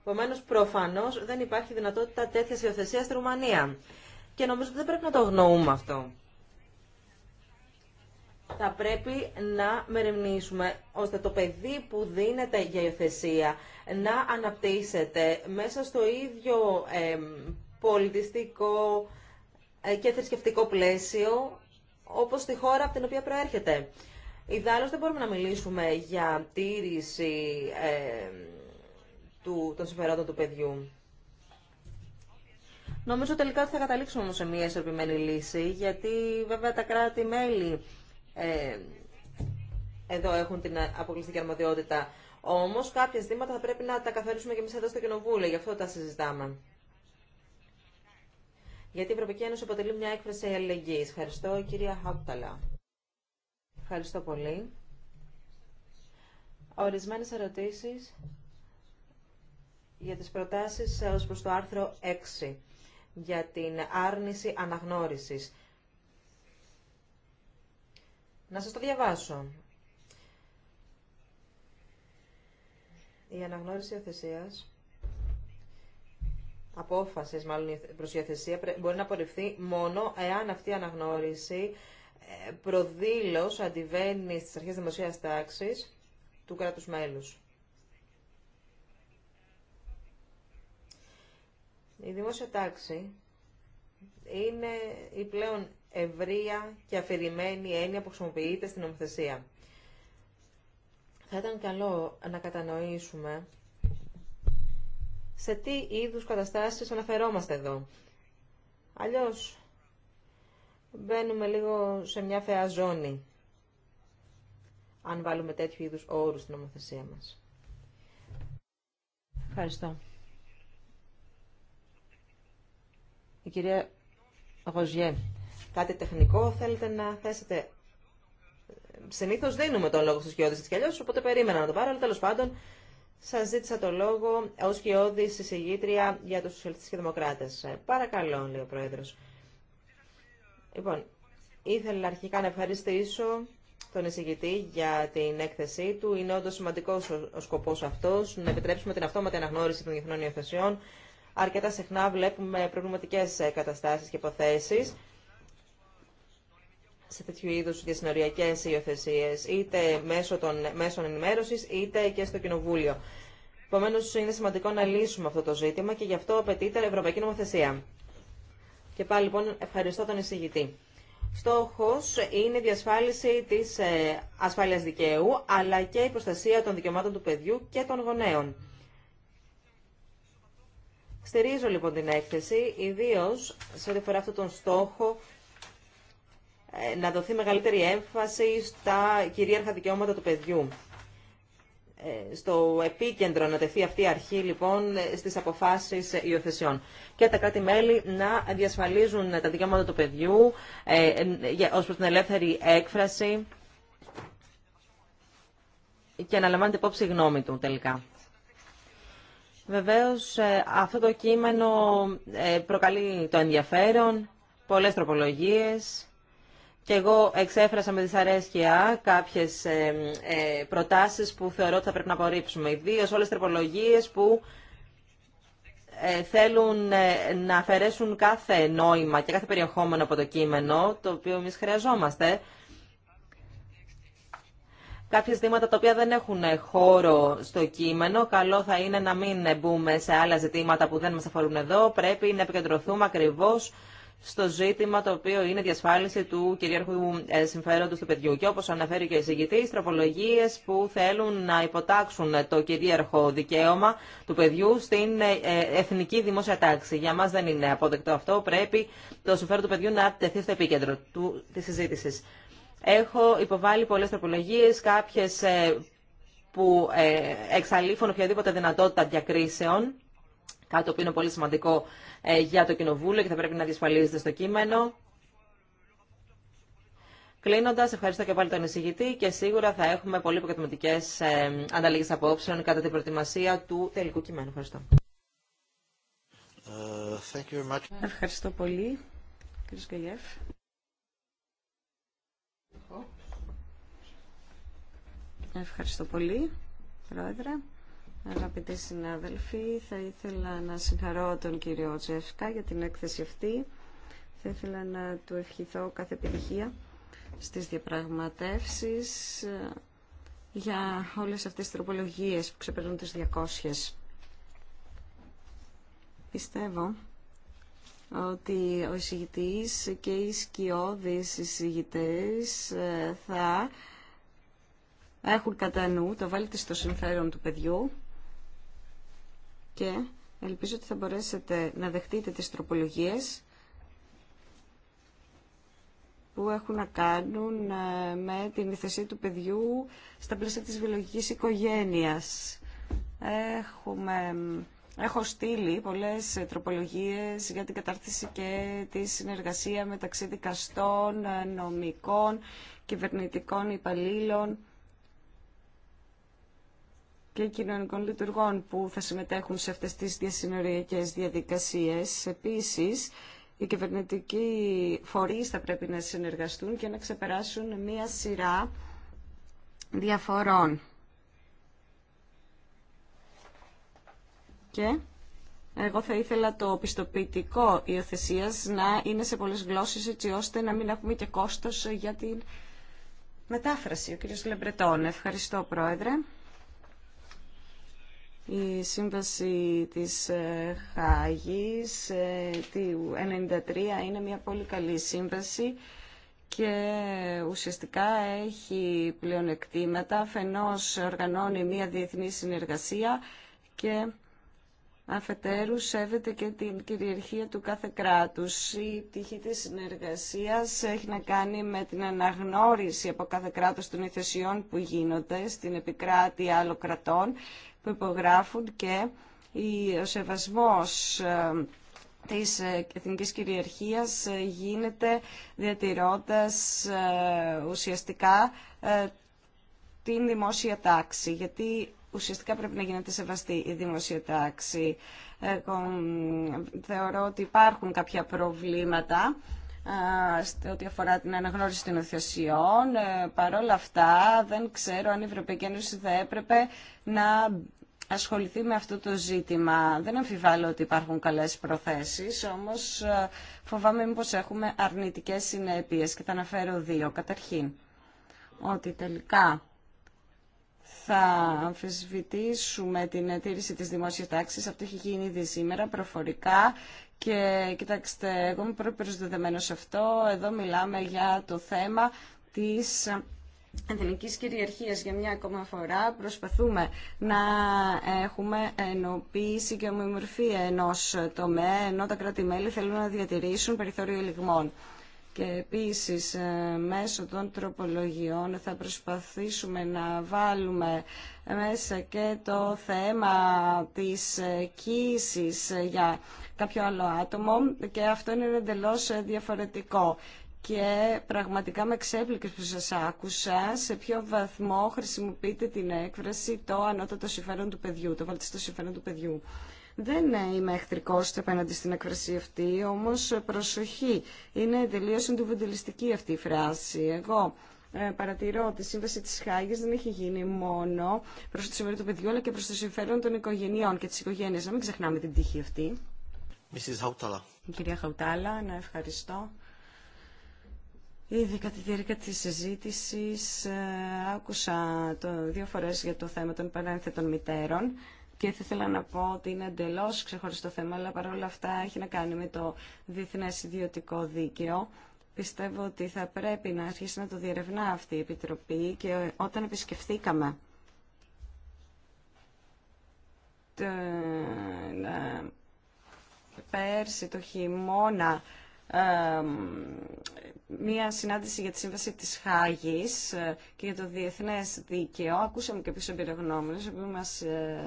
Επομένω, προφανώ δεν υπάρχει δυνατότητα τέτοια υιοθεσία στη Ρουμανία και νομίζω ότι δεν πρέπει να το γνωρούμε αυτό. Θα πρέπει να μεριμνήσουμε ώστε το παιδί που δίνεται για υιοθεσία να αναπτύσσεται μέσα στο ίδιο πολιτιστικό ε, και θρησκευτικό πλαίσιο όπως στη χώρα από την οποία προέρχεται. Ιδάλλως δεν μπορούμε να μιλήσουμε για τήρηση του, των συμφερόντων του παιδιού. Νομίζω τελικά ότι θα καταλήξουμε όμως σε μια ισορροπημένη λύση, γιατί βέβαια τα κράτη-μέλη ε, εδώ έχουν την αποκλειστική αρμοδιότητα. Όμως κάποια ζητήματα θα πρέπει να τα καθορίσουμε και εμείς εδώ στο Κοινοβούλιο, γι' αυτό τα συζητάμε. Γιατί η Ευρωπαϊκή Ένωση αποτελεί μια έκφραση αλληλεγγύης. Ευχαριστώ, κυρία Χαπταλά. Ευχαριστώ πολύ. Ορισμένες ερωτήσεις για τις προτάσεις ε, ως προς το άρθρο 6 για την άρνηση αναγνώρισης. Να σας το διαβάσω. Η αναγνώριση αθεσίας, απόφασης μάλλον προς αθεσία, μπορεί να απορριφθεί μόνο εάν αυτή η αναγνώριση ε, προδήλως αντιβαίνει στις αρχές δημοσίας τάξης του κράτους μέλους. Η δημόσια τάξη είναι η πλέον ευρεία και αφηρημένη έννοια που χρησιμοποιείται στην νομοθεσία. Θα ήταν καλό να κατανοήσουμε σε τι είδους καταστάσεις αναφερόμαστε εδώ. Αλλιώς μπαίνουμε λίγο σε μια θεά ζώνη, αν βάλουμε τέτοιου είδους όρους στην νομοθεσία μας. Ευχαριστώ. Η κυρία Γοζιέ, κάτι τεχνικό θέλετε να θέσετε. Συνήθω δίνουμε τον λόγο στου κοιόδη τη κι οπότε περίμενα να το πάρω, αλλά τέλο πάντων σα ζήτησα το λόγο ω κοιόδη εισηγήτρια για του Σοσιαλιστέ και Δημοκράτε. Ε, παρακαλώ, λέει ο Πρόεδρο. Λοιπόν, ήθελα αρχικά να ευχαριστήσω τον εισηγητή για την έκθεσή του. Είναι όντω σημαντικό ο σκοπό αυτό, να επιτρέψουμε την αυτόματη αναγνώριση των διεθνών υιοθεσιών αρκετά συχνά βλέπουμε προβληματικέ ε, καταστάσει και υποθέσει σε τέτοιου είδου διασυνοριακέ υιοθεσίε, είτε μέσω των μέσων ενημέρωση, είτε και στο Κοινοβούλιο. Επομένω, είναι σημαντικό να λύσουμε αυτό το ζήτημα και γι' αυτό απαιτείται Ευρωπαϊκή Νομοθεσία. Και πάλι, λοιπόν, ευχαριστώ τον εισηγητή. Στόχο, είναι η διασφάλιση της ε, ασφάλεια δικαίου, αλλά και η προστασία των δικαιωμάτων του παιδιού και των γονέων. Στηρίζω λοιπόν την έκθεση, ιδίω σε ό,τι αφορά αυτόν τον στόχο ε, να δοθεί μεγαλύτερη έμφαση στα κυρίαρχα δικαιώματα του παιδιού. Ε, στο επίκεντρο να τεθεί αυτή η αρχή λοιπόν στις αποφάσεις υιοθεσιών και τα κράτη-μέλη να διασφαλίζουν τα δικαιώματα του παιδιού ε, ως προς την ελεύθερη έκφραση και να λαμβάνεται υπόψη γνώμη του τελικά. Βεβαίως ε, αυτό το κείμενο ε, προκαλεί το ενδιαφέρον, πολλές τροπολογίες και εγώ εξέφρασα με δυσαρέσκεια κάποιες ε, προτάσεις που θεωρώ ότι θα πρέπει να απορρίψουμε. Ιδίω όλες τις τροπολογίες που θέλουν να αφαιρέσουν κάθε νόημα και κάθε περιεχόμενο από το κείμενο, το οποίο εμεί χρειαζόμαστε κάποια ζητήματα τα οποία δεν έχουν χώρο στο κείμενο. Καλό θα είναι να μην μπούμε σε άλλα ζητήματα που δεν μας αφορούν εδώ. Πρέπει να επικεντρωθούμε ακριβώς στο ζήτημα το οποίο είναι η διασφάλιση του κυρίαρχου ε, συμφέροντος του παιδιού. Και όπως αναφέρει και ο εισηγητής, τροπολογίες που θέλουν να υποτάξουν το κυρίαρχο δικαίωμα του παιδιού στην ε, ε, εθνική δημόσια τάξη. Για μας δεν είναι αποδεκτό αυτό. Πρέπει το συμφέρον του παιδιού να τεθεί στο επίκεντρο τη συζήτηση. Έχω υποβάλει πολλές τροπολογίες, κάποιες ε, που ε, εξαλείφουν οποιαδήποτε δυνατότητα διακρίσεων, κάτι που είναι πολύ σημαντικό ε, για το Κοινοβούλιο και θα πρέπει να διασφαλίζεται στο κείμενο. Κλείνοντα, ευχαριστώ και πάλι τον εισηγητή και σίγουρα θα έχουμε πολύ υποκατηματικέ ανταλλαγέ απόψεων κατά την προετοιμασία του τελικού κειμένου. Ευχαριστώ. Ευχαριστώ πολύ, Ευχαριστώ πολύ, Πρόεδρε. Αγαπητοί συνάδελφοι, θα ήθελα να συγχαρώ τον κύριο Τζεύσκα για την έκθεση αυτή. Θα ήθελα να του ευχηθώ κάθε επιτυχία στις διαπραγματεύσεις ε, για όλες αυτές τις τροπολογίες που ξεπερνούν τις 200. Πιστεύω ότι ο εισηγητής και οι σκιώδεις εισηγητές ε, θα έχουν κατά νου το στο συμφέρον του παιδιού και ελπίζω ότι θα μπορέσετε να δεχτείτε τις τροπολογίες που έχουν να κάνουν ε, με την υθεσία του παιδιού στα πλαίσια της βιολογικής οικογένειας. Έχουμε, έχω στείλει πολλές τροπολογίες για την κατάρτιση και τη συνεργασία μεταξύ δικαστών, ε, νομικών, κυβερνητικών υπαλλήλων και κοινωνικών λειτουργών που θα συμμετέχουν σε αυτές τις διασυνοριακές διαδικασίες. Επίσης, οι κυβερνητικοί φορείς θα πρέπει να συνεργαστούν και να ξεπεράσουν μία σειρά διαφορών. Και εγώ θα ήθελα το πιστοποιητικό υιοθεσία να είναι σε πολλές γλώσσες έτσι ώστε να μην έχουμε και κόστος για την μετάφραση. Ο κ. Λεμπρετών, ευχαριστώ πρόεδρε η σύμβαση της ε, Χάγης ε, του 1993 είναι μια πολύ καλή σύμβαση και ουσιαστικά έχει πλεονεκτήματα, αφενός οργανώνει μια διεθνή συνεργασία και αφετέρου σέβεται και την κυριαρχία του κάθε κράτους. Η πτυχή της συνεργασίας έχει να κάνει με την αναγνώριση από κάθε κράτος των ηθεσιών που γίνονται στην επικράτεια άλλων κρατών που υπογράφουν και ο σεβασμός ε, της ε, εθνικής κυριαρχίας ε, γίνεται διατηρώντας ουσιαστικά την δημόσια τάξη, γιατί ουσιαστικά πρέπει να γίνεται σεβαστή η δημόσια τάξη. θεωρώ ότι υπάρχουν κάποια προβλήματα ό,τι αφορά την αναγνώριση των Παρ' ε, Παρόλα αυτά, δεν ξέρω αν η Ευρωπαϊκή Ένωση θα έπρεπε να ασχοληθεί με αυτό το ζήτημα. Δεν αμφιβάλλω ότι υπάρχουν καλές προθέσεις, όμως ε, φοβάμαι μήπως έχουμε αρνητικές συνέπειες και θα αναφέρω δύο. Καταρχήν, ότι τελικά θα αμφισβητήσουμε την τήρηση της δημόσιας τάξης. Αυτό έχει γίνει ήδη σήμερα προφορικά και κοιτάξτε, εγώ είμαι πολύ περισσοδεδεμένο σε αυτό. Εδώ μιλάμε για το θέμα της εθνικής κυριαρχίας για μια ακόμα φορά. Προσπαθούμε να έχουμε ενοποίηση και ομοιομορφία ενό τομέα, ενώ τα κράτη-μέλη θέλουν να διατηρήσουν περιθώριο ελιγμών και επίσης ε, μέσω των τροπολογιών θα προσπαθήσουμε να βάλουμε μέσα και το θέμα της ε, κοίησης ε, για κάποιο άλλο άτομο και αυτό είναι εντελώ διαφορετικό και πραγματικά με ξέπληκε που σας άκουσα σε ποιο βαθμό χρησιμοποιείτε την έκφραση το ανώτατο συμφέρον του παιδιού, το βαλτιστό συμφέρον του παιδιού. Δεν είμαι εχθρικό απέναντι στην εκφρασία αυτή, Όμω, προσοχή. Είναι τελείω εντουβεντελιστική αυτή η φράση. Εγώ ε, παρατηρώ ότι η σύμβαση τη Χάγη δεν έχει γίνει μόνο προ το συμφέρον του παιδιού, αλλά και προ το συμφέρον των οικογενειών και τη οικογένεια. Να μην ξεχνάμε την τύχη αυτή. Κυρία Χαουτάλα, να ευχαριστώ. Ήδη κατά τη διάρκεια της συζήτησης ε, άκουσα το, δύο φορέ για το θέμα των παρένθετων μητέρων και θα ήθελα να πω ότι είναι εντελώ ξεχωριστό θέμα, αλλά παρόλα αυτά έχει να κάνει με το διεθνέ ιδιωτικό δίκαιο. Πιστεύω ότι θα πρέπει να αρχίσει να το διερευνά αυτή η Επιτροπή και όταν επισκεφθήκαμε πέρσι το χειμώνα μία συνάντηση για τη Σύμβαση της Χάγης ε, και για το Διεθνές Δίκαιο. Ακούσαμε και πίσω εμπειρογνώμενες, οι μας ε,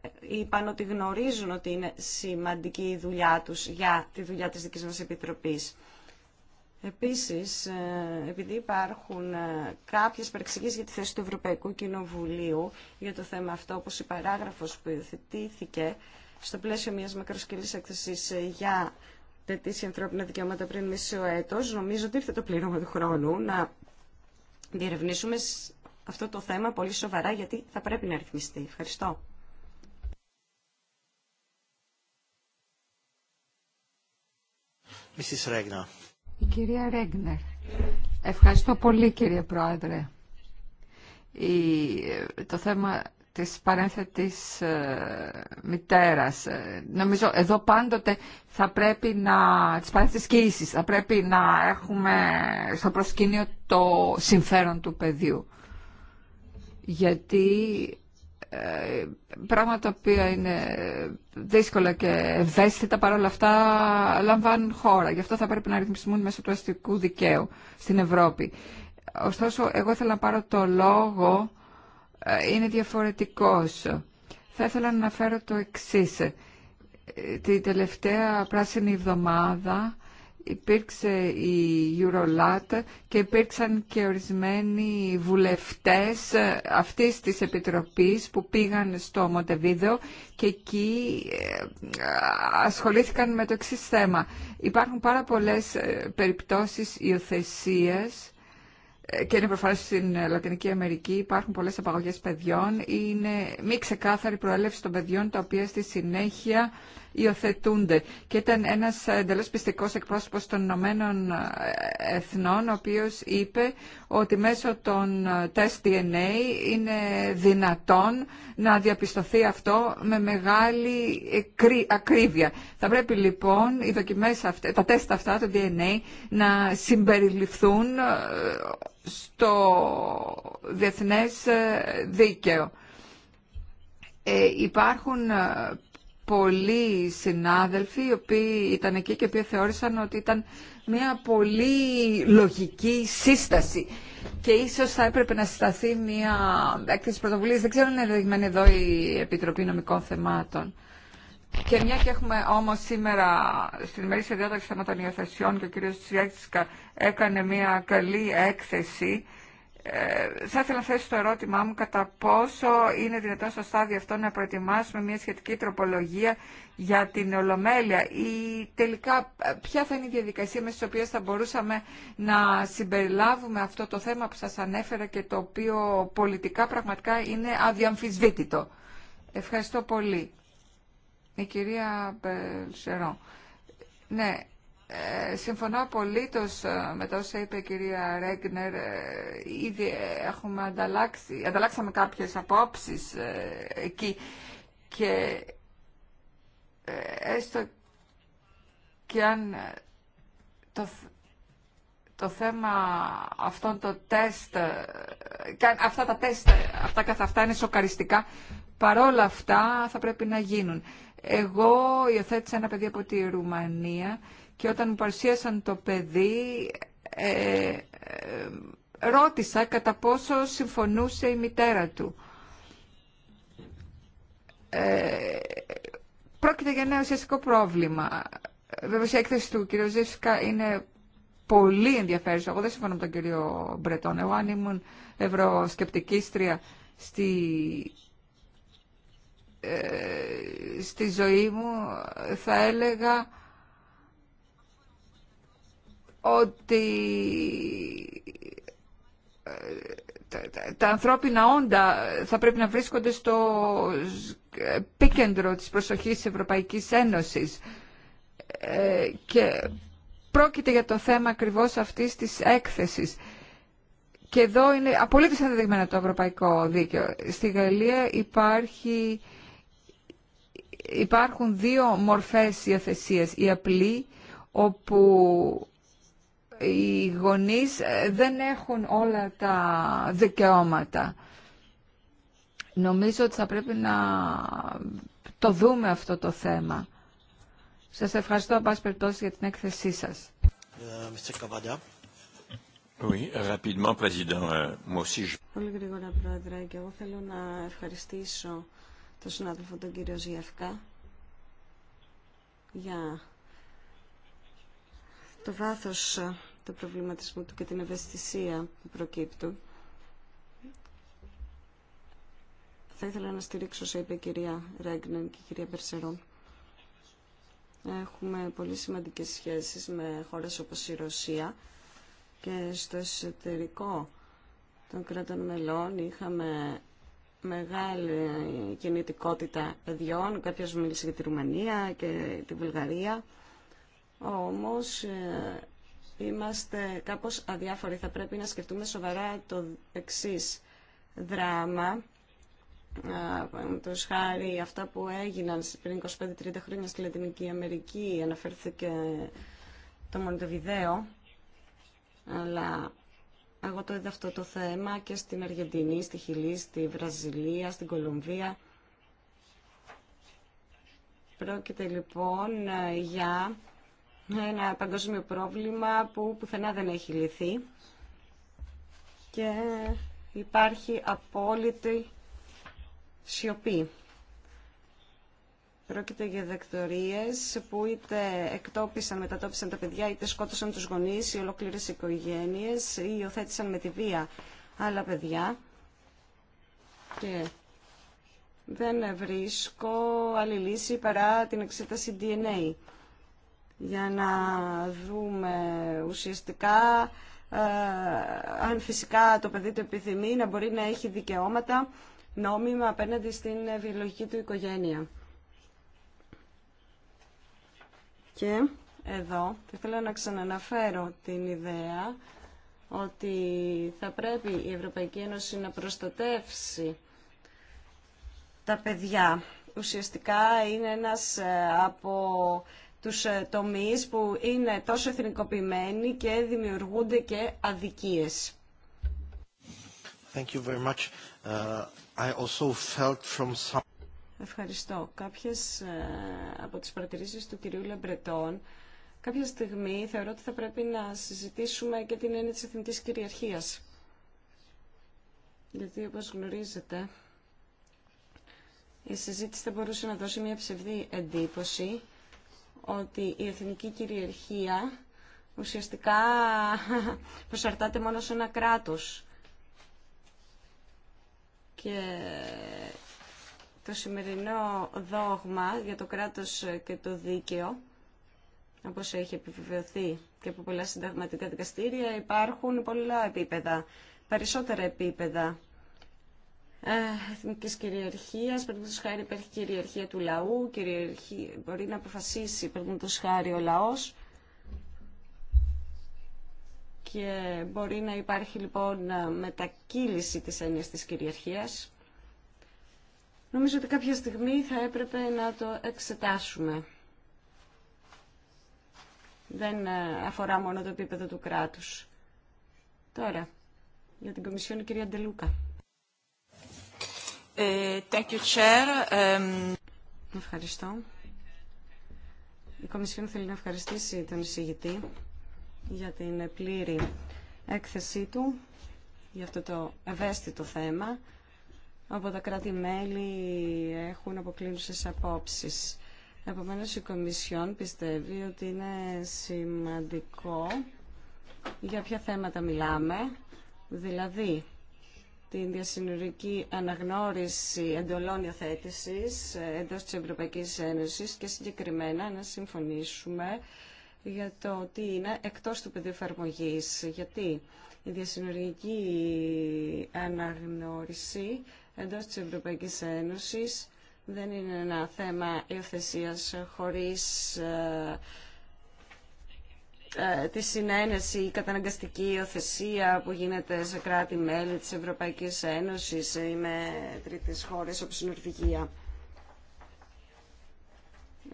ε, είπαν ότι γνωρίζουν ότι είναι σημαντική η δουλειά τους για τη δουλειά της δικής μας Επιτροπής. Επίσης, επειδή υπάρχουν κάποιες παρεξηγήσεις για τη θέση του Ευρωπαϊκού Κοινοβουλίου για το θέμα αυτό, όπως η παράγραφος που υιοθετήθηκε στο πλαίσιο μιας μακροσκελής έκθεσης για τετήσει ανθρώπινα δικαιώματα πριν μισό έτος, νομίζω ότι ήρθε το πλήρωμα του χρόνου να διερευνήσουμε αυτό το θέμα πολύ σοβαρά γιατί θα πρέπει να ρυθμιστεί. Ευχαριστώ. Η κυρία Ρέγνερ. Ευχαριστώ πολύ κύριε Πρόεδρε. Η... το θέμα της παρένθετης ε, μητέρας. Ε, νομίζω εδώ πάντοτε θα πρέπει να, της παρένθετης κοίησης, θα πρέπει να έχουμε στο προσκήνιο το συμφέρον του παιδιού. Γιατί ε, πράγματα τα οποία είναι δύσκολα και ευαίσθητα παρόλα αυτά λαμβάνουν χώρα. Γι' αυτό θα πρέπει να ρυθμιστούν μέσω του αστικού δικαίου στην Ευρώπη. Ωστόσο, εγώ ήθελα να πάρω το λόγο ε, είναι διαφορετικός. Θα ήθελα να αναφέρω το εξής. Ε, Την τελευταία πράσινη εβδομάδα υπήρξε η Eurolat και υπήρξαν και ορισμένοι βουλευτές ε, αυτής της επιτροπής που πήγαν στο Μοντεβίδεο και εκεί ασχολήθηκαν με το εξής θέμα. Υπάρχουν πάρα πολλές περιπτώσεις υιοθεσίες και είναι προφανές στην Λατινική Αμερική υπάρχουν πολλές απαγωγές παιδιών. Είναι μη ξεκάθαρη προέλευση των παιδιών τα οποία στη συνέχεια υιοθετούνται. Και ήταν ένα εντελώ πιστικό εκπρόσωπο των Ηνωμένων Εθνών, ο οποίο είπε ότι μέσω των τεστ DNA είναι δυνατόν να διαπιστωθεί αυτό με μεγάλη ακρίβεια. Θα πρέπει λοιπόν οι δοκιμές τα τεστ αυτά, το DNA, να συμπεριληφθούν ε, στο διεθνές ε, δίκαιο. Ε, υπάρχουν ε, πολλοί συνάδελφοι οι οποίοι ήταν εκεί και οι οποίοι θεώρησαν ότι ήταν μια πολύ λογική σύσταση και ίσως θα έπρεπε να συσταθεί μια έκθεση πρωτοβουλίας. Δεν ξέρω αν είναι δεδειγμένη εδώ η Επιτροπή Νομικών Θεμάτων. Και μια και έχουμε όμω σήμερα στην ημερήσια διάταξη θέματων των υιοθεσιών και ο κ. έκανε μια καλή έκθεση ε, θα ήθελα να θέσω το ερώτημά μου κατά πόσο είναι δυνατόν στο στάδιο αυτό να προετοιμάσουμε μια σχετική τροπολογία για την Ολομέλεια ή τελικά ε, ποια θα είναι η διαδικασία μέσα στις οποίες θα μπορούσαμε να συμπεριλάβουμε αυτό το θέμα που σας ανέφερα και το οποίο πολιτικά πραγματικά είναι αδιαμφισβήτητο. Ευχαριστώ πολύ. Η κυρία Μπελσερό. Ναι, ε, συμφωνώ απολύτως ε, με το όσα είπε η κυρία Ρέγκνερ. Ε, ήδη έχουμε ανταλλάξει, ανταλλάξαμε κάποιες απόψεις εκεί και έστω και αν το, θέμα αυτών των τεστ, και αυτά τα τεστ, αυτά καθ' αυτά είναι σοκαριστικά, παρόλα αυτά θα πρέπει να γίνουν. Εγώ υιοθέτησα ένα παιδί από τη Ρουμανία και όταν μου παρουσίασαν το παιδί ε, ε, ρώτησα κατά πόσο συμφωνούσε η μητέρα του. Ε, πρόκειται για ένα ουσιαστικό πρόβλημα. Βέβαια, η έκθεση του κ. Ζήφσκα είναι πολύ ενδιαφέρουσα. Εγώ δεν συμφωνώ με τον κύριο Μπρετόν. Εγώ αν ήμουν ευρωσκεπτικίστρια στη, ε, στη ζωή μου θα έλεγα ότι ε, τα ανθρώπινα όντα θα πρέπει να βρίσκονται στο επίκεντρο της προσοχής της Ευρωπαϊκής Ένωσης ε, και πρόκειται για το θέμα ακριβώ αυτής της έκθεσης. Και εδώ είναι απολύτως ενδεδειγμένο το ευρωπαϊκό δίκαιο. Στη Γαλλία υπάρχει, υπάρχουν δύο μορφές υιοθεσίας. Η απλή, όπου οι γονείς ε, δεν έχουν όλα τα δικαιώματα. Νομίζω ότι θα πρέπει να το δούμε αυτό το θέμα. Σας ευχαριστώ πάση περιπτώσει για την έκθεσή σας. Ε, euh, Πολύ γρήγορα, Πρόεδρε, και εγώ θέλω να ευχαριστήσω τον συνάδελφο τον κύριο Ζιευκά για το βάθος το προβληματισμό του και την ευαισθησία που προκύπτουν. Θα ήθελα να στηρίξω όσα είπε η κυρία Ρέγκνεν και η κυρία Περσερόν. Έχουμε πολύ σημαντικές σχέσεις με χώρες όπως η Ρωσία και στο εσωτερικό των κρατών μελών είχαμε μεγάλη κινητικότητα παιδιών. Κάποιος μίλησε για τη Ρουμανία και τη Βουλγαρία. Όμως ε, είμαστε κάπως αδιάφοροι. Θα πρέπει να σκεφτούμε σοβαρά το εξή δράμα. Του χάρη αυτά που έγιναν πριν 25-30 χρόνια στη Λατινική Αμερική αναφέρθηκε το Μοντεβιδέο αλλά εγώ το είδα αυτό το θέμα και στην Αργεντινή, στη Χιλή, στη Βραζιλία, στην Κολομβία. Πρόκειται λοιπόν για ένα παγκόσμιο πρόβλημα που πουθενά δεν έχει λυθεί και υπάρχει απόλυτη σιωπή. Πρόκειται για δεκτορίες που είτε εκτόπισαν, μετατόπισαν τα παιδιά, είτε σκότωσαν τους γονείς ή ολόκληρες οικογένειες ή υιοθέτησαν με τη βία άλλα παιδιά. Και δεν βρίσκω άλλη λύση παρά την εξέταση DNA για να δούμε ουσιαστικά ε, αν φυσικά το παιδί το επιθυμεί να μπορεί να έχει δικαιώματα νόμιμα απέναντι στην βιολογική του οικογένεια. Και εδώ θα ήθελα να ξαναναφέρω την ιδέα ότι θα πρέπει η Ευρωπαϊκή Ένωση να προστατεύσει τα παιδιά. Ουσιαστικά είναι ένας ε, από τους ε, τομείς που είναι τόσο εθνικοποιημένοι και δημιουργούνται και αδικίες. you very uh, I felt from Ευχαριστώ. Κάποιες ε, από τις παρατηρήσεις του κυρίου Λεμπρετών κάποια στιγμή θεωρώ ότι θα πρέπει να συζητήσουμε και την έννοια της εθνικής κυριαρχίας. Γιατί όπως γνωρίζετε η συζήτηση θα μπορούσε να δώσει μια ψευδή εντύπωση ότι η εθνική κυριαρχία ουσιαστικά <laughs> προσαρτάται μόνο σε ένα κράτος. Και το σημερινό δόγμα για το κράτος και το δίκαιο, όπως έχει επιβεβαιωθεί και από πολλά συνταγματικά δικαστήρια, υπάρχουν πολλά επίπεδα, περισσότερα επίπεδα ε, εθνικής κυριαρχίας, παραδείγματος χάρη υπάρχει κυριαρχία του λαού, κυριαρχία, μπορεί να αποφασίσει παραδείγματος χάρη ο λαός και μπορεί να υπάρχει λοιπόν μετακύληση της έννοιας της κυριαρχίας. Νομίζω ότι κάποια στιγμή θα έπρεπε να το εξετάσουμε. Δεν ε, αφορά μόνο το επίπεδο του κράτους. Τώρα, για την Κομισιόν κυρία Ντελούκα. Ε, Ευχαριστώ. Η Κομισιόν θέλει να ευχαριστήσει τον εισηγητή για την πλήρη έκθεσή του για αυτό το ευαίσθητο θέμα. Από τα κράτη-μέλη έχουν αποκλίνουσες απόψεις. Επομένως, η Κομισιόν πιστεύει ότι είναι σημαντικό για ποια θέματα μιλάμε, δηλαδή την διασυνορική αναγνώριση εντολών υιοθέτηση ε, εντός της Ευρωπαϊκής Ένωση και συγκεκριμένα να συμφωνήσουμε για το τι είναι εκτός του πεδίου εφαρμογή. Γιατί η διασυνορική αναγνώριση εντός της Ευρωπαϊκής Ένωσης δεν είναι ένα θέμα υιοθεσία χωρίς ε, ε, τη συνένεση, η καταναγκαστική υιοθεσία που γίνεται σε κράτη-μέλη της Ευρωπαϊκής Ένωσης ή με τρίτες χώρες όπως η Νορβηγία.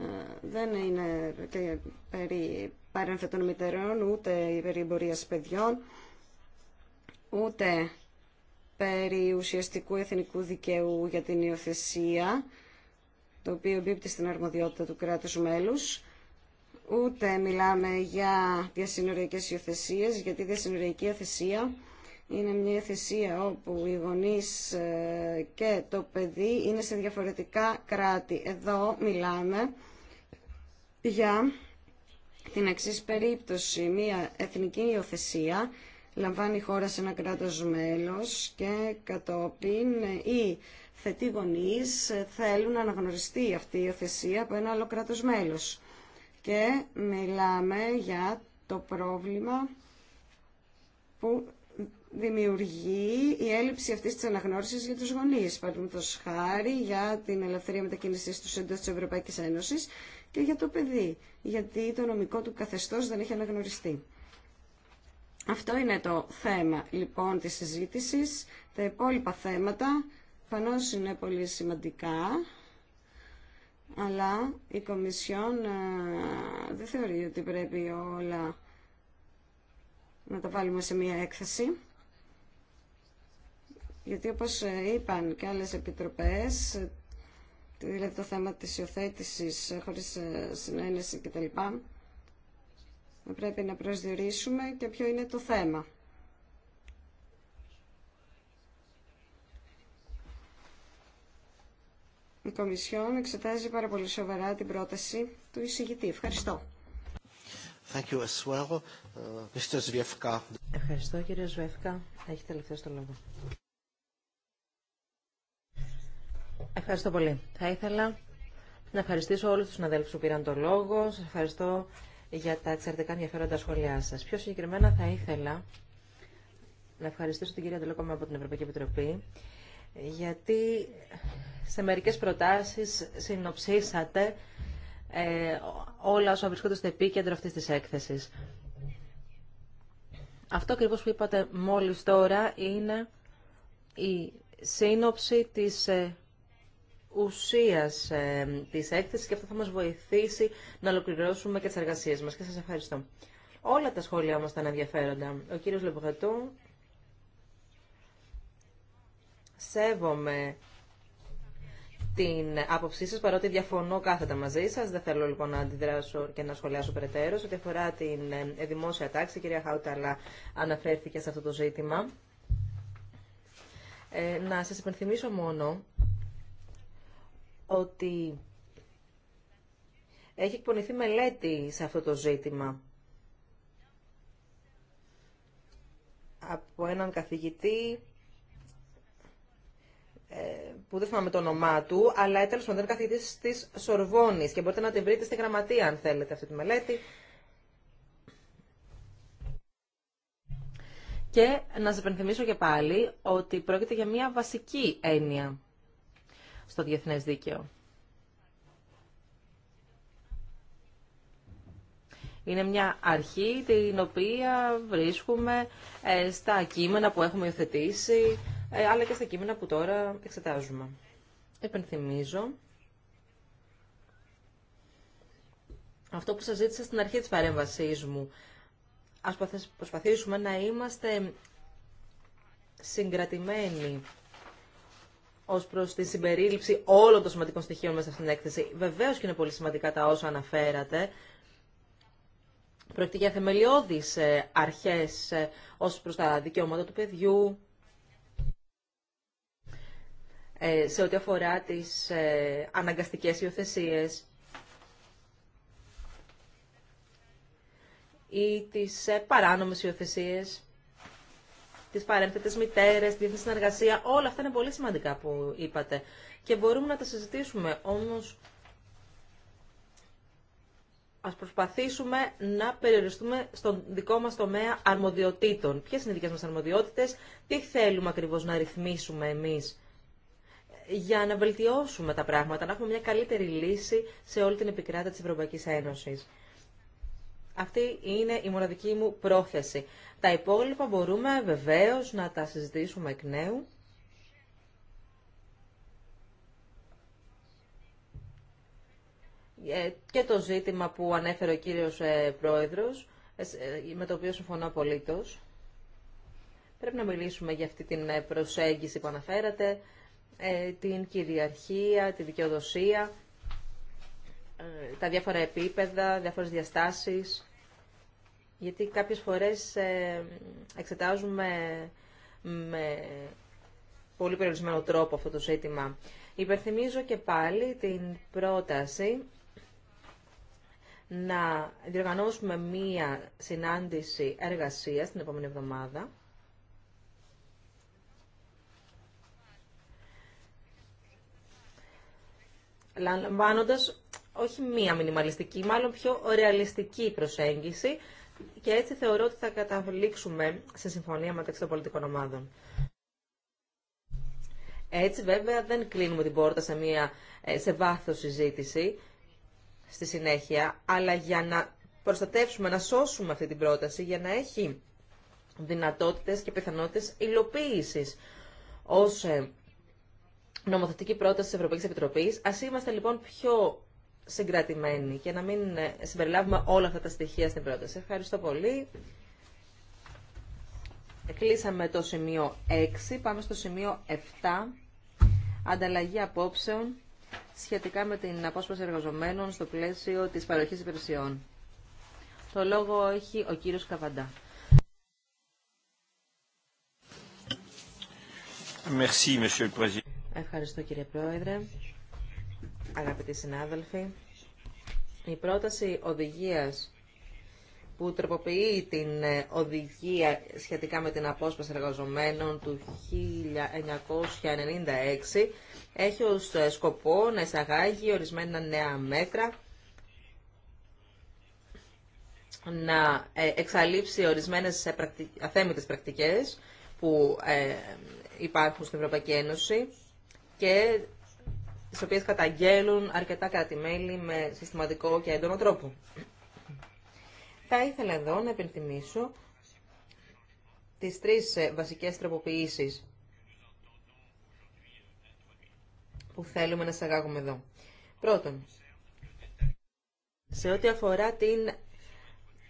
Ε, δεν είναι και περί παρέμφετων μητερών, ούτε περί εμπορίας παιδιών, ούτε περί ουσιαστικού εθνικού δικαίου για την υιοθεσία, το οποίο μπήπτει στην αρμοδιότητα του κράτους μέλους ούτε μιλάμε για διασυνοριακές υιοθεσίε, γιατί η διασυνοριακή υιοθεσία είναι μια υιοθεσία όπου οι γονείς ε, και το παιδί είναι σε διαφορετικά κράτη. Εδώ μιλάμε για την εξή περίπτωση. Μια εθνική υιοθεσία λαμβάνει η χώρα σε ένα κράτος μέλος και κατόπιν οι θετοί γονείς θέλουν να αναγνωριστεί αυτή η υιοθεσία από ένα άλλο κράτος μέλος και μιλάμε για το πρόβλημα που δημιουργεί η έλλειψη αυτή τη αναγνώριση για του γονεί. Παραδείγματο χάρη για την ελευθερία μετακίνηση του εντό τη Ευρωπαϊκή Ένωση και για το παιδί, γιατί το νομικό του καθεστώ δεν έχει αναγνωριστεί. Αυτό είναι το θέμα λοιπόν της συζήτησης. Τα υπόλοιπα θέματα φανώς είναι πολύ σημαντικά αλλά η Κομισιόν ε, δεν θεωρεί ότι πρέπει όλα να τα βάλουμε σε μία έκθεση. Γιατί όπως ε, είπαν και άλλες επιτροπές, ε, δηλαδή το θέμα της υιοθέτηση χωρίς συνένεση κτλ. Πρέπει να προσδιορίσουμε και ποιο είναι το θέμα. Κομισιόν εξετάζει πάρα πολύ σοβαρά την πρόταση του εισηγητή. Ευχαριστώ. Thank you as well. Uh, Mr. Ευχαριστώ κύριε Ζβεύκα. Έχει τελευταίο στο λόγο. Ευχαριστώ πολύ. Θα ήθελα να ευχαριστήσω όλους τους συναδέλφους που πήραν το λόγο. Σας ευχαριστώ για τα εξαιρετικά ενδιαφέροντα σχόλιά σας. Πιο συγκεκριμένα θα ήθελα να ευχαριστήσω την κυρία Τελοκόμα από την Ευρωπαϊκή Επιτροπή γιατί σε μερικές προτάσεις συνοψίσατε ε, όλα όσα βρισκόνται στο επίκεντρο αυτής της έκθεσης. Αυτό ακριβώ που είπατε μόλις τώρα είναι η σύνοψη της ε, ουσίας ε, της έκθεσης και αυτό θα μας βοηθήσει να ολοκληρώσουμε και τις εργασίες μας. Και σας ευχαριστώ. Όλα τα σχόλια μας ήταν ενδιαφέροντα. Ο κύριος Λεμπογατού, σέβομαι την άποψή σα παρότι διαφωνώ κάθετα μαζί σας. Δεν θέλω λοιπόν να αντιδράσω και να σχολιάσω περαιτέρω. Σε ό,τι αφορά την ε, δημόσια τάξη, η κυρία Χάουταλα αναφέρθηκε σε αυτό το ζήτημα. Ε, να σας υπενθυμίσω μόνο ότι έχει εκπονηθεί μελέτη σε αυτό το ζήτημα από έναν καθηγητή ε, που δεν θυμάμαι το όνομά του, αλλά τέλο πάντων είναι καθηγητή τη Σορβόνη και μπορείτε να την βρείτε στη γραμματεία αν θέλετε αυτή τη μελέτη. Και να σα υπενθυμίσω και πάλι ότι πρόκειται για μια βασική έννοια στο διεθνέ δίκαιο. Είναι μια αρχή την οποία βρίσκουμε ε, στα κείμενα που έχουμε υιοθετήσει ε, αλλά και στα κείμενα που τώρα εξετάζουμε. Επενθυμίζω αυτό που σας ζήτησα στην αρχή της παρέμβασής μου. Ας προσπαθήσουμε να είμαστε συγκρατημένοι ως προς τη συμπερίληψη όλων των σημαντικών στοιχείων μέσα στην έκθεση. Βεβαίως και είναι πολύ σημαντικά τα όσα αναφέρατε. Πρόκειται για θεμελιώδει ε, αρχέ ε, ω προ τα δικαιώματα του παιδιού, ε, σε ό,τι αφορά τις ε, αναγκαστικές υιοθεσίε ή τις ε, παράνομες υιοθεσίε, τις παρένθετες μητέρες, διεθνή συνεργασία, όλα αυτά είναι πολύ σημαντικά που είπατε και μπορούμε να τα συζητήσουμε, όμως ας προσπαθήσουμε να περιοριστούμε στον δικό μας τομέα αρμοδιοτήτων. Ποιες είναι οι δικές μας αρμοδιότητες, τι θέλουμε ακριβώς να ρυθμίσουμε εμείς για να βελτιώσουμε τα πράγματα, να έχουμε μια καλύτερη λύση σε όλη την επικράτεια της Ευρωπαϊκής Ένωσης. Αυτή είναι η μοναδική μου πρόθεση. Τα υπόλοιπα μπορούμε βεβαίως να τα συζητήσουμε εκ νέου. Ε, και το ζήτημα που ανέφερε ο κύριος ε, Πρόεδρος, ε, με το οποίο συμφωνώ απολύτως. Πρέπει να μιλήσουμε για αυτή την προσέγγιση που αναφέρατε, ε, την κυριαρχία, τη δικαιοδοσία, ε, τα διάφορα επίπεδα, διάφορες διαστάσεις. Γιατί κάποιες φορές ε, εξετάζουμε με πολύ περιορισμένο τρόπο αυτό το ζήτημα. Υπερθυμίζω και πάλι την πρόταση να διοργανώσουμε μία συνάντηση εργασίας την επόμενη εβδομάδα. Λαμβάνοντα όχι μία μινιμαλιστική, μάλλον πιο ρεαλιστική προσέγγιση και έτσι θεωρώ ότι θα καταλήξουμε σε συμφωνία μεταξύ των πολιτικών ομάδων. Έτσι βέβαια δεν κλείνουμε την πόρτα σε, μία, ε, σε βάθος συζήτηση στη συνέχεια, αλλά για να προστατεύσουμε, να σώσουμε αυτή την πρόταση, για να έχει δυνατότητες και πιθανότητες υλοποίησης ως ε, νομοθετική πρόταση της Ευρωπαϊκής Επιτροπής. Ας είμαστε λοιπόν πιο συγκρατημένοι και να μην ε, συμπεριλάβουμε όλα αυτά τα στοιχεία στην πρόταση. Ευχαριστώ πολύ. Κλείσαμε το σημείο 6. Πάμε στο σημείο 7. Ανταλλαγή απόψεων σχετικά με την απόσπαση εργαζομένων στο πλαίσιο της παροχής υπηρεσιών. Το λόγο έχει ο κύριος Καβαντά. Merci, Ευχαριστώ κύριε Πρόεδρε, αγαπητοί συνάδελφοι. Η πρόταση οδηγίας που τροποποιεί την ε, οδηγία σχετικά με την απόσπαση εργαζομένων του 1996 έχει ως ε, σκοπό να εισαγάγει ορισμένα νέα μέτρα να ε, εξαλείψει ορισμένες αθέμητες πρακτικές που υπάρχουν στην Ευρωπαϊκή Ένωση και τις οποίες καταγγέλουν αρκετά με συστηματικό και έντονο τρόπο. Θα ήθελα εδώ να επενθυμίσω τις τρεις ε, βασικές τροποποιήσεις που θέλουμε να σαγάγουμε εδώ. Πρώτον, σε ό,τι αφορά την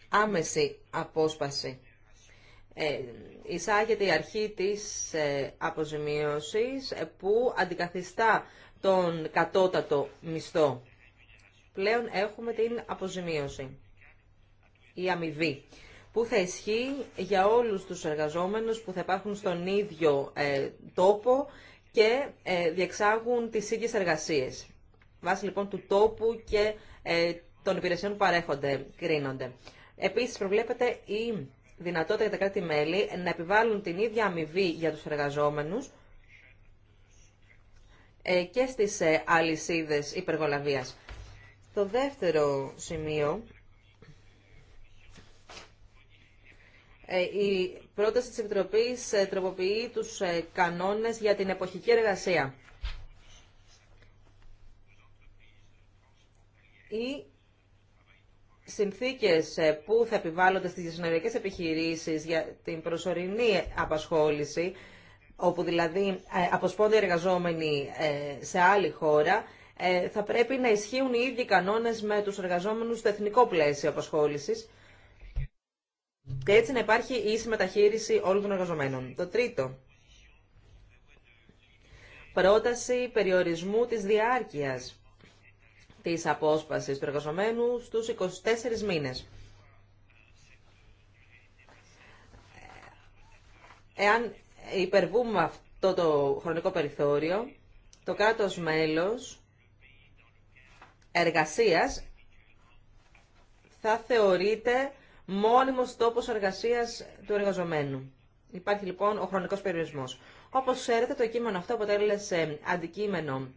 άμεση απόσπαση ε, εισάγεται η αρχή της ε, αποζημίωσης ε, που αντικαθιστά τον κατώτατο μισθό. Πλέον έχουμε την αποζημίωση ή αμοιβή που θα ισχύει για όλους τους εργαζόμενους που θα υπάρχουν στον ίδιο τόπο και διεξάγουν τις ίδιες εργασίες. Βάσει λοιπόν του τόπου και των υπηρεσιών που παρέχονται, κρίνονται. Επίσης προβλέπεται η δυνατότητα για τα κράτη-μέλη να επιβάλλουν την ίδια αμοιβή για τους εργαζόμενους ε, και στις ε, αλυσίδες υπεργολαβίας. Το δεύτερο σημείο, ε, η πρόταση της Επιτροπής τροποποιεί τους κανόνες για την εποχική εργασία. Η Συνθήκε ε, που θα επιβάλλονται στις διασυνοριακές επιχειρήσεις για την προσωρινή απασχόληση, όπου δηλαδή ε, αποσπώνται εργαζόμενοι ε, σε άλλη χώρα, θα πρέπει να ισχύουν οι ίδιοι κανόνες με τους εργαζόμενους στο εθνικό πλαίσιο απασχόλησης και έτσι να υπάρχει ίση μεταχείριση όλων των εργαζομένων. Το τρίτο, πρόταση περιορισμού της διάρκειας της απόσπασης του εργαζομένου στους 24 μήνες. Εάν υπερβούμε αυτό το χρονικό περιθώριο, το κράτος μέλος εργασίας θα θεωρείται μόνιμος τόπος εργασίας του εργαζομένου. Υπάρχει λοιπόν ο χρονικός περιορισμός. Όπως ξέρετε, το κείμενο αυτό αποτέλεσε αντικείμενο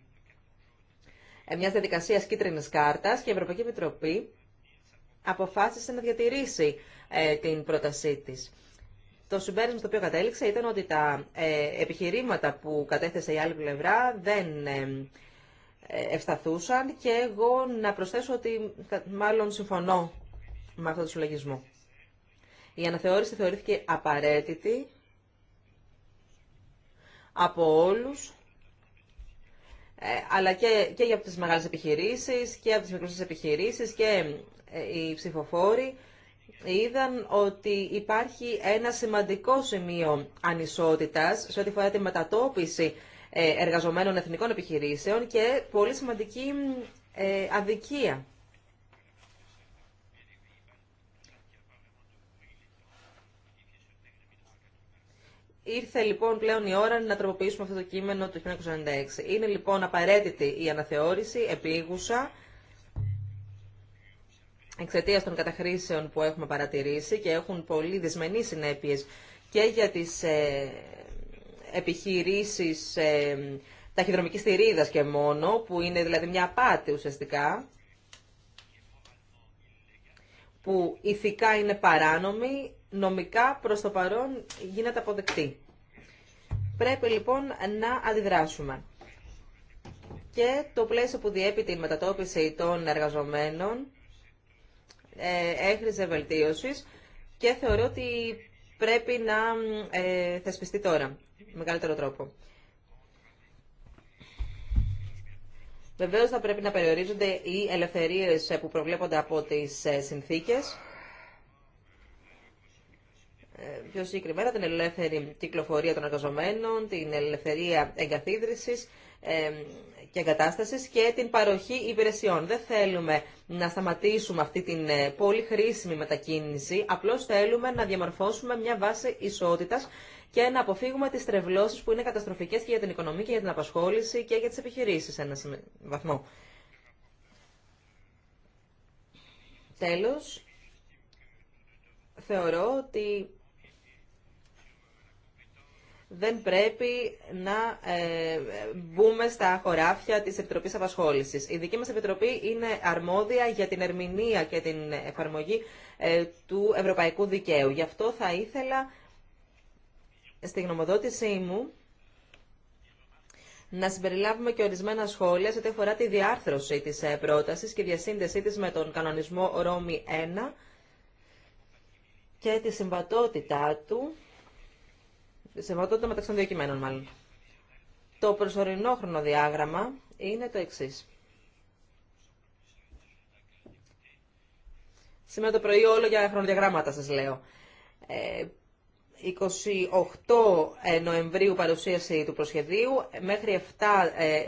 ε, Μια διαδικασία κίτρινη κάρτας και η Ευρωπαϊκή Επιτροπή αποφάσισε να διατηρήσει ε, την πρότασή τη. Το συμπέρασμα στο οποίο κατέληξε ήταν ότι τα ε, επιχειρήματα που κατέθεσε η άλλη πλευρά δεν ευσταθούσαν και εγώ να προσθέσω ότι μάλλον συμφωνώ με αυτό το συλλογισμό. Η αναθεώρηση θεωρήθηκε απαραίτητη από όλους ε, αλλά και, και για τις μεγάλες επιχειρήσεις και από τις μικρές επιχειρήσεις και ε, οι ψηφοφόροι είδαν ότι υπάρχει ένα σημαντικό σημείο ανισότητας σε ό,τι φορά τη μετατόπιση ε, εργαζομένων εθνικών επιχειρήσεων και πολύ σημαντική αδικία. Ήρθε λοιπόν πλέον η ώρα να τροποποιήσουμε αυτό το κείμενο του 1996. Είναι λοιπόν απαραίτητη η αναθεώρηση, επίγουσα, εξαιτία των καταχρήσεων που έχουμε παρατηρήσει και έχουν πολύ δυσμενείς συνέπειες και για τις ε, επιχειρήσεις ε, ταχυδρομικής θηρίδας και μόνο, που είναι δηλαδή μια απάτη ουσιαστικά, που ηθικά είναι παράνομη, νομικά προς το παρόν γίνεται αποδεκτή. Πρέπει λοιπόν να αντιδράσουμε. Και το πλαίσιο που διέπει την μετατόπιση των εργαζομένων ε, έχριζε βελτίωση και θεωρώ ότι πρέπει να ε, θεσπιστεί τώρα με καλύτερο τρόπο. Βεβαίω θα πρέπει να περιορίζονται οι ελευθερίες ε, που προβλέπονται από τις ε, συνθήκες. Ε, πιο συγκεκριμένα την ελεύθερη κυκλοφορία των εργαζομένων, την ελευθερία εγκαθίδρυσης και εγκατάστασης και την παροχή υπηρεσιών. Δεν θέλουμε να σταματήσουμε αυτή την πολύ χρήσιμη μετακίνηση, απλώς θέλουμε να διαμορφώσουμε μια βάση ισότητας και να αποφύγουμε τις τρευλώσει που είναι καταστροφικές και για την οικονομία και για την απασχόληση και για τις επιχειρήσεις σε ένα βαθμό. Τέλος, θεωρώ ότι δεν πρέπει να ε, μπούμε στα χωράφια της Επιτροπής Απασχόλησης. Η δική μας Επιτροπή είναι αρμόδια για την ερμηνεία και την εφαρμογή ε, του ευρωπαϊκού δικαίου. Γι' αυτό θα ήθελα στη γνωμοδότησή μου να συμπεριλάβουμε και ορισμένα σχόλια σε ό,τι αφορά τη διάρθρωση της ε, πρότασης και διασύνδεσή της με τον κανονισμό Ρώμη 1 και τη συμβατότητά του, τη συμβατότητα μεταξύ των δύο κειμένων μάλλον. Το προσωρινό χρονοδιάγραμμα είναι το εξής. Σήμερα το πρωί όλο για χρονοδιαγράμματα σας λέω. Ε, 28 ε, Νοεμβρίου παρουσίαση του προσχεδίου, μέχρι 7 ε,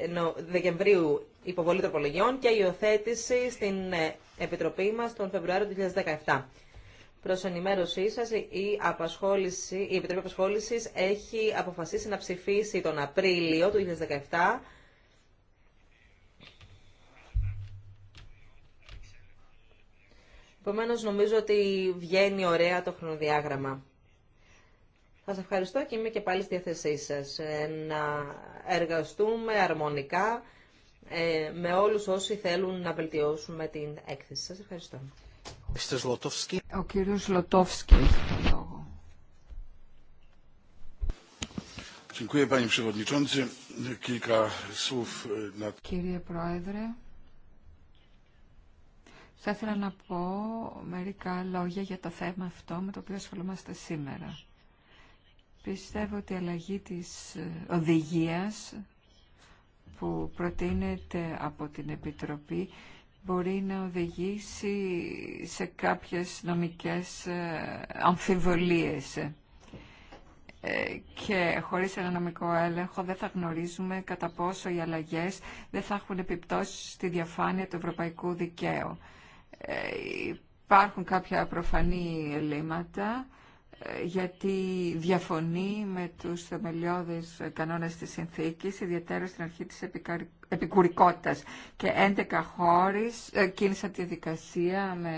Δεκεμβρίου υποβολή τροπολογιών και υιοθέτηση στην ε, Επιτροπή μας τον Φεβρουάριο του 2017. Προς ενημέρωσή σας, η, απασχόληση, η Επιτροπή Απασχόλησης έχει αποφασίσει να ψηφίσει τον Απρίλιο του 2017 Επομένω, νομίζω ότι βγαίνει ωραία το χρονοδιάγραμμα. Σας ευχαριστώ και είμαι και πάλι στη διάθεσή σας ε, να εργαστούμε αρμονικά ε, με όλους όσοι θέλουν να βελτιώσουμε την έκθεση. Σας ευχαριστώ. Ο κύριος Λοτόφσκι έχει το λόγο. E, Κύριε Πρόεδρε, θα ήθελα να πω μερικά λόγια για το θέμα αυτό με το οποίο ασχολούμαστε σήμερα. Πιστεύω ότι η αλλαγή της ε, οδηγίας που προτείνεται από την Επιτροπή μπορεί να οδηγήσει σε κάποιες νομικές ε, αμφιβολίες ε, και χωρίς ένα νομικό έλεγχο δεν θα γνωρίζουμε κατά πόσο οι αλλαγές δεν θα έχουν επιπτώσει στη διαφάνεια του ευρωπαϊκού δικαίου. Υπάρχουν κάποια προφανή ελλείμματα ε, γιατί διαφωνεί με τους θεμελιώδεις κανόνες της συνθήκης, ιδιαίτερα στην αρχή της επικουρικότητας. Και 11 χώρες ε, κίνησαν τη δικασία με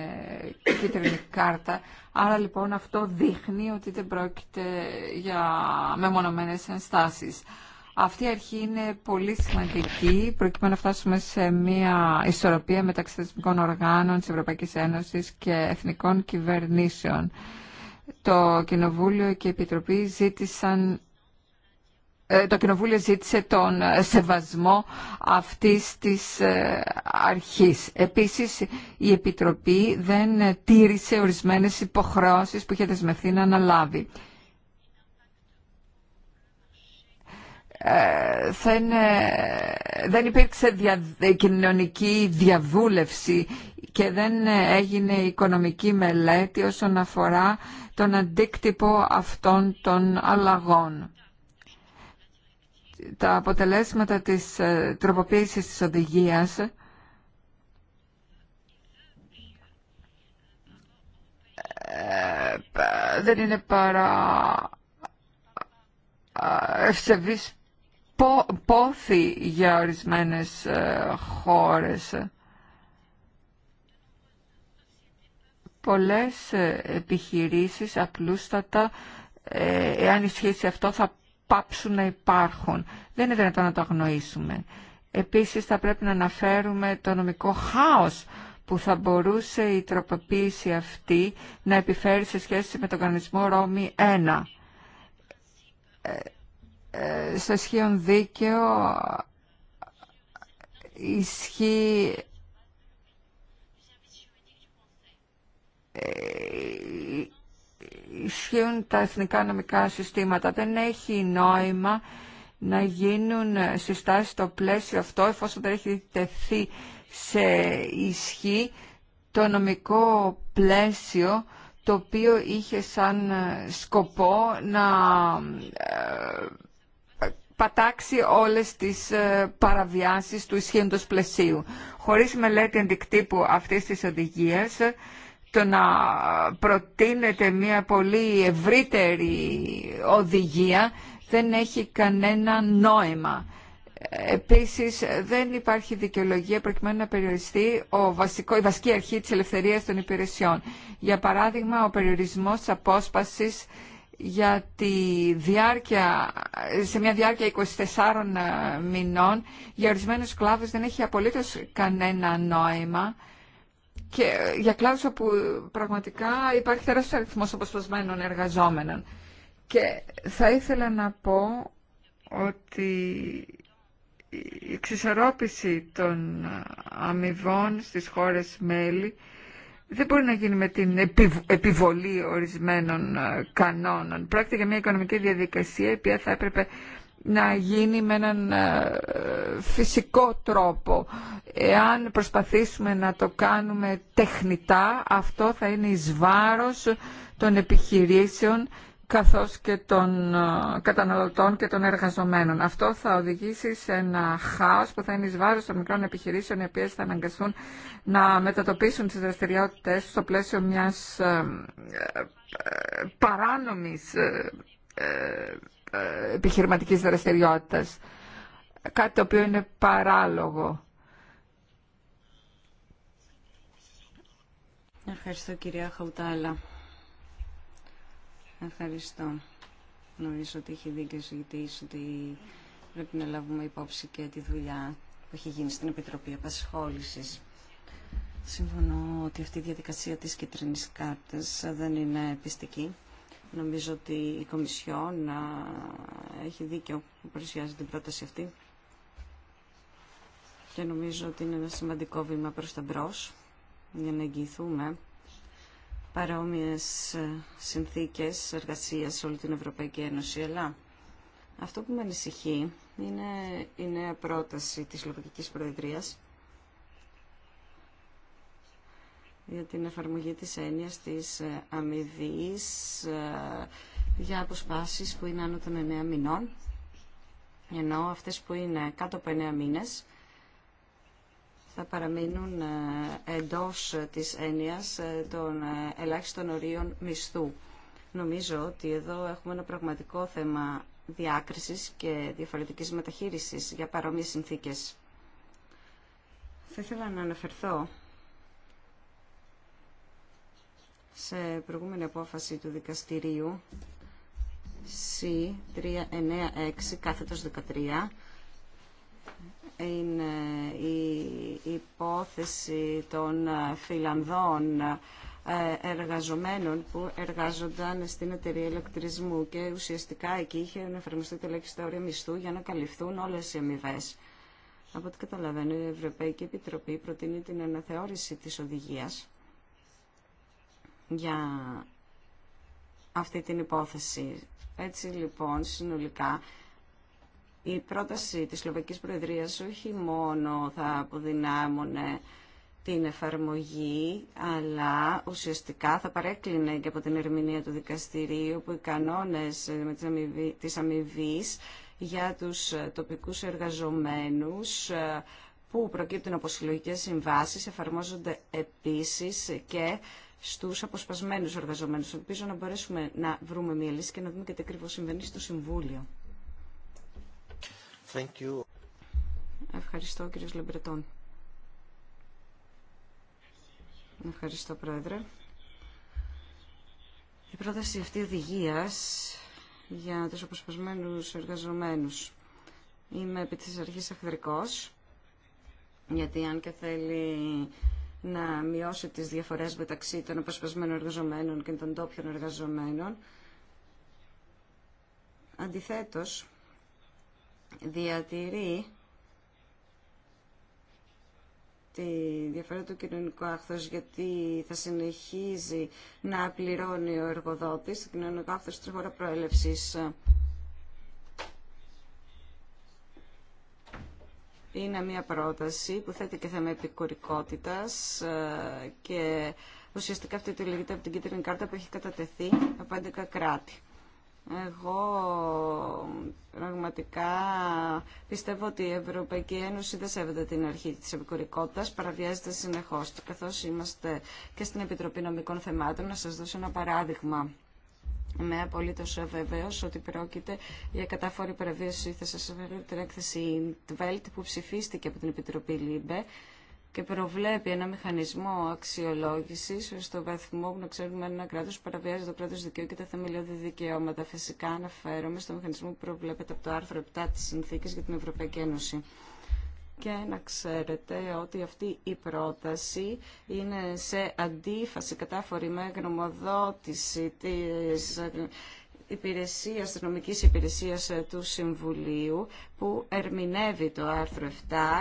κίτρινη κάρτα. Άρα λοιπόν αυτό δείχνει ότι δεν πρόκειται για μεμονωμένες ενστάσεις. Αυτή η αρχή είναι πολύ σημαντική προκειμένου να φτάσουμε σε μια ισορροπία μεταξύ θεσμικών οργάνων της Ευρωπαϊκής Ένωσης και εθνικών κυβερνήσεων το Κοινοβούλιο και η Επιτροπή ε, το ζήτησε τον ε, σεβασμό αυτής της ε, αρχής. Επίσης, η Επιτροπή δεν τήρησε ορισμένες υποχρεώσεις που είχε δεσμευθεί να αναλάβει. δεν υπήρξε κοινωνική διαβούλευση και δεν έγινε οικονομική μελέτη όσον αφορά τον αντίκτυπο αυτών των αλλαγών. Τα αποτελέσματα της ε, τροποποίησης της οδηγίας ε, δεν είναι παρά ε, ευσεβείς πόθη για ορισμένες χώρες. πολλές ε, επιχειρήσεις απλούστατα, ε, εάν ισχύσει αυτό, θα πάψουν να υπάρχουν. Δεν είναι δυνατόν να το αγνοήσουμε. Επίσης θα πρέπει να αναφέρουμε το νομικό χάος που θα μπορούσε η τροποποίηση αυτή να επιφέρει σε σχέση με τον κανονισμό Ρώμη 1. Ε, στο ισχύον δίκαιο ισχύει Ε, ισχύουν τα εθνικά νομικά συστήματα. Δεν έχει νόημα να γίνουν συστάσεις στο πλαίσιο αυτό εφόσον δεν έχει τεθεί σε ισχύ το νομικό πλαίσιο το οποίο είχε σαν σκοπό να ε, πατάξει όλες τις ε, παραβιάσεις του ισχύοντος πλαισίου. Χωρίς μελέτη αντικτύπου αυτής της οδηγίας το να προτείνεται μια πολύ ευρύτερη οδηγία δεν έχει κανένα νόημα. Επίσης δεν υπάρχει δικαιολογία προκειμένου να περιοριστεί ο βασικό, η βασική αρχή της ελευθερίας των υπηρεσιών. Για παράδειγμα ο περιορισμός της απόσπασης για τη διάρκεια, σε μια διάρκεια 24 μηνών για ορισμένους κλάδους δεν έχει απολύτως κανένα νόημα και για κλάδους όπου πραγματικά υπάρχει τεράστιο αριθμό αποσπασμένων εργαζόμενων. Και θα ήθελα να πω ότι η εξισορρόπηση των αμοιβών στις χώρες μέλη δεν μπορεί να γίνει με την επιβολή ορισμένων ε, κανόνων. Πρόκειται για μια οικονομική διαδικασία η οποία θα έπρεπε να γίνει με έναν ε, φυσικό τρόπο. Εάν προσπαθήσουμε να το κάνουμε τεχνητά, αυτό θα είναι εις βάρος των επιχειρήσεων καθώς και των ε, καταναλωτών και των εργαζομένων. Αυτό θα οδηγήσει σε ένα χάος που θα είναι εις βάρος των μικρών επιχειρήσεων οι οποίες θα αναγκαστούν να μετατοπίσουν τις δραστηριότητες στο πλαίσιο μιας ε, παράνομης ε, επιχειρηματικής δραστηριότητας. Κάτι το οποίο είναι παράλογο. Ευχαριστώ κυρία Χαουτάλα. Ευχαριστώ. Νομίζω ότι έχει δίκιο ο ότι πρέπει να λάβουμε υπόψη και τη δουλειά που έχει γίνει στην Επιτροπή Απασχόλησης. Συμφωνώ ότι αυτή η διαδικασία της κεντρική κάρτας δεν είναι πιστική Νομίζω ότι η Κομισιόν έχει δίκιο που παρουσιάζει την πρόταση αυτή και νομίζω ότι είναι ένα σημαντικό βήμα προς τα μπρος για να εγγυηθούμε παρόμοιες συνθήκες εργασίας σε όλη την Ευρωπαϊκή Ένωση. Αλλά αυτό που με ανησυχεί είναι η νέα πρόταση της Λογικής Προεδρίας για την εφαρμογή της έννοιας της ε, αμοιβής ε, για αποσπάσεις που είναι άνω των 9 μηνών, ενώ αυτές που είναι κάτω από 9 μήνες θα παραμείνουν ε, εντός της έννοιας των ελάχιστων ορίων μισθού. Νομίζω ότι εδώ έχουμε ένα πραγματικό θέμα διάκρισης και διαφορετικής μεταχείρισης για παρόμοιες συνθήκες. Θα ήθελα να αναφερθώ σε προηγούμενη απόφαση του δικαστηρίου C396 κάθετος 13 είναι η υπόθεση των Φιλανδών ε, εργαζομένων που εργάζονταν στην εταιρεία ηλεκτρισμού και ουσιαστικά εκεί είχε εφαρμοστεί τη λέξη όρια μισθού για να καλυφθούν όλες οι αμοιβέ. Από ό,τι καταλαβαίνω η Ευρωπαϊκή Επιτροπή προτείνει την αναθεώρηση της οδηγίας για αυτή την υπόθεση. Έτσι λοιπόν, συνολικά, η πρόταση της Σλοβακής Προεδρίας όχι μόνο θα αποδυνάμωνε την εφαρμογή, αλλά ουσιαστικά θα παρέκλεινε και από την ερμηνεία του δικαστηρίου που οι κανόνες ε, της αμοιβή για τους ε, τοπικούς εργαζομένους ε, που προκύπτουν από συλλογικές συμβάσεις εφαρμόζονται επίσης και στους αποσπασμένου εργαζόμενου. Ελπίζω να μπορέσουμε να βρούμε μια λύση και να δούμε και τι ακριβώ συμβαίνει στο Συμβούλιο. Thank you. Ευχαριστώ κύριε Λεμπρετών. Ευχαριστώ Πρόεδρε. Η πρόταση αυτή οδηγία για τους αποσπασμένου εργαζόμενου. Είμαι επί της αρχής εχθρικό, γιατί αν και θέλει να μειώσει τις διαφορές μεταξύ των αποσπασμένων εργαζομένων και των τόπιων εργαζομένων. Αντιθέτως, διατηρεί τη διαφορά του κοινωνικού άχθος γιατί θα συνεχίζει να πληρώνει ο εργοδότης το κοινωνικό άχθος της χώρα προέλευσης. είναι μια πρόταση που θέτει και θέμα επικουρικότητα ε, και ουσιαστικά αυτή τη λέγεται από την κίτρινη κάρτα που έχει κατατεθεί από 11 κράτη. Εγώ πραγματικά πιστεύω ότι η Ευρωπαϊκή Ένωση δεν σέβεται την αρχή της επικουρικότητας, παραβιάζεται συνεχώς. Καθώς είμαστε και στην Επιτροπή Νομικών Θεμάτων, να σας δώσω ένα παράδειγμα. Είμαι απολύτω βέβαιο ότι πρόκειται για κατάφορη παραβίαση. Θα σα την έκθεση Τβέλτ που ψηφίστηκε από την Επιτροπή ΛΥΜΠΕ και προβλέπει ένα μηχανισμό αξιολόγηση στο βαθμό που να ξέρουμε ένα κράτο παραβιάζει το κράτο δικαίου και τα θεμελιώδη δικαιώματα. Φυσικά αναφέρομαι στο μηχανισμό που προβλέπεται από το άρθρο 7 τη Συνθήκη για την Ευρωπαϊκή Ένωση και να ξέρετε ότι αυτή η πρόταση είναι σε αντίφαση κατάφορη με γνωμοδότηση της υπηρεσία, αστυνομική υπηρεσία του Συμβουλίου, που ερμηνεύει το άρθρο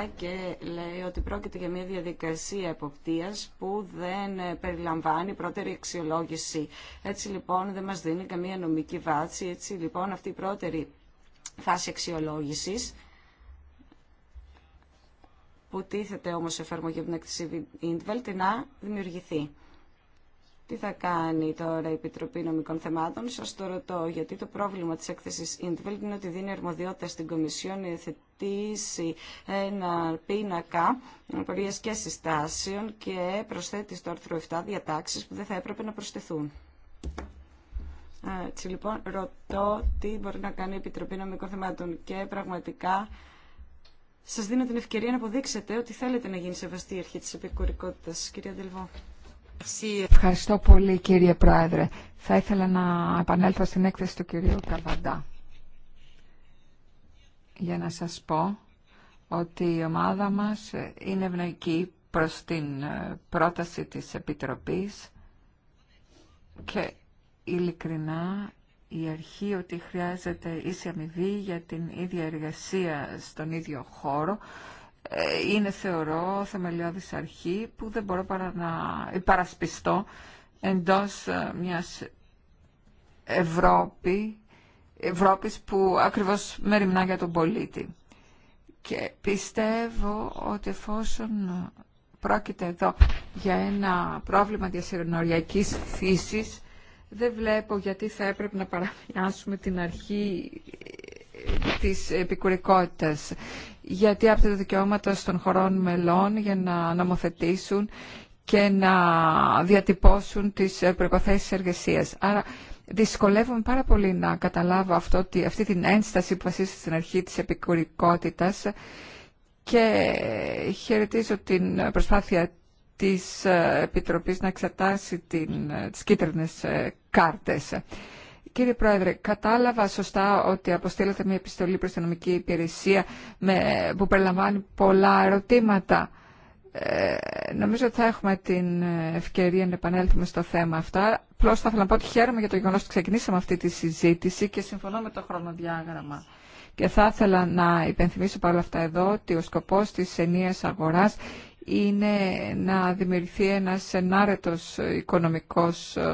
7 και λέει ότι πρόκειται για μια διαδικασία εποπτείας που δεν περιλαμβάνει πρώτερη αξιολόγηση. Έτσι λοιπόν δεν μας δίνει καμία νομική βάση. Έτσι λοιπόν αυτή η πρώτερη φάση αξιολόγησης που τίθεται όμως σε εφαρμογή από την έκθεση Ιντβελτ να δημιουργηθεί. Τι θα κάνει τώρα η Επιτροπή Νομικών Θεμάτων, σα το ρωτώ, γιατί το πρόβλημα τη έκθεση Ιντβελτ είναι ότι δίνει αρμοδιότητα στην Κομισιόν να υιοθετήσει ένα πίνακα πορεία και συστάσεων και προσθέτει στο άρθρο 7 διατάξει που δεν θα έπρεπε να προσθεθούν. Έτσι λοιπόν, ρωτώ τι μπορεί να κάνει η Επιτροπή Νομικών Θεμάτων και πραγματικά σας δίνω την ευκαιρία να αποδείξετε ότι θέλετε να γίνει σεβαστή η αρχή της επικουρικότητας. Κυρία Ντελβό. Ευχαριστώ πολύ κύριε Πρόεδρε. Θα ήθελα να επανέλθω στην έκθεση του κυρίου Καβαντά για να σας πω ότι η ομάδα μας είναι ευνοϊκή προς την ε, πρόταση της Επιτροπής και ειλικρινά η αρχή ότι χρειάζεται ίση αμοιβή για την ίδια εργασία στον ίδιο χώρο ε, είναι θεωρώ θεμελιώδης αρχή που δεν μπορώ παρά να υπαρασπιστώ εντός ε, μιας Ευρώπη, Ευρώπης που ακριβώς μεριμνά για τον πολίτη. Και πιστεύω ότι εφόσον πρόκειται εδώ για ένα πρόβλημα διασυνοριακής φύσης δεν βλέπω γιατί θα έπρεπε να παραβιάσουμε την αρχή ε, της επικουρικότητας. Γιατί από τα δικαιώματα των χωρών μελών για να νομοθετήσουν και να διατυπώσουν τις ε, προϋποθέσεις εργασίας. Άρα δυσκολεύομαι πάρα πολύ να καταλάβω αυτό, αυτή την ένσταση που βασίζεται στην αρχή της επικουρικότητας και χαιρετίζω την προσπάθεια της ε, Επιτροπής να εξετάσει τι ε, τις κίτρινες ε, κάρτες. Κύριε Πρόεδρε, κατάλαβα σωστά ότι αποστήλατε μια επιστολή προς την νομική υπηρεσία με, που περιλαμβάνει πολλά ερωτήματα. Ε, νομίζω ότι θα έχουμε την ευκαιρία να επανέλθουμε στο θέμα αυτά. Απλώ θα ήθελα να πω ότι χαίρομαι για το γεγονό ότι ξεκινήσαμε αυτή τη συζήτηση και συμφωνώ με το χρονοδιάγραμμα. Και θα ήθελα να υπενθυμίσω παρόλα αυτά εδώ ότι ο σκοπό τη ενία αγορά είναι να δημιουργηθεί ένας ενάρετος οικονομικός ε,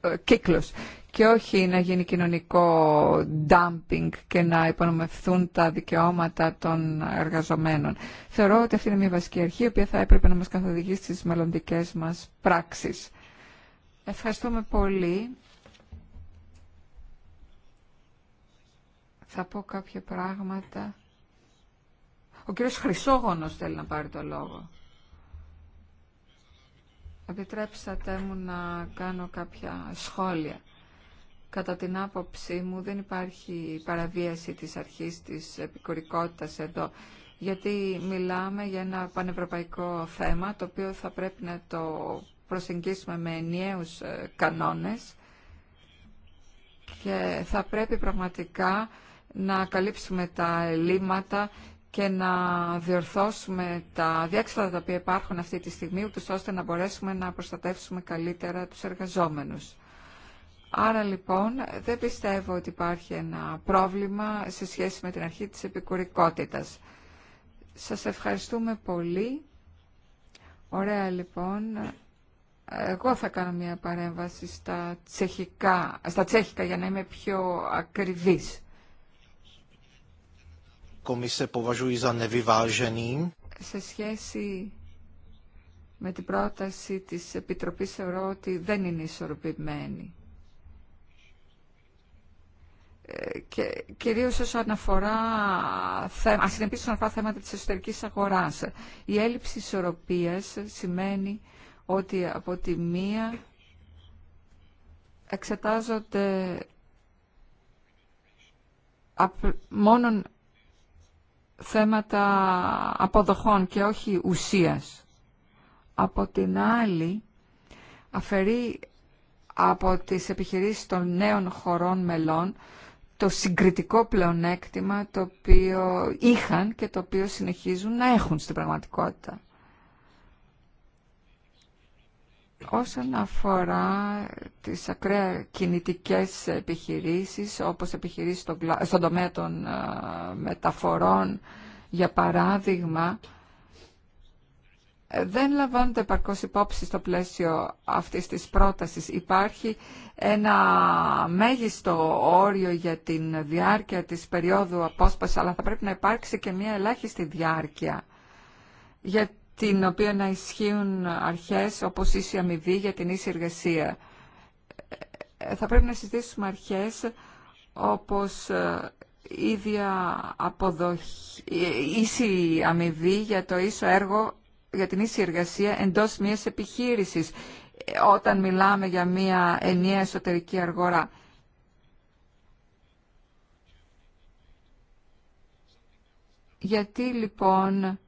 ε, κύκλος και όχι να γίνει κοινωνικό dumping και να υπονομευθούν τα δικαιώματα των εργαζομένων. Θεωρώ ότι αυτή είναι μια βασική αρχή, η οποία θα έπρεπε να μας καθοδηγεί στις μελλοντικέ μας πράξεις. Ευχαριστούμε πολύ. Θα πω κάποια πράγματα ο κύριος Χρυσόγονος θέλει να πάρει το λόγο. Επιτρέψατε μου να κάνω κάποια σχόλια. Κατά την άποψή μου δεν υπάρχει παραβίαση της αρχής της επικουρικότητας εδώ, γιατί μιλάμε για ένα πανευρωπαϊκό θέμα το οποίο θα πρέπει να το προσεγγίσουμε με ενιαίους ε, κανόνες και θα πρέπει πραγματικά να καλύψουμε τα ελλείμματα και να διορθώσουμε τα διέξοδα τα οποία υπάρχουν αυτή τη στιγμή, ούτως ώστε να μπορέσουμε να προστατεύσουμε καλύτερα τους εργαζόμενους. Άρα λοιπόν δεν πιστεύω ότι υπάρχει ένα πρόβλημα σε σχέση με την αρχή της επικουρικότητας. Σας ευχαριστούμε πολύ. Ωραία λοιπόν. Εγώ θα κάνω μια παρέμβαση στα τσεχικά, στα για να είμαι πιο ακριβής. Σε σχέση με την πρόταση της Επιτροπής θεωρώ ότι δεν είναι ισορροπημένη. Ε, και, κυρίως όσον αφορά, αφορά θέματα της εσωτερικής αγοράς. Η έλλειψη ισορροπίας σημαίνει ότι από τη μία εξετάζονται μόνον θέματα αποδοχών και όχι ουσίας. Από την άλλη, αφαιρεί από τις επιχειρήσεις των νέων χωρών μελών το συγκριτικό πλεονέκτημα το οποίο είχαν και το οποίο συνεχίζουν να έχουν στην πραγματικότητα. Όσον αφορά τις ακραία κινητικές επιχειρήσεις, όπως επιχειρήσεις στον, τομέα των ε, μεταφορών, για παράδειγμα, ε, δεν λαμβάνονται επαρκώς υπόψη στο πλαίσιο αυτής της πρότασης. Υπάρχει ένα μέγιστο όριο για την διάρκεια της περίοδου απόσπασης, αλλά θα πρέπει να υπάρξει και μια ελάχιστη διάρκεια. Για την οποία να ισχύουν αρχές όπως ίση αμοιβή για την ίση εργασία. Ε, θα πρέπει να συζητήσουμε αρχές όπως ε, ίδια αποδοχή, ε, ίση αμοιβή για το ίσο έργο, για την ίση εργασία εντός μιας επιχείρησης όταν μιλάμε για μια ενιαία εσωτερική αργόρα. Γιατί λοιπόν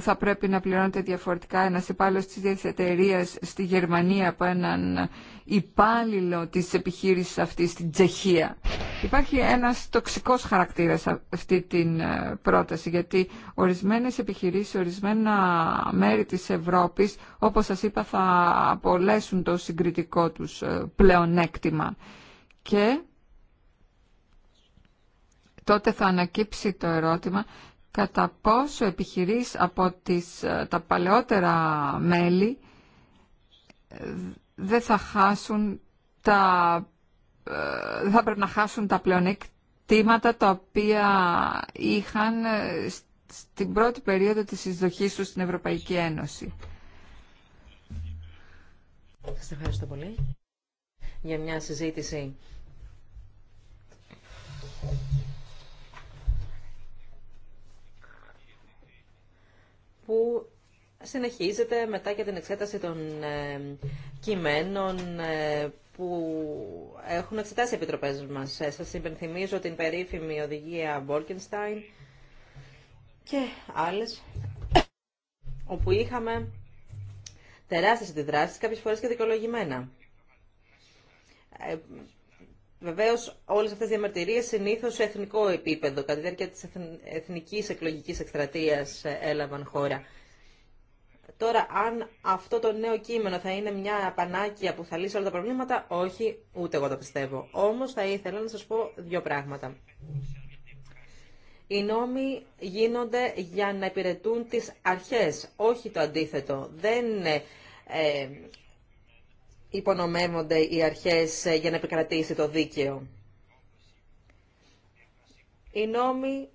θα πρέπει να πληρώνεται διαφορετικά ένας υπάλληλος της ίδιας εταιρεία στη Γερμανία από έναν υπάλληλο της επιχείρησης αυτής στην Τσεχία. Υπάρχει ένας τοξικός χαρακτήρας αυτή την ε, πρόταση γιατί ορισμένες επιχειρήσεις, ορισμένα μέρη της Ευρώπης όπως σας είπα θα απολέσουν το συγκριτικό τους ε, πλεονέκτημα. Και τότε θα ανακύψει το ερώτημα κατά πόσο επιχειρείς από τις, ε, τα παλαιότερα μέλη ε, δεν θα χάσουν τα, ε, δεν θα πρέπει να χάσουν τα πλεονεκτήματα τα οποία είχαν στην πρώτη περίοδο της εισδοχής του στην Ευρωπαϊκή Ένωση. Σας ευχαριστώ πολύ για μια συζήτηση που συνεχίζεται μετά και την εξέταση των ε, κειμένων ε, που έχουν εξετάσει οι επιτροπές μας. Ε, σας υπενθυμίζω την περίφημη οδηγία Μπόλκενστάιν και άλλες, όπου είχαμε τεράστιες αντιδράσεις, κάποιες φορές και δικαιολογημένα. Βεβαίω, όλε αυτέ οι διαμαρτυρίε συνήθω σε εθνικό επίπεδο, κατά τη διάρκεια τη εθνική εκλογική εκστρατεία, ε, έλαβαν χώρα. Τώρα, αν αυτό το νέο κείμενο θα είναι μια πανάκια που θα λύσει όλα τα προβλήματα, όχι, ούτε εγώ το πιστεύω. Όμω, θα ήθελα να σα πω δύο πράγματα. Οι νόμοι γίνονται για να υπηρετούν τις αρχές, όχι το αντίθετο. Δεν ε, ε υπονομεύονται οι αρχές ε, για να επικρατήσει το δίκαιο. Οι νόμοι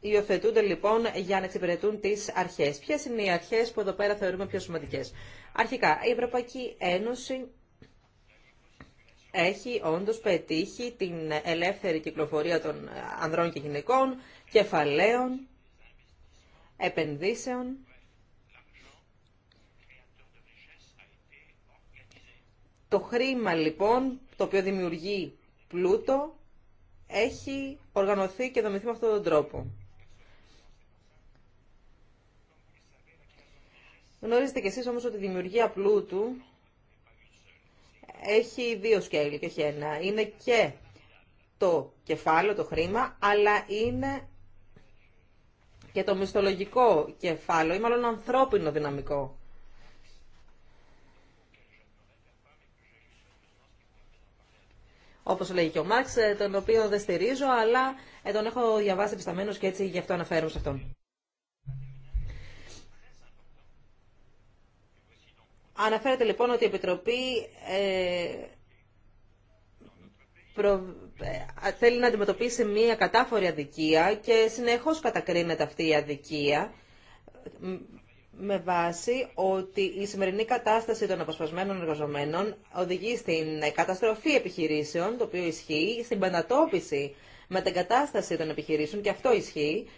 υιοθετούνται λοιπόν για να εξυπηρετούν τις αρχές. Ποιες είναι οι αρχές που εδώ πέρα θεωρούμε πιο σημαντικές. Αρχικά, η Ευρωπαϊκή Ένωση έχει όντως πετύχει την ελεύθερη κυκλοφορία των ανδρών και γυναικών, κεφαλαίων, επενδύσεων Το χρήμα λοιπόν, το οποίο δημιουργεί πλούτο, έχει οργανωθεί και δομηθεί με αυτόν τον τρόπο. Γνωρίζετε κι εσείς όμως ότι η δημιουργία πλούτου έχει δύο σκέλη και όχι ένα. Είναι και το κεφάλαιο, το χρήμα, αλλά είναι και το μισθολογικό κεφάλαιο ή μάλλον ανθρώπινο δυναμικό. όπως λέει και ο Μαξ, ε, τον οποίο δεν στηρίζω, αλλά ε, τον έχω διαβάσει επισταμένος και έτσι γι' αυτό αναφέρομαι σε αυτόν. Αναφέρεται λοιπόν ότι η Επιτροπή ε, ε, θέλει να αντιμετωπίσει μία κατάφορη αδικία και συνεχώς κατακρίνεται αυτή η αδικία με βάση ότι η σημερινή κατάσταση των αποσπασμένων εργαζομένων οδηγεί στην καταστροφή επιχειρήσεων, το οποίο ισχύει, στην πανατόπιση με την κατάσταση των επιχειρήσεων, και αυτό ισχύει,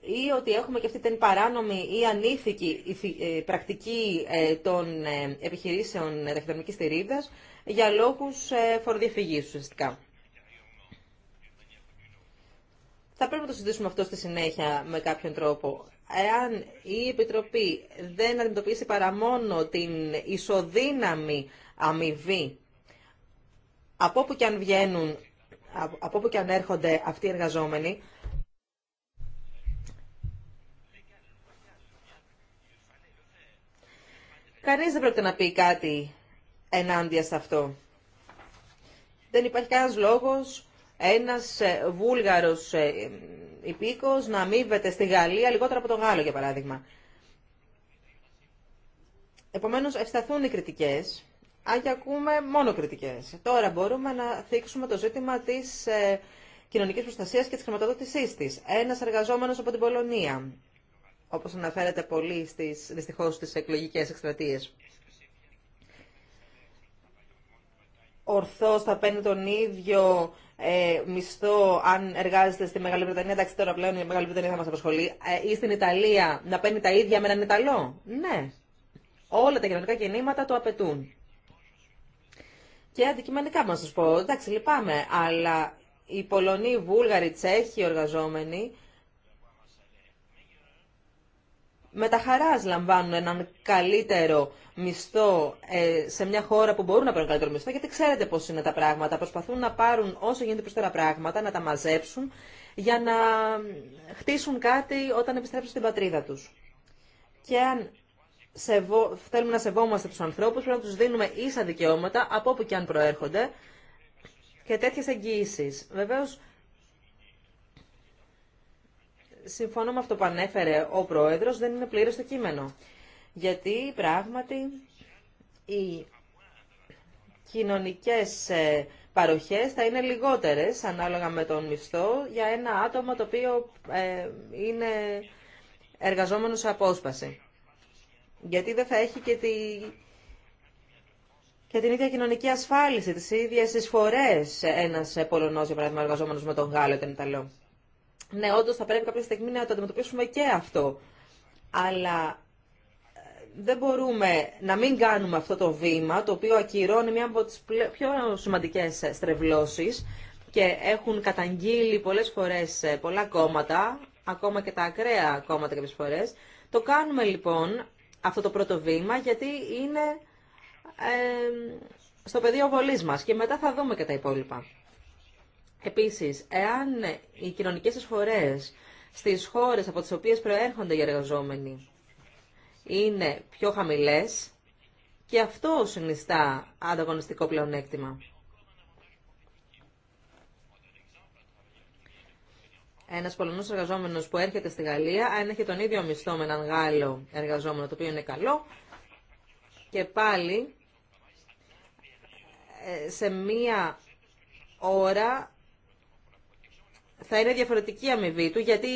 ή ότι έχουμε και αυτή την παράνομη ή ανήθικη ε, πρακτική ε, των ε, επιχειρήσεων ταχυδρομικής θηρίδας για λόγους φοροδιαφυγής ουσιαστικά. Θα πρέπει να το συζητήσουμε αυτό στη συνέχεια με κάποιον τρόπο εάν η Επιτροπή δεν αντιμετωπίσει παρά μόνο την ισοδύναμη αμοιβή από όπου και αν βγαίνουν, από και αν έρχονται αυτοί οι εργαζόμενοι, Κανείς δεν πρέπει να πει κάτι ενάντια σε αυτό. Δεν υπάρχει κανένας λόγος ένας ε, Βούλγαρος ε, υπήκος να αμείβεται στη Γαλλία λιγότερο από τον Γάλλο, για παράδειγμα. Επομένως, ευσταθούν οι κριτικές, αν και ακούμε μόνο κριτικές. Τώρα μπορούμε να θίξουμε το ζήτημα της ε, κοινωνικής προστασίας και της χρηματοδότησής της. Ένας εργαζόμενος από την Πολωνία, όπως αναφέρεται πολύ στις, δυστυχώς στις εκλογικές εκστρατείες. ορθώς θα παίρνει τον ίδιο ε, μισθό αν εργάζεται στη Μεγάλη Βρετανία. Εντάξει, τώρα πλέον η Μεγάλη Βρετανία θα μας απασχολεί. Ε, ή στην Ιταλία να παίρνει τα ίδια με έναν Ιταλό. Ναι. Όλα τα κοινωνικά κινήματα το απαιτούν. Και αντικειμενικά μας σας πω, εντάξει λυπάμαι, αλλά οι Πολωνοί, οι Βούλγαροι, οι Τσέχοι οι εργαζόμενοι με τα χαράς λαμβάνουν έναν καλύτερο μισθό ε, σε μια χώρα που μπορούν να πάρουν καλύτερο μισθό, γιατί ξέρετε πώς είναι τα πράγματα. Προσπαθούν να πάρουν όσο γίνεται περισσότερα πράγματα, να τα μαζέψουν, για να χτίσουν κάτι όταν επιστρέψουν στην πατρίδα τους. Και αν σεβο... θέλουμε να σεβόμαστε τους ανθρώπους, πρέπει να τους δίνουμε ίσα δικαιώματα από όπου και αν προέρχονται και τέτοιες εγγύησεις. Βεβαίως, συμφωνώ με αυτό που ανέφερε ο Πρόεδρος, δεν είναι πλήρως το κείμενο. Γιατί πράγματι οι κοινωνικές ε, παροχές θα είναι λιγότερες ανάλογα με τον μισθό για ένα άτομο το οποίο ε, είναι εργαζόμενο σε απόσπαση. Γιατί δεν θα έχει και, τη... και την ίδια κοινωνική ασφάλιση, τις ίδιες εισφορές ε, ένας Πολωνός, για παράδειγμα, εργαζόμενος με τον Γάλλο ή τον Ιταλό ναι, όντω θα πρέπει κάποια στιγμή να το αντιμετωπίσουμε και αυτό. Αλλά ε, δεν μπορούμε να μην κάνουμε αυτό το βήμα, το οποίο ακυρώνει μία από τις πιο σημαντικές ε, στρεβλώσεις και έχουν καταγγείλει πολλές φορές ε, πολλά κόμματα, ακόμα και τα ακραία κόμματα κάποιες φορές. Το κάνουμε λοιπόν αυτό το πρώτο βήμα, γιατί είναι στο πεδίο βολής μας και μετά θα δούμε και τα υπόλοιπα. Επίσης, εάν οι κοινωνικές εισφορές στις χώρες από τις οποίες προέρχονται οι εργαζόμενοι είναι πιο χαμηλές και αυτό συνιστά ανταγωνιστικό πλεονέκτημα. Ένα Πολωνό εργαζόμενο που έρχεται στη Γαλλία, αν έχει τον ίδιο μισθό με έναν Γάλλο εργαζόμενο, το οποίο είναι καλό, και πάλι ε, σε μία ώρα θα είναι διαφορετική η αμοιβή του, γιατί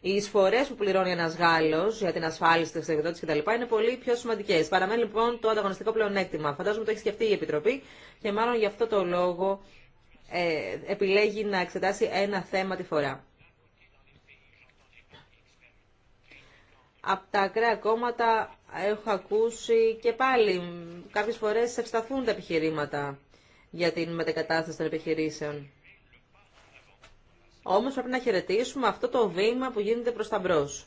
οι εισφορέ που πληρώνει ένα Γάλλο για την ασφάλιση τη εξαιρετότητα κτλ. είναι πολύ πιο σημαντικέ. Παραμένει λοιπόν το ανταγωνιστικό πλεονέκτημα. Φαντάζομαι το έχει σκεφτεί η Επιτροπή και μάλλον γι' αυτό το λόγο ε, επιλέγει να εξετάσει ένα θέμα τη φορά. Από τα ακραία κόμματα έχω ακούσει και πάλι κάποιες φορές ευσταθούν τα επιχειρήματα για την μετεκατάσταση των επιχειρήσεων. Όμως πρέπει να χαιρετήσουμε αυτό το βήμα που γίνεται προς τα μπρος.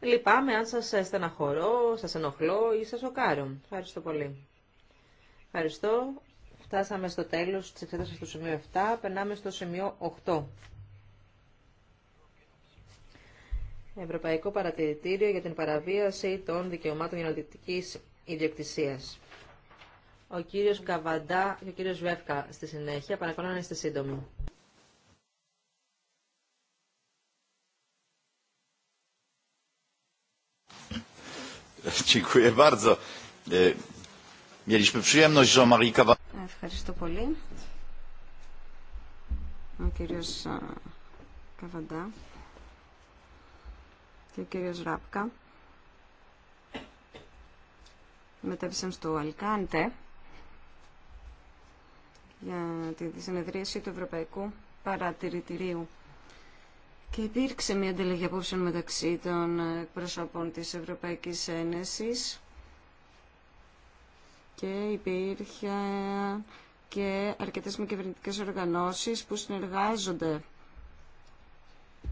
Λυπάμαι αν σας στεναχωρώ, σας ενοχλώ ή σας σοκάρω. Ευχαριστώ πολύ. Ευχαριστώ. Φτάσαμε στο τέλος της εξέτασης του σημείου 7. Περνάμε στο σημείο 8. Ευρωπαϊκό Παρατηρητήριο για την παραβίαση των δικαιωμάτων γενοδιτικής ιδιοκτησίας ο κύριος Καβαντά και ο κύριος Βεύκα στη συνέχεια. Παρακαλώ να είστε σύντομοι. E, Ευχαριστώ πολύ. Ο κύριος ε, Καβαντά και ο κύριος Ράπκα μετέβησαν στο Αλκάντε για τη συνεδρίαση του Ευρωπαϊκού Παρατηρητηρίου. Και υπήρξε μια ανταλλαγή απόψεων μεταξύ των εκπροσώπων της Ευρωπαϊκής Ένωσης και υπήρχε και αρκετές με κυβερνητικές οργανώσεις που συνεργάζονται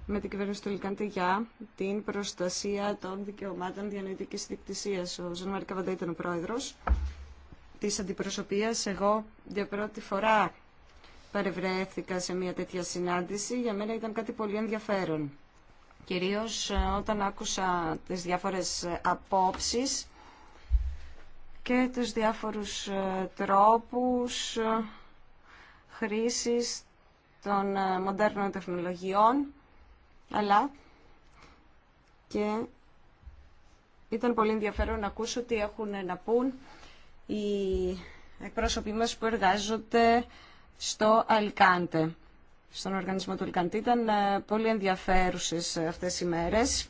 με την κυβέρνηση του Λικάντη για την προστασία των δικαιωμάτων διανοητικής δικτυσίας. Ο Ζαν Μαρκαβαντά ήταν ο πρόεδρος της αντιπροσωπείας εγώ για πρώτη φορά παρευρέθηκα σε μια τέτοια συνάντηση. Για μένα ήταν κάτι πολύ ενδιαφέρον. Κυρίως ε, όταν άκουσα τις διάφορες ε, απόψεις και τους διάφορους ε, τρόπους χρήσης των μοντέρνων τεχνολογιών, αλλά και ήταν πολύ ενδιαφέρον να ακούσω τι έχουν να πούν οι εκπρόσωποι μας που εργάζονται στο Αλκάντε, στον οργανισμό του Αλκάντε. Ήταν ε, πολύ ενδιαφέρουσες αυτές οι μέρες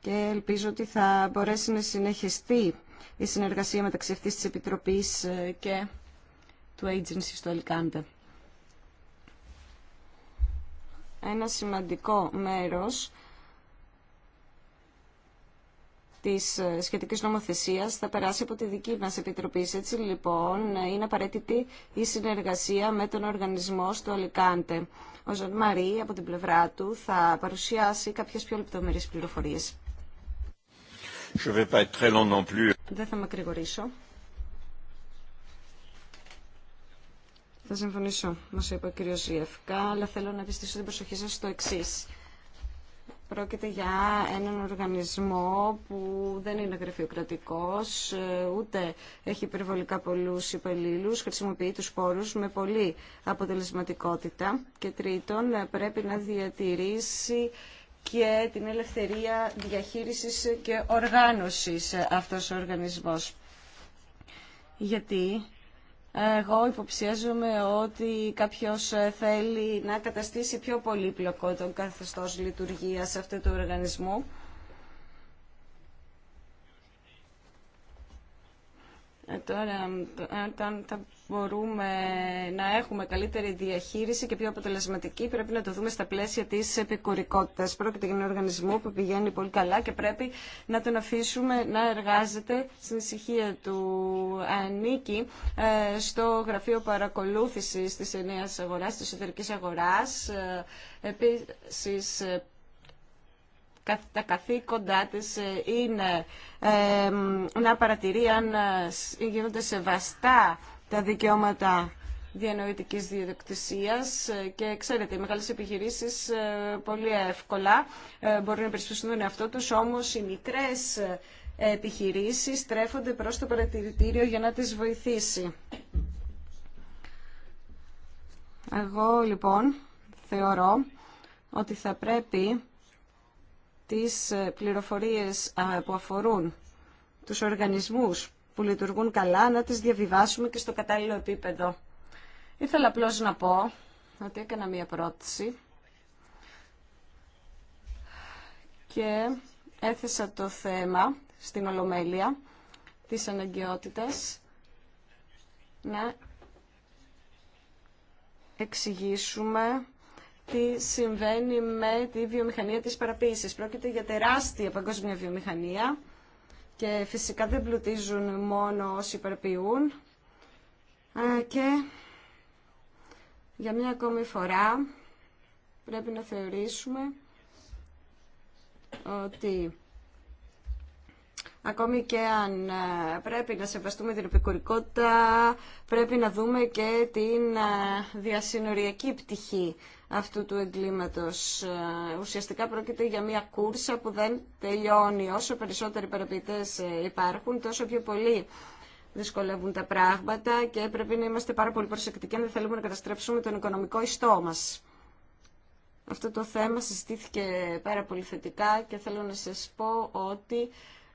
και ελπίζω ότι θα μπορέσει να συνεχιστεί η συνεργασία μεταξύ αυτής της Επιτροπής ε, και του Agency στο Αλκάντε. Ένα σημαντικό μέρος Τη ε, σχετική νομοθεσία θα περάσει από τη δική μα επιτροπή. Έτσι λοιπόν ε, είναι απαραίτητη η συνεργασία με τον οργανισμό στο Αλικάντε. Ο Ζων Μαρή από την πλευρά του θα παρουσιάσει κάποιε πιο λεπτομερεί πληροφορίε. Δεν θα ακρηγορήσω. Θα συμφωνήσω, μα είπε ο κ. Ζιέφκα, αλλά θέλω να επιστήσω την προσοχή σα στο εξή. Πρόκειται για έναν οργανισμό που δεν είναι γραφειοκρατικός, ε, ούτε έχει υπερβολικά πολλούς υπαλλήλου, χρησιμοποιεί τους πόρους με πολύ αποτελεσματικότητα και τρίτον ε, πρέπει να διατηρήσει και την ελευθερία διαχείρισης και οργάνωσης αυτός ο οργανισμός. Γιατί εγώ υποψιάζομαι ότι κάποιος ε, θέλει να καταστήσει πιο πολύπλοκο τον καθεστώς λειτουργίας αυτού του οργανισμού Ε, τώρα, ε, αν θα μπορούμε να έχουμε καλύτερη διαχείριση και πιο αποτελεσματική, πρέπει να το δούμε στα πλαίσια τη επικουρικότητα. Πρόκειται για έναν οργανισμό που πηγαίνει πολύ καλά και πρέπει να τον αφήσουμε να εργάζεται στην ησυχία του. Ανήκει ε, στο γραφείο παρακολούθηση τη νέα αγορά, τη εσωτερική αγορά τα καθήκοντά της ε, είναι να παρατηρεί αν ε, γίνονται σεβαστά τα δικαιώματα διανοητικής διεκτησίας ε, και ξέρετε οι μεγάλες επιχειρήσεις πολύ εύκολα μπορούν να περισπιστούν τον εαυτό τους όμως οι μικρές επιχειρήσεις στρέφονται προς το παρατηρητήριο για να τις βοηθήσει. Εγώ λοιπόν θεωρώ ότι θα πρέπει τις ε, πληροφορίες που αφορούν τους οργανισμούς που λειτουργούν καλά, να τις διαβιβάσουμε και στο κατάλληλο επίπεδο. Ήθελα απλώ να πω ότι έκανα μία πρόταση και έθεσα το θέμα στην Ολομέλεια της αναγκαιότητας να εξηγήσουμε τι συμβαίνει με τη βιομηχανία της παραποίησης. Πρόκειται για τεράστια παγκόσμια βιομηχανία και φυσικά δεν πλουτίζουν μόνο όσοι παραποιούν. Και για μια ακόμη φορά πρέπει να θεωρήσουμε ότι ακόμη και αν πρέπει να σεβαστούμε την επικουρικότητα, πρέπει να δούμε και την διασυνοριακή πτυχή αυτού του εγκλήματος. Ε, ουσιαστικά πρόκειται για μια κούρσα που δεν τελειώνει. Όσο περισσότεροι παραποιητές ε, υπάρχουν, τόσο πιο πολύ δυσκολεύουν τα πράγματα και πρέπει να είμαστε πάρα πολύ προσεκτικοί αν δεν θέλουμε να καταστρέψουμε τον οικονομικό ιστό μας. Αυτό το θέμα συστήθηκε πάρα πολύ θετικά και θέλω να σας πω ότι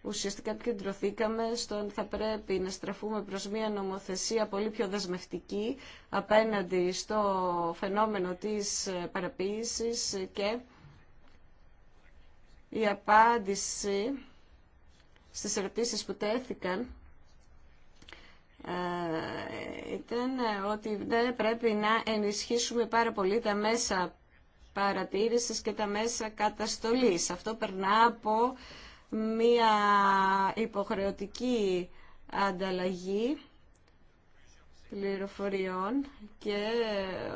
ουσιαστικά επικεντρωθήκαμε στο ότι θα πρέπει να στραφούμε προς μια νομοθεσία πολύ πιο δεσμευτική απέναντι στο φαινόμενο της ε, παραποίησης και η απάντηση στις ερωτήσεις που τέθηκαν ε, ήταν ε, ότι δεν ναι, πρέπει να ενισχύσουμε πάρα πολύ τα μέσα παρατήρησης και τα μέσα καταστολής. Αυτό περνά από μία υποχρεωτική ανταλλαγή πληροφοριών και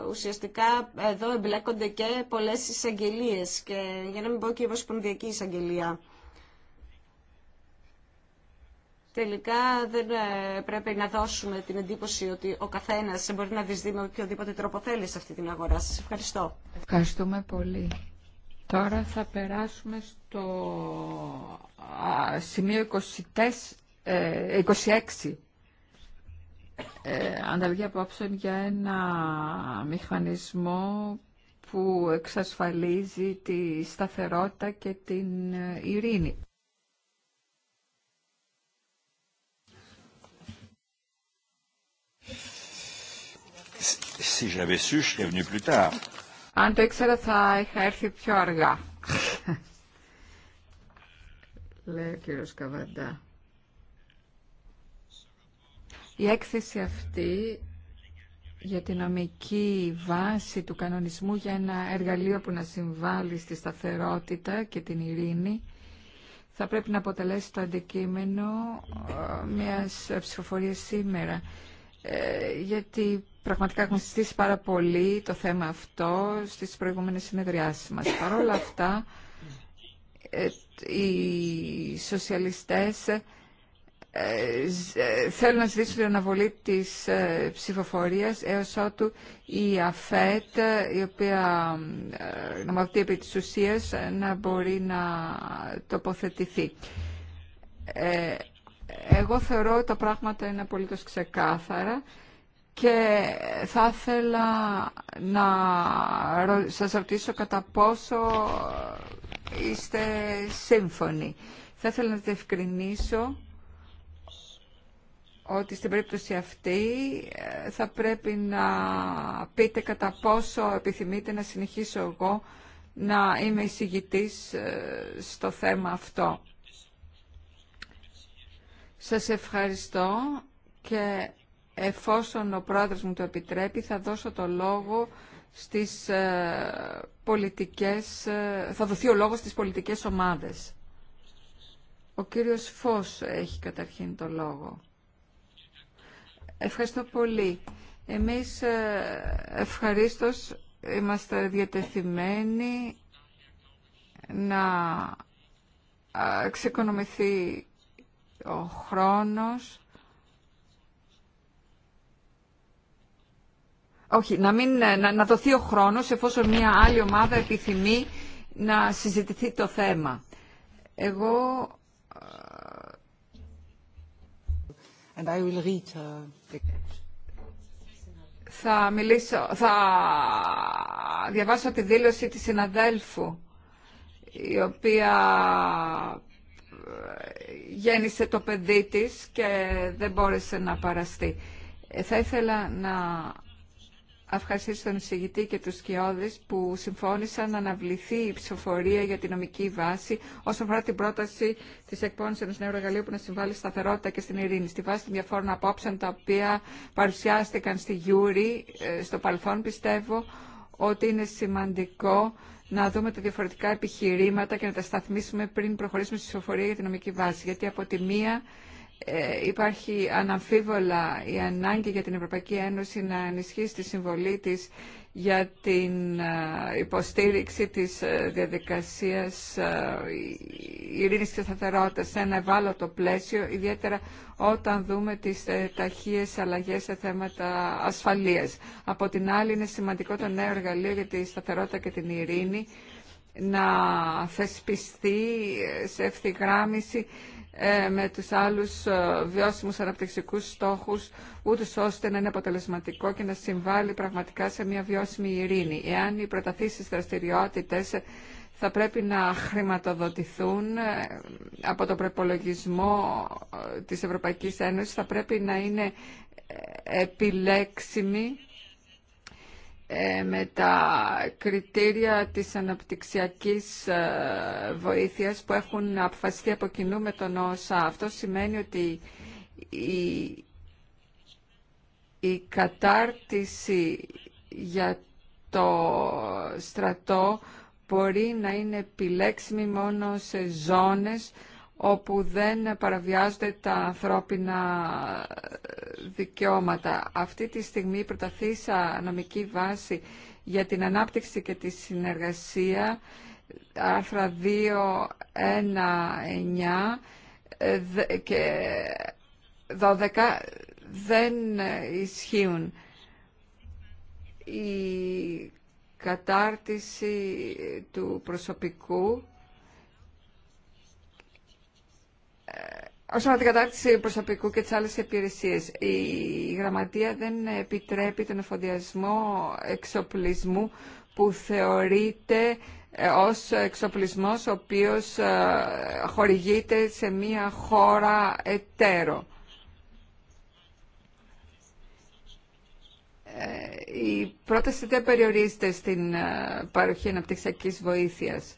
ουσιαστικά εδώ εμπλέκονται και πολλές εισαγγελίε και για να μην πω και η Ομοσπονδιακή Εισαγγελία. Τελικά δεν ε, πρέπει να δώσουμε την εντύπωση ότι ο καθένας μπορεί να δυσδεί με οποιοδήποτε τρόπο θέλει σε αυτή την αγορά. Σας ευχαριστώ. Ευχαριστούμε πολύ. Τώρα θα περάσουμε στο σημείο 26. Ε, ε, ανταλλαγή απόψε για ένα μηχανισμό που εξασφαλίζει τη σταθερότητα και την ε, ειρήνη. Si j'avais su, je serais venu plus αν το ήξερα θα είχα έρθει πιο αργά. <laughs> Λέει ο κύριος Καβαντά. Η έκθεση αυτή για τη νομική βάση του κανονισμού για ένα εργαλείο που να συμβάλλει στη σταθερότητα και την ειρήνη θα πρέπει να αποτελέσει το αντικείμενο ε, μιας ψηφοφορίας σήμερα. Ε, γιατί πραγματικά έχουμε συζητήσει πάρα πολύ το θέμα αυτό στις προηγούμενες συνεδριάσεις μας. Παρ' όλα αυτά, ε, οι σοσιαλιστές ε, θέλουν να ζητήσουν την αναβολή της ψηφοφορίας έως ότου η ΑΦΕΤ, η οποία νομοθετεί επί της ουσίας, να μπορεί να τοποθετηθεί εγώ θεωρώ ότι τα πράγματα είναι απολύτως ξεκάθαρα και θα ήθελα να σας ρωτήσω κατά πόσο είστε σύμφωνοι. Θα ήθελα να διευκρινίσω ότι στην περίπτωση αυτή ε, θα πρέπει να πείτε κατά πόσο επιθυμείτε να συνεχίσω εγώ να είμαι εισηγητής ε, στο θέμα αυτό. Σας ευχαριστώ και εφόσον ο πρόεδρος μου το επιτρέπει θα δώσω το λόγο στις ε, πολιτικές, ε, θα δοθεί ο λόγος στις πολιτικές ομάδες. Ο κύριος Φως έχει καταρχήν το λόγο. Ευχαριστώ πολύ. Εμείς ε, ευχαρίστως είμαστε διατεθειμένοι να ξεκονομηθεί ο χρόνος Όχι, να, μην, να, να δοθεί ο χρόνος εφόσον μια άλλη ομάδα επιθυμεί να συζητηθεί το θέμα. Εγώ... Ε, And I will ε, Θα μιλήσω, θα διαβάσω τη δήλωση της συναδέλφου, η οποία γέννησε το παιδί της και δεν μπόρεσε να παραστεί. Ε, θα ήθελα να ευχαριστήσω τον εισηγητή και τους σκιώδες που συμφώνησαν να αναβληθεί η ψηφοφορία για τη νομική βάση όσον αφορά την πρόταση της εκπόνησης ενός νέου εργαλείου που να συμβάλλει σταθερότητα και στην ειρήνη. Στη βάση των διαφόρων απόψεων τα οποία παρουσιάστηκαν στη Γιούρη ε, στο παρελθόν πιστεύω ότι είναι σημαντικό να δούμε τα διαφορετικά επιχειρήματα και να τα σταθμίσουμε πριν προχωρήσουμε στη ψηφοφορία για την νομική βάση. Γιατί από τη μία ε, υπάρχει αναμφίβολα η ανάγκη για την Ευρωπαϊκή Ένωση να ενισχύσει τη συμβολή της για την υποστήριξη της διαδικασίας ειρήνης και σταθερότητας σε ένα ευάλωτο πλαίσιο, ιδιαίτερα όταν δούμε τις ε, ταχείες αλλαγές σε θέματα ασφαλείας. Από την άλλη είναι σημαντικό το νέο εργαλείο για τη σταθερότητα και την ειρήνη να θεσπιστεί ε, σε ευθυγράμμιση ε, με τους άλλους ε, βιώσιμους αναπτυξικούς στόχους, ούτω ώστε να είναι αποτελεσματικό και να συμβάλλει πραγματικά σε μια βιώσιμη ειρήνη. Εάν οι προταθήσεις δραστηριότητες θα πρέπει να χρηματοδοτηθούν ε, από το προπολογισμό της Ευρωπαϊκής Ένωσης, θα πρέπει να είναι επιλέξιμοι ε, με τα κριτήρια της αναπτυξιακής ε, βοήθειας που έχουν αποφασιστεί από κοινού με τον ΩΣΑ. Αυτό σημαίνει ότι η, η κατάρτιση για το στρατό μπορεί να είναι επιλέξιμη μόνο σε ζώνες όπου δεν παραβιάζονται τα ανθρώπινα δικαιώματα. Αυτή τη στιγμή η προταθήσα νομική βάση για την ανάπτυξη και τη συνεργασία, άρθρα 2, 1, 9 και 12 δεν ισχύουν. Η κατάρτιση του προσωπικού Όσον αφορά την κατάρτιση προσωπικού και τι άλλε υπηρεσίε, η Γραμματεία δεν επιτρέπει τον εφοδιασμό εξοπλισμού που θεωρείται ε, ως εξοπλισμός ο οποίος ε, χορηγείται σε μία χώρα εταίρο. Ε, η πρόταση δεν περιορίζεται στην παροχή αναπτυξιακής βοήθειας.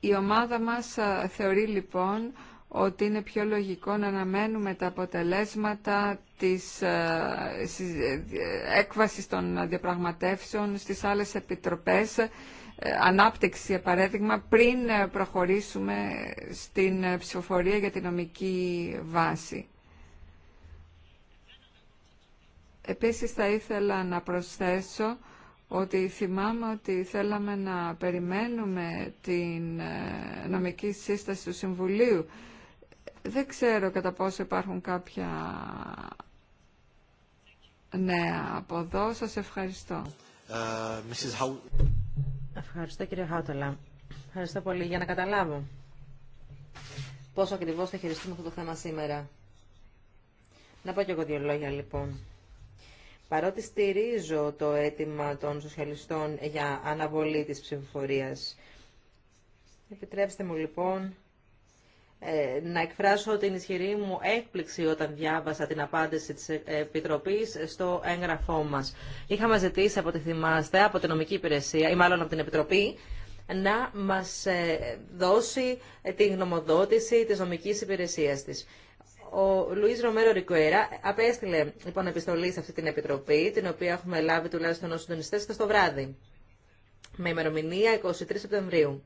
Η ομάδα μας θεωρεί λοιπόν ότι είναι πιο λογικό να αναμένουμε τα αποτελέσματα της ε, ε, έκβασης των διαπραγματεύσεων στις άλλες επιτροπές ε, ανάπτυξη, για παράδειγμα, πριν προχωρήσουμε στην ψηφοφορία για τη νομική βάση. Επίσης θα ήθελα να προσθέσω ότι θυμάμαι ότι θέλαμε να περιμένουμε την νομική σύσταση του Συμβουλίου δεν ξέρω κατά πόσο υπάρχουν κάποια νέα από εδώ. Σας ευχαριστώ. Ε, ευχαριστώ κύριε Χάουταλα. Ευχαριστώ πολύ για να καταλάβω πόσο ακριβώς θα χειριστούμε αυτό το θέμα σήμερα. Να πω και εγώ δύο λόγια λοιπόν. Παρότι στηρίζω το αίτημα των σοσιαλιστών για αναβολή της ψηφοφορίας, επιτρέψτε μου λοιπόν ε, να εκφράσω την ισχυρή μου έκπληξη όταν διάβασα την απάντηση της Επιτροπής στο έγγραφό μας. Είχαμε ζητήσει από τη θυμάστε, από την νομική υπηρεσία ή μάλλον από την Επιτροπή να μας ε, δώσει τη γνωμοδότηση της νομικής υπηρεσίας της. Ο Λουίς Ρομέρο Ρικουέρα απέστειλε λοιπόν επιστολή σε αυτή την Επιτροπή, την οποία έχουμε λάβει τουλάχιστον ως συντονιστές και στο βράδυ, με ημερομηνία 23 Σεπτεμβρίου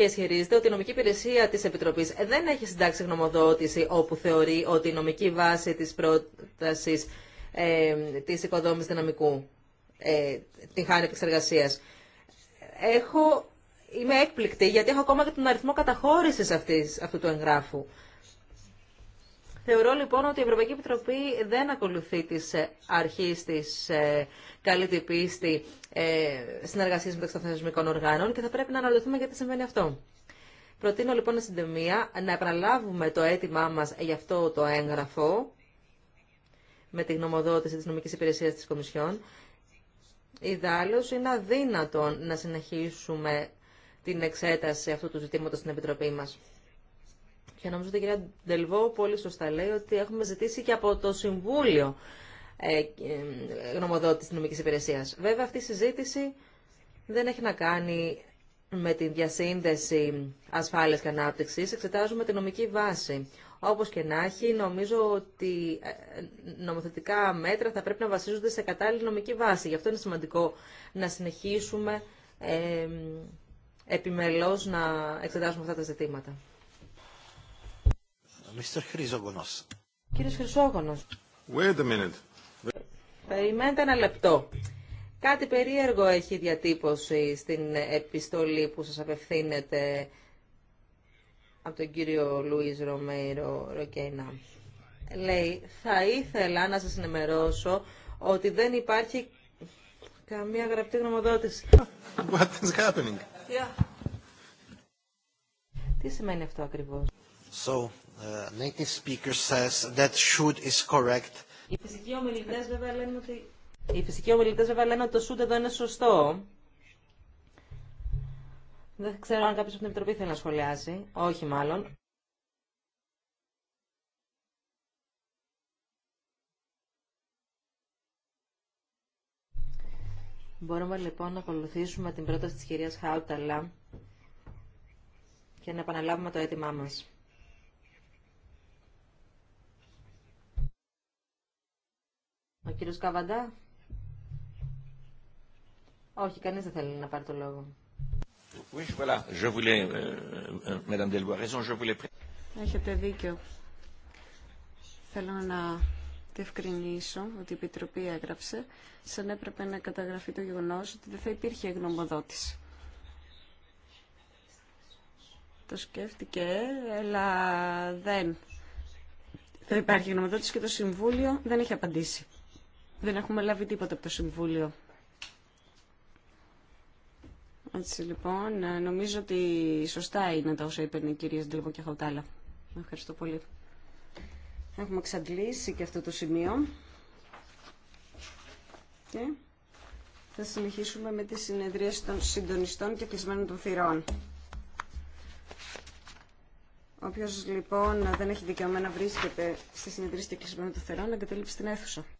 και ισχυρίζεται ότι η νομική υπηρεσία τη Επιτροπή δεν έχει συντάξει γνωμοδότηση όπου θεωρεί ότι η νομική βάση τη πρόταση ε, της οικοδόμηση δυναμικού ε, την χάνει επεξεργασία. Έχω, είμαι έκπληκτη γιατί έχω ακόμα και τον αριθμό καταχώρηση αυτού του εγγράφου. Θεωρώ λοιπόν ότι η Ευρωπαϊκή Επιτροπή δεν ακολουθεί τις ε, αρχής της ε, καλή την πίστη ε, συνεργασία μεταξύ των θεσμικών οργάνων και θα πρέπει να αναλυθούμε γιατί συμβαίνει αυτό. Προτείνω λοιπόν στην τεμία να επαναλάβουμε το αίτημά μα για αυτό το έγγραφο με τη γνωμοδότηση της νομικής υπηρεσίας της Κομισιόν. Ιδάλω είναι αδύνατο να συνεχίσουμε την εξέταση αυτού του ζητήματο στην Επιτροπή μας. Και νομίζω ότι η κυρία Ντελβό πολύ σωστά λέει ότι έχουμε ζητήσει και από το Συμβούλιο ε, ε, γνωμοδότηση τη νομική Υπηρεσία. Βέβαια αυτή η συζήτηση δεν έχει να κάνει με τη διασύνδεση ασφάλεια και ανάπτυξη. Εξετάζουμε τη νομική βάση. Όπω και να έχει, νομίζω ότι ε, νομοθετικά μέτρα θα πρέπει να βασίζονται σε κατάλληλη νομική βάση. Γι' αυτό είναι σημαντικό να συνεχίσουμε ε, επιμελώς να εξετάσουμε αυτά τα ζητήματα. Κύριε Χρυσόγονος. Κύριος Χρυσόγονος. Wait a minute. Περιμένετε ένα λεπτό. Κάτι περίεργο έχει διατύπωση στην επιστολή που σας απευθύνεται από τον κύριο Λουίς Ρομέιρο Ροκέινα. Λέει, θα ήθελα να σας ενημερώσω ότι δεν υπάρχει καμία γραπτή γνωμοδότηση. <laughs> What is happening? Yeah. Τι σημαίνει αυτό ακριβώς. So, ε, native speaker says that should is correct. Οι φυσικοί ομιλητές βέβαια λένε ότι, το should εδώ είναι σωστό. Δεν ξέρω αν κάποιος από την Επιτροπή θέλει να σχολιάσει. Όχι μάλλον. Μπορούμε λοιπόν να ακολουθήσουμε την πρόταση της κυρίας Χάουταλα και να επαναλάβουμε το αίτημά μας. Ο κύριος Καβαντά. Όχι, κανείς δεν θέλει να πάρει το λόγο. Έχετε δίκιο. Θέλω να διευκρινίσω ότι η Επιτροπή έγραψε σαν έπρεπε να καταγραφεί το γεγονός ότι δεν θα υπήρχε γνωμοδότηση. Το σκέφτηκε, αλλά δεν Δεν υπάρχει γνωμοδότηση και το Συμβούλιο δεν έχει απαντήσει. Δεν έχουμε λάβει τίποτα από το Συμβούλιο. Έτσι λοιπόν, ε, νομίζω ότι σωστά είναι τα όσα είπε η κυρία Ντελβο και Χαουτάλα. Ευχαριστώ πολύ. Έχουμε εξαντλήσει και αυτό το σημείο. Και θα συνεχίσουμε με τις συνεδρίες των συντονιστών και κλεισμένων των θυρών. Όποιος λοιπόν δεν έχει δικαιωμένα βρίσκεται στη συνεδρίες και κλεισμένων των θυρών, την αίθουσα.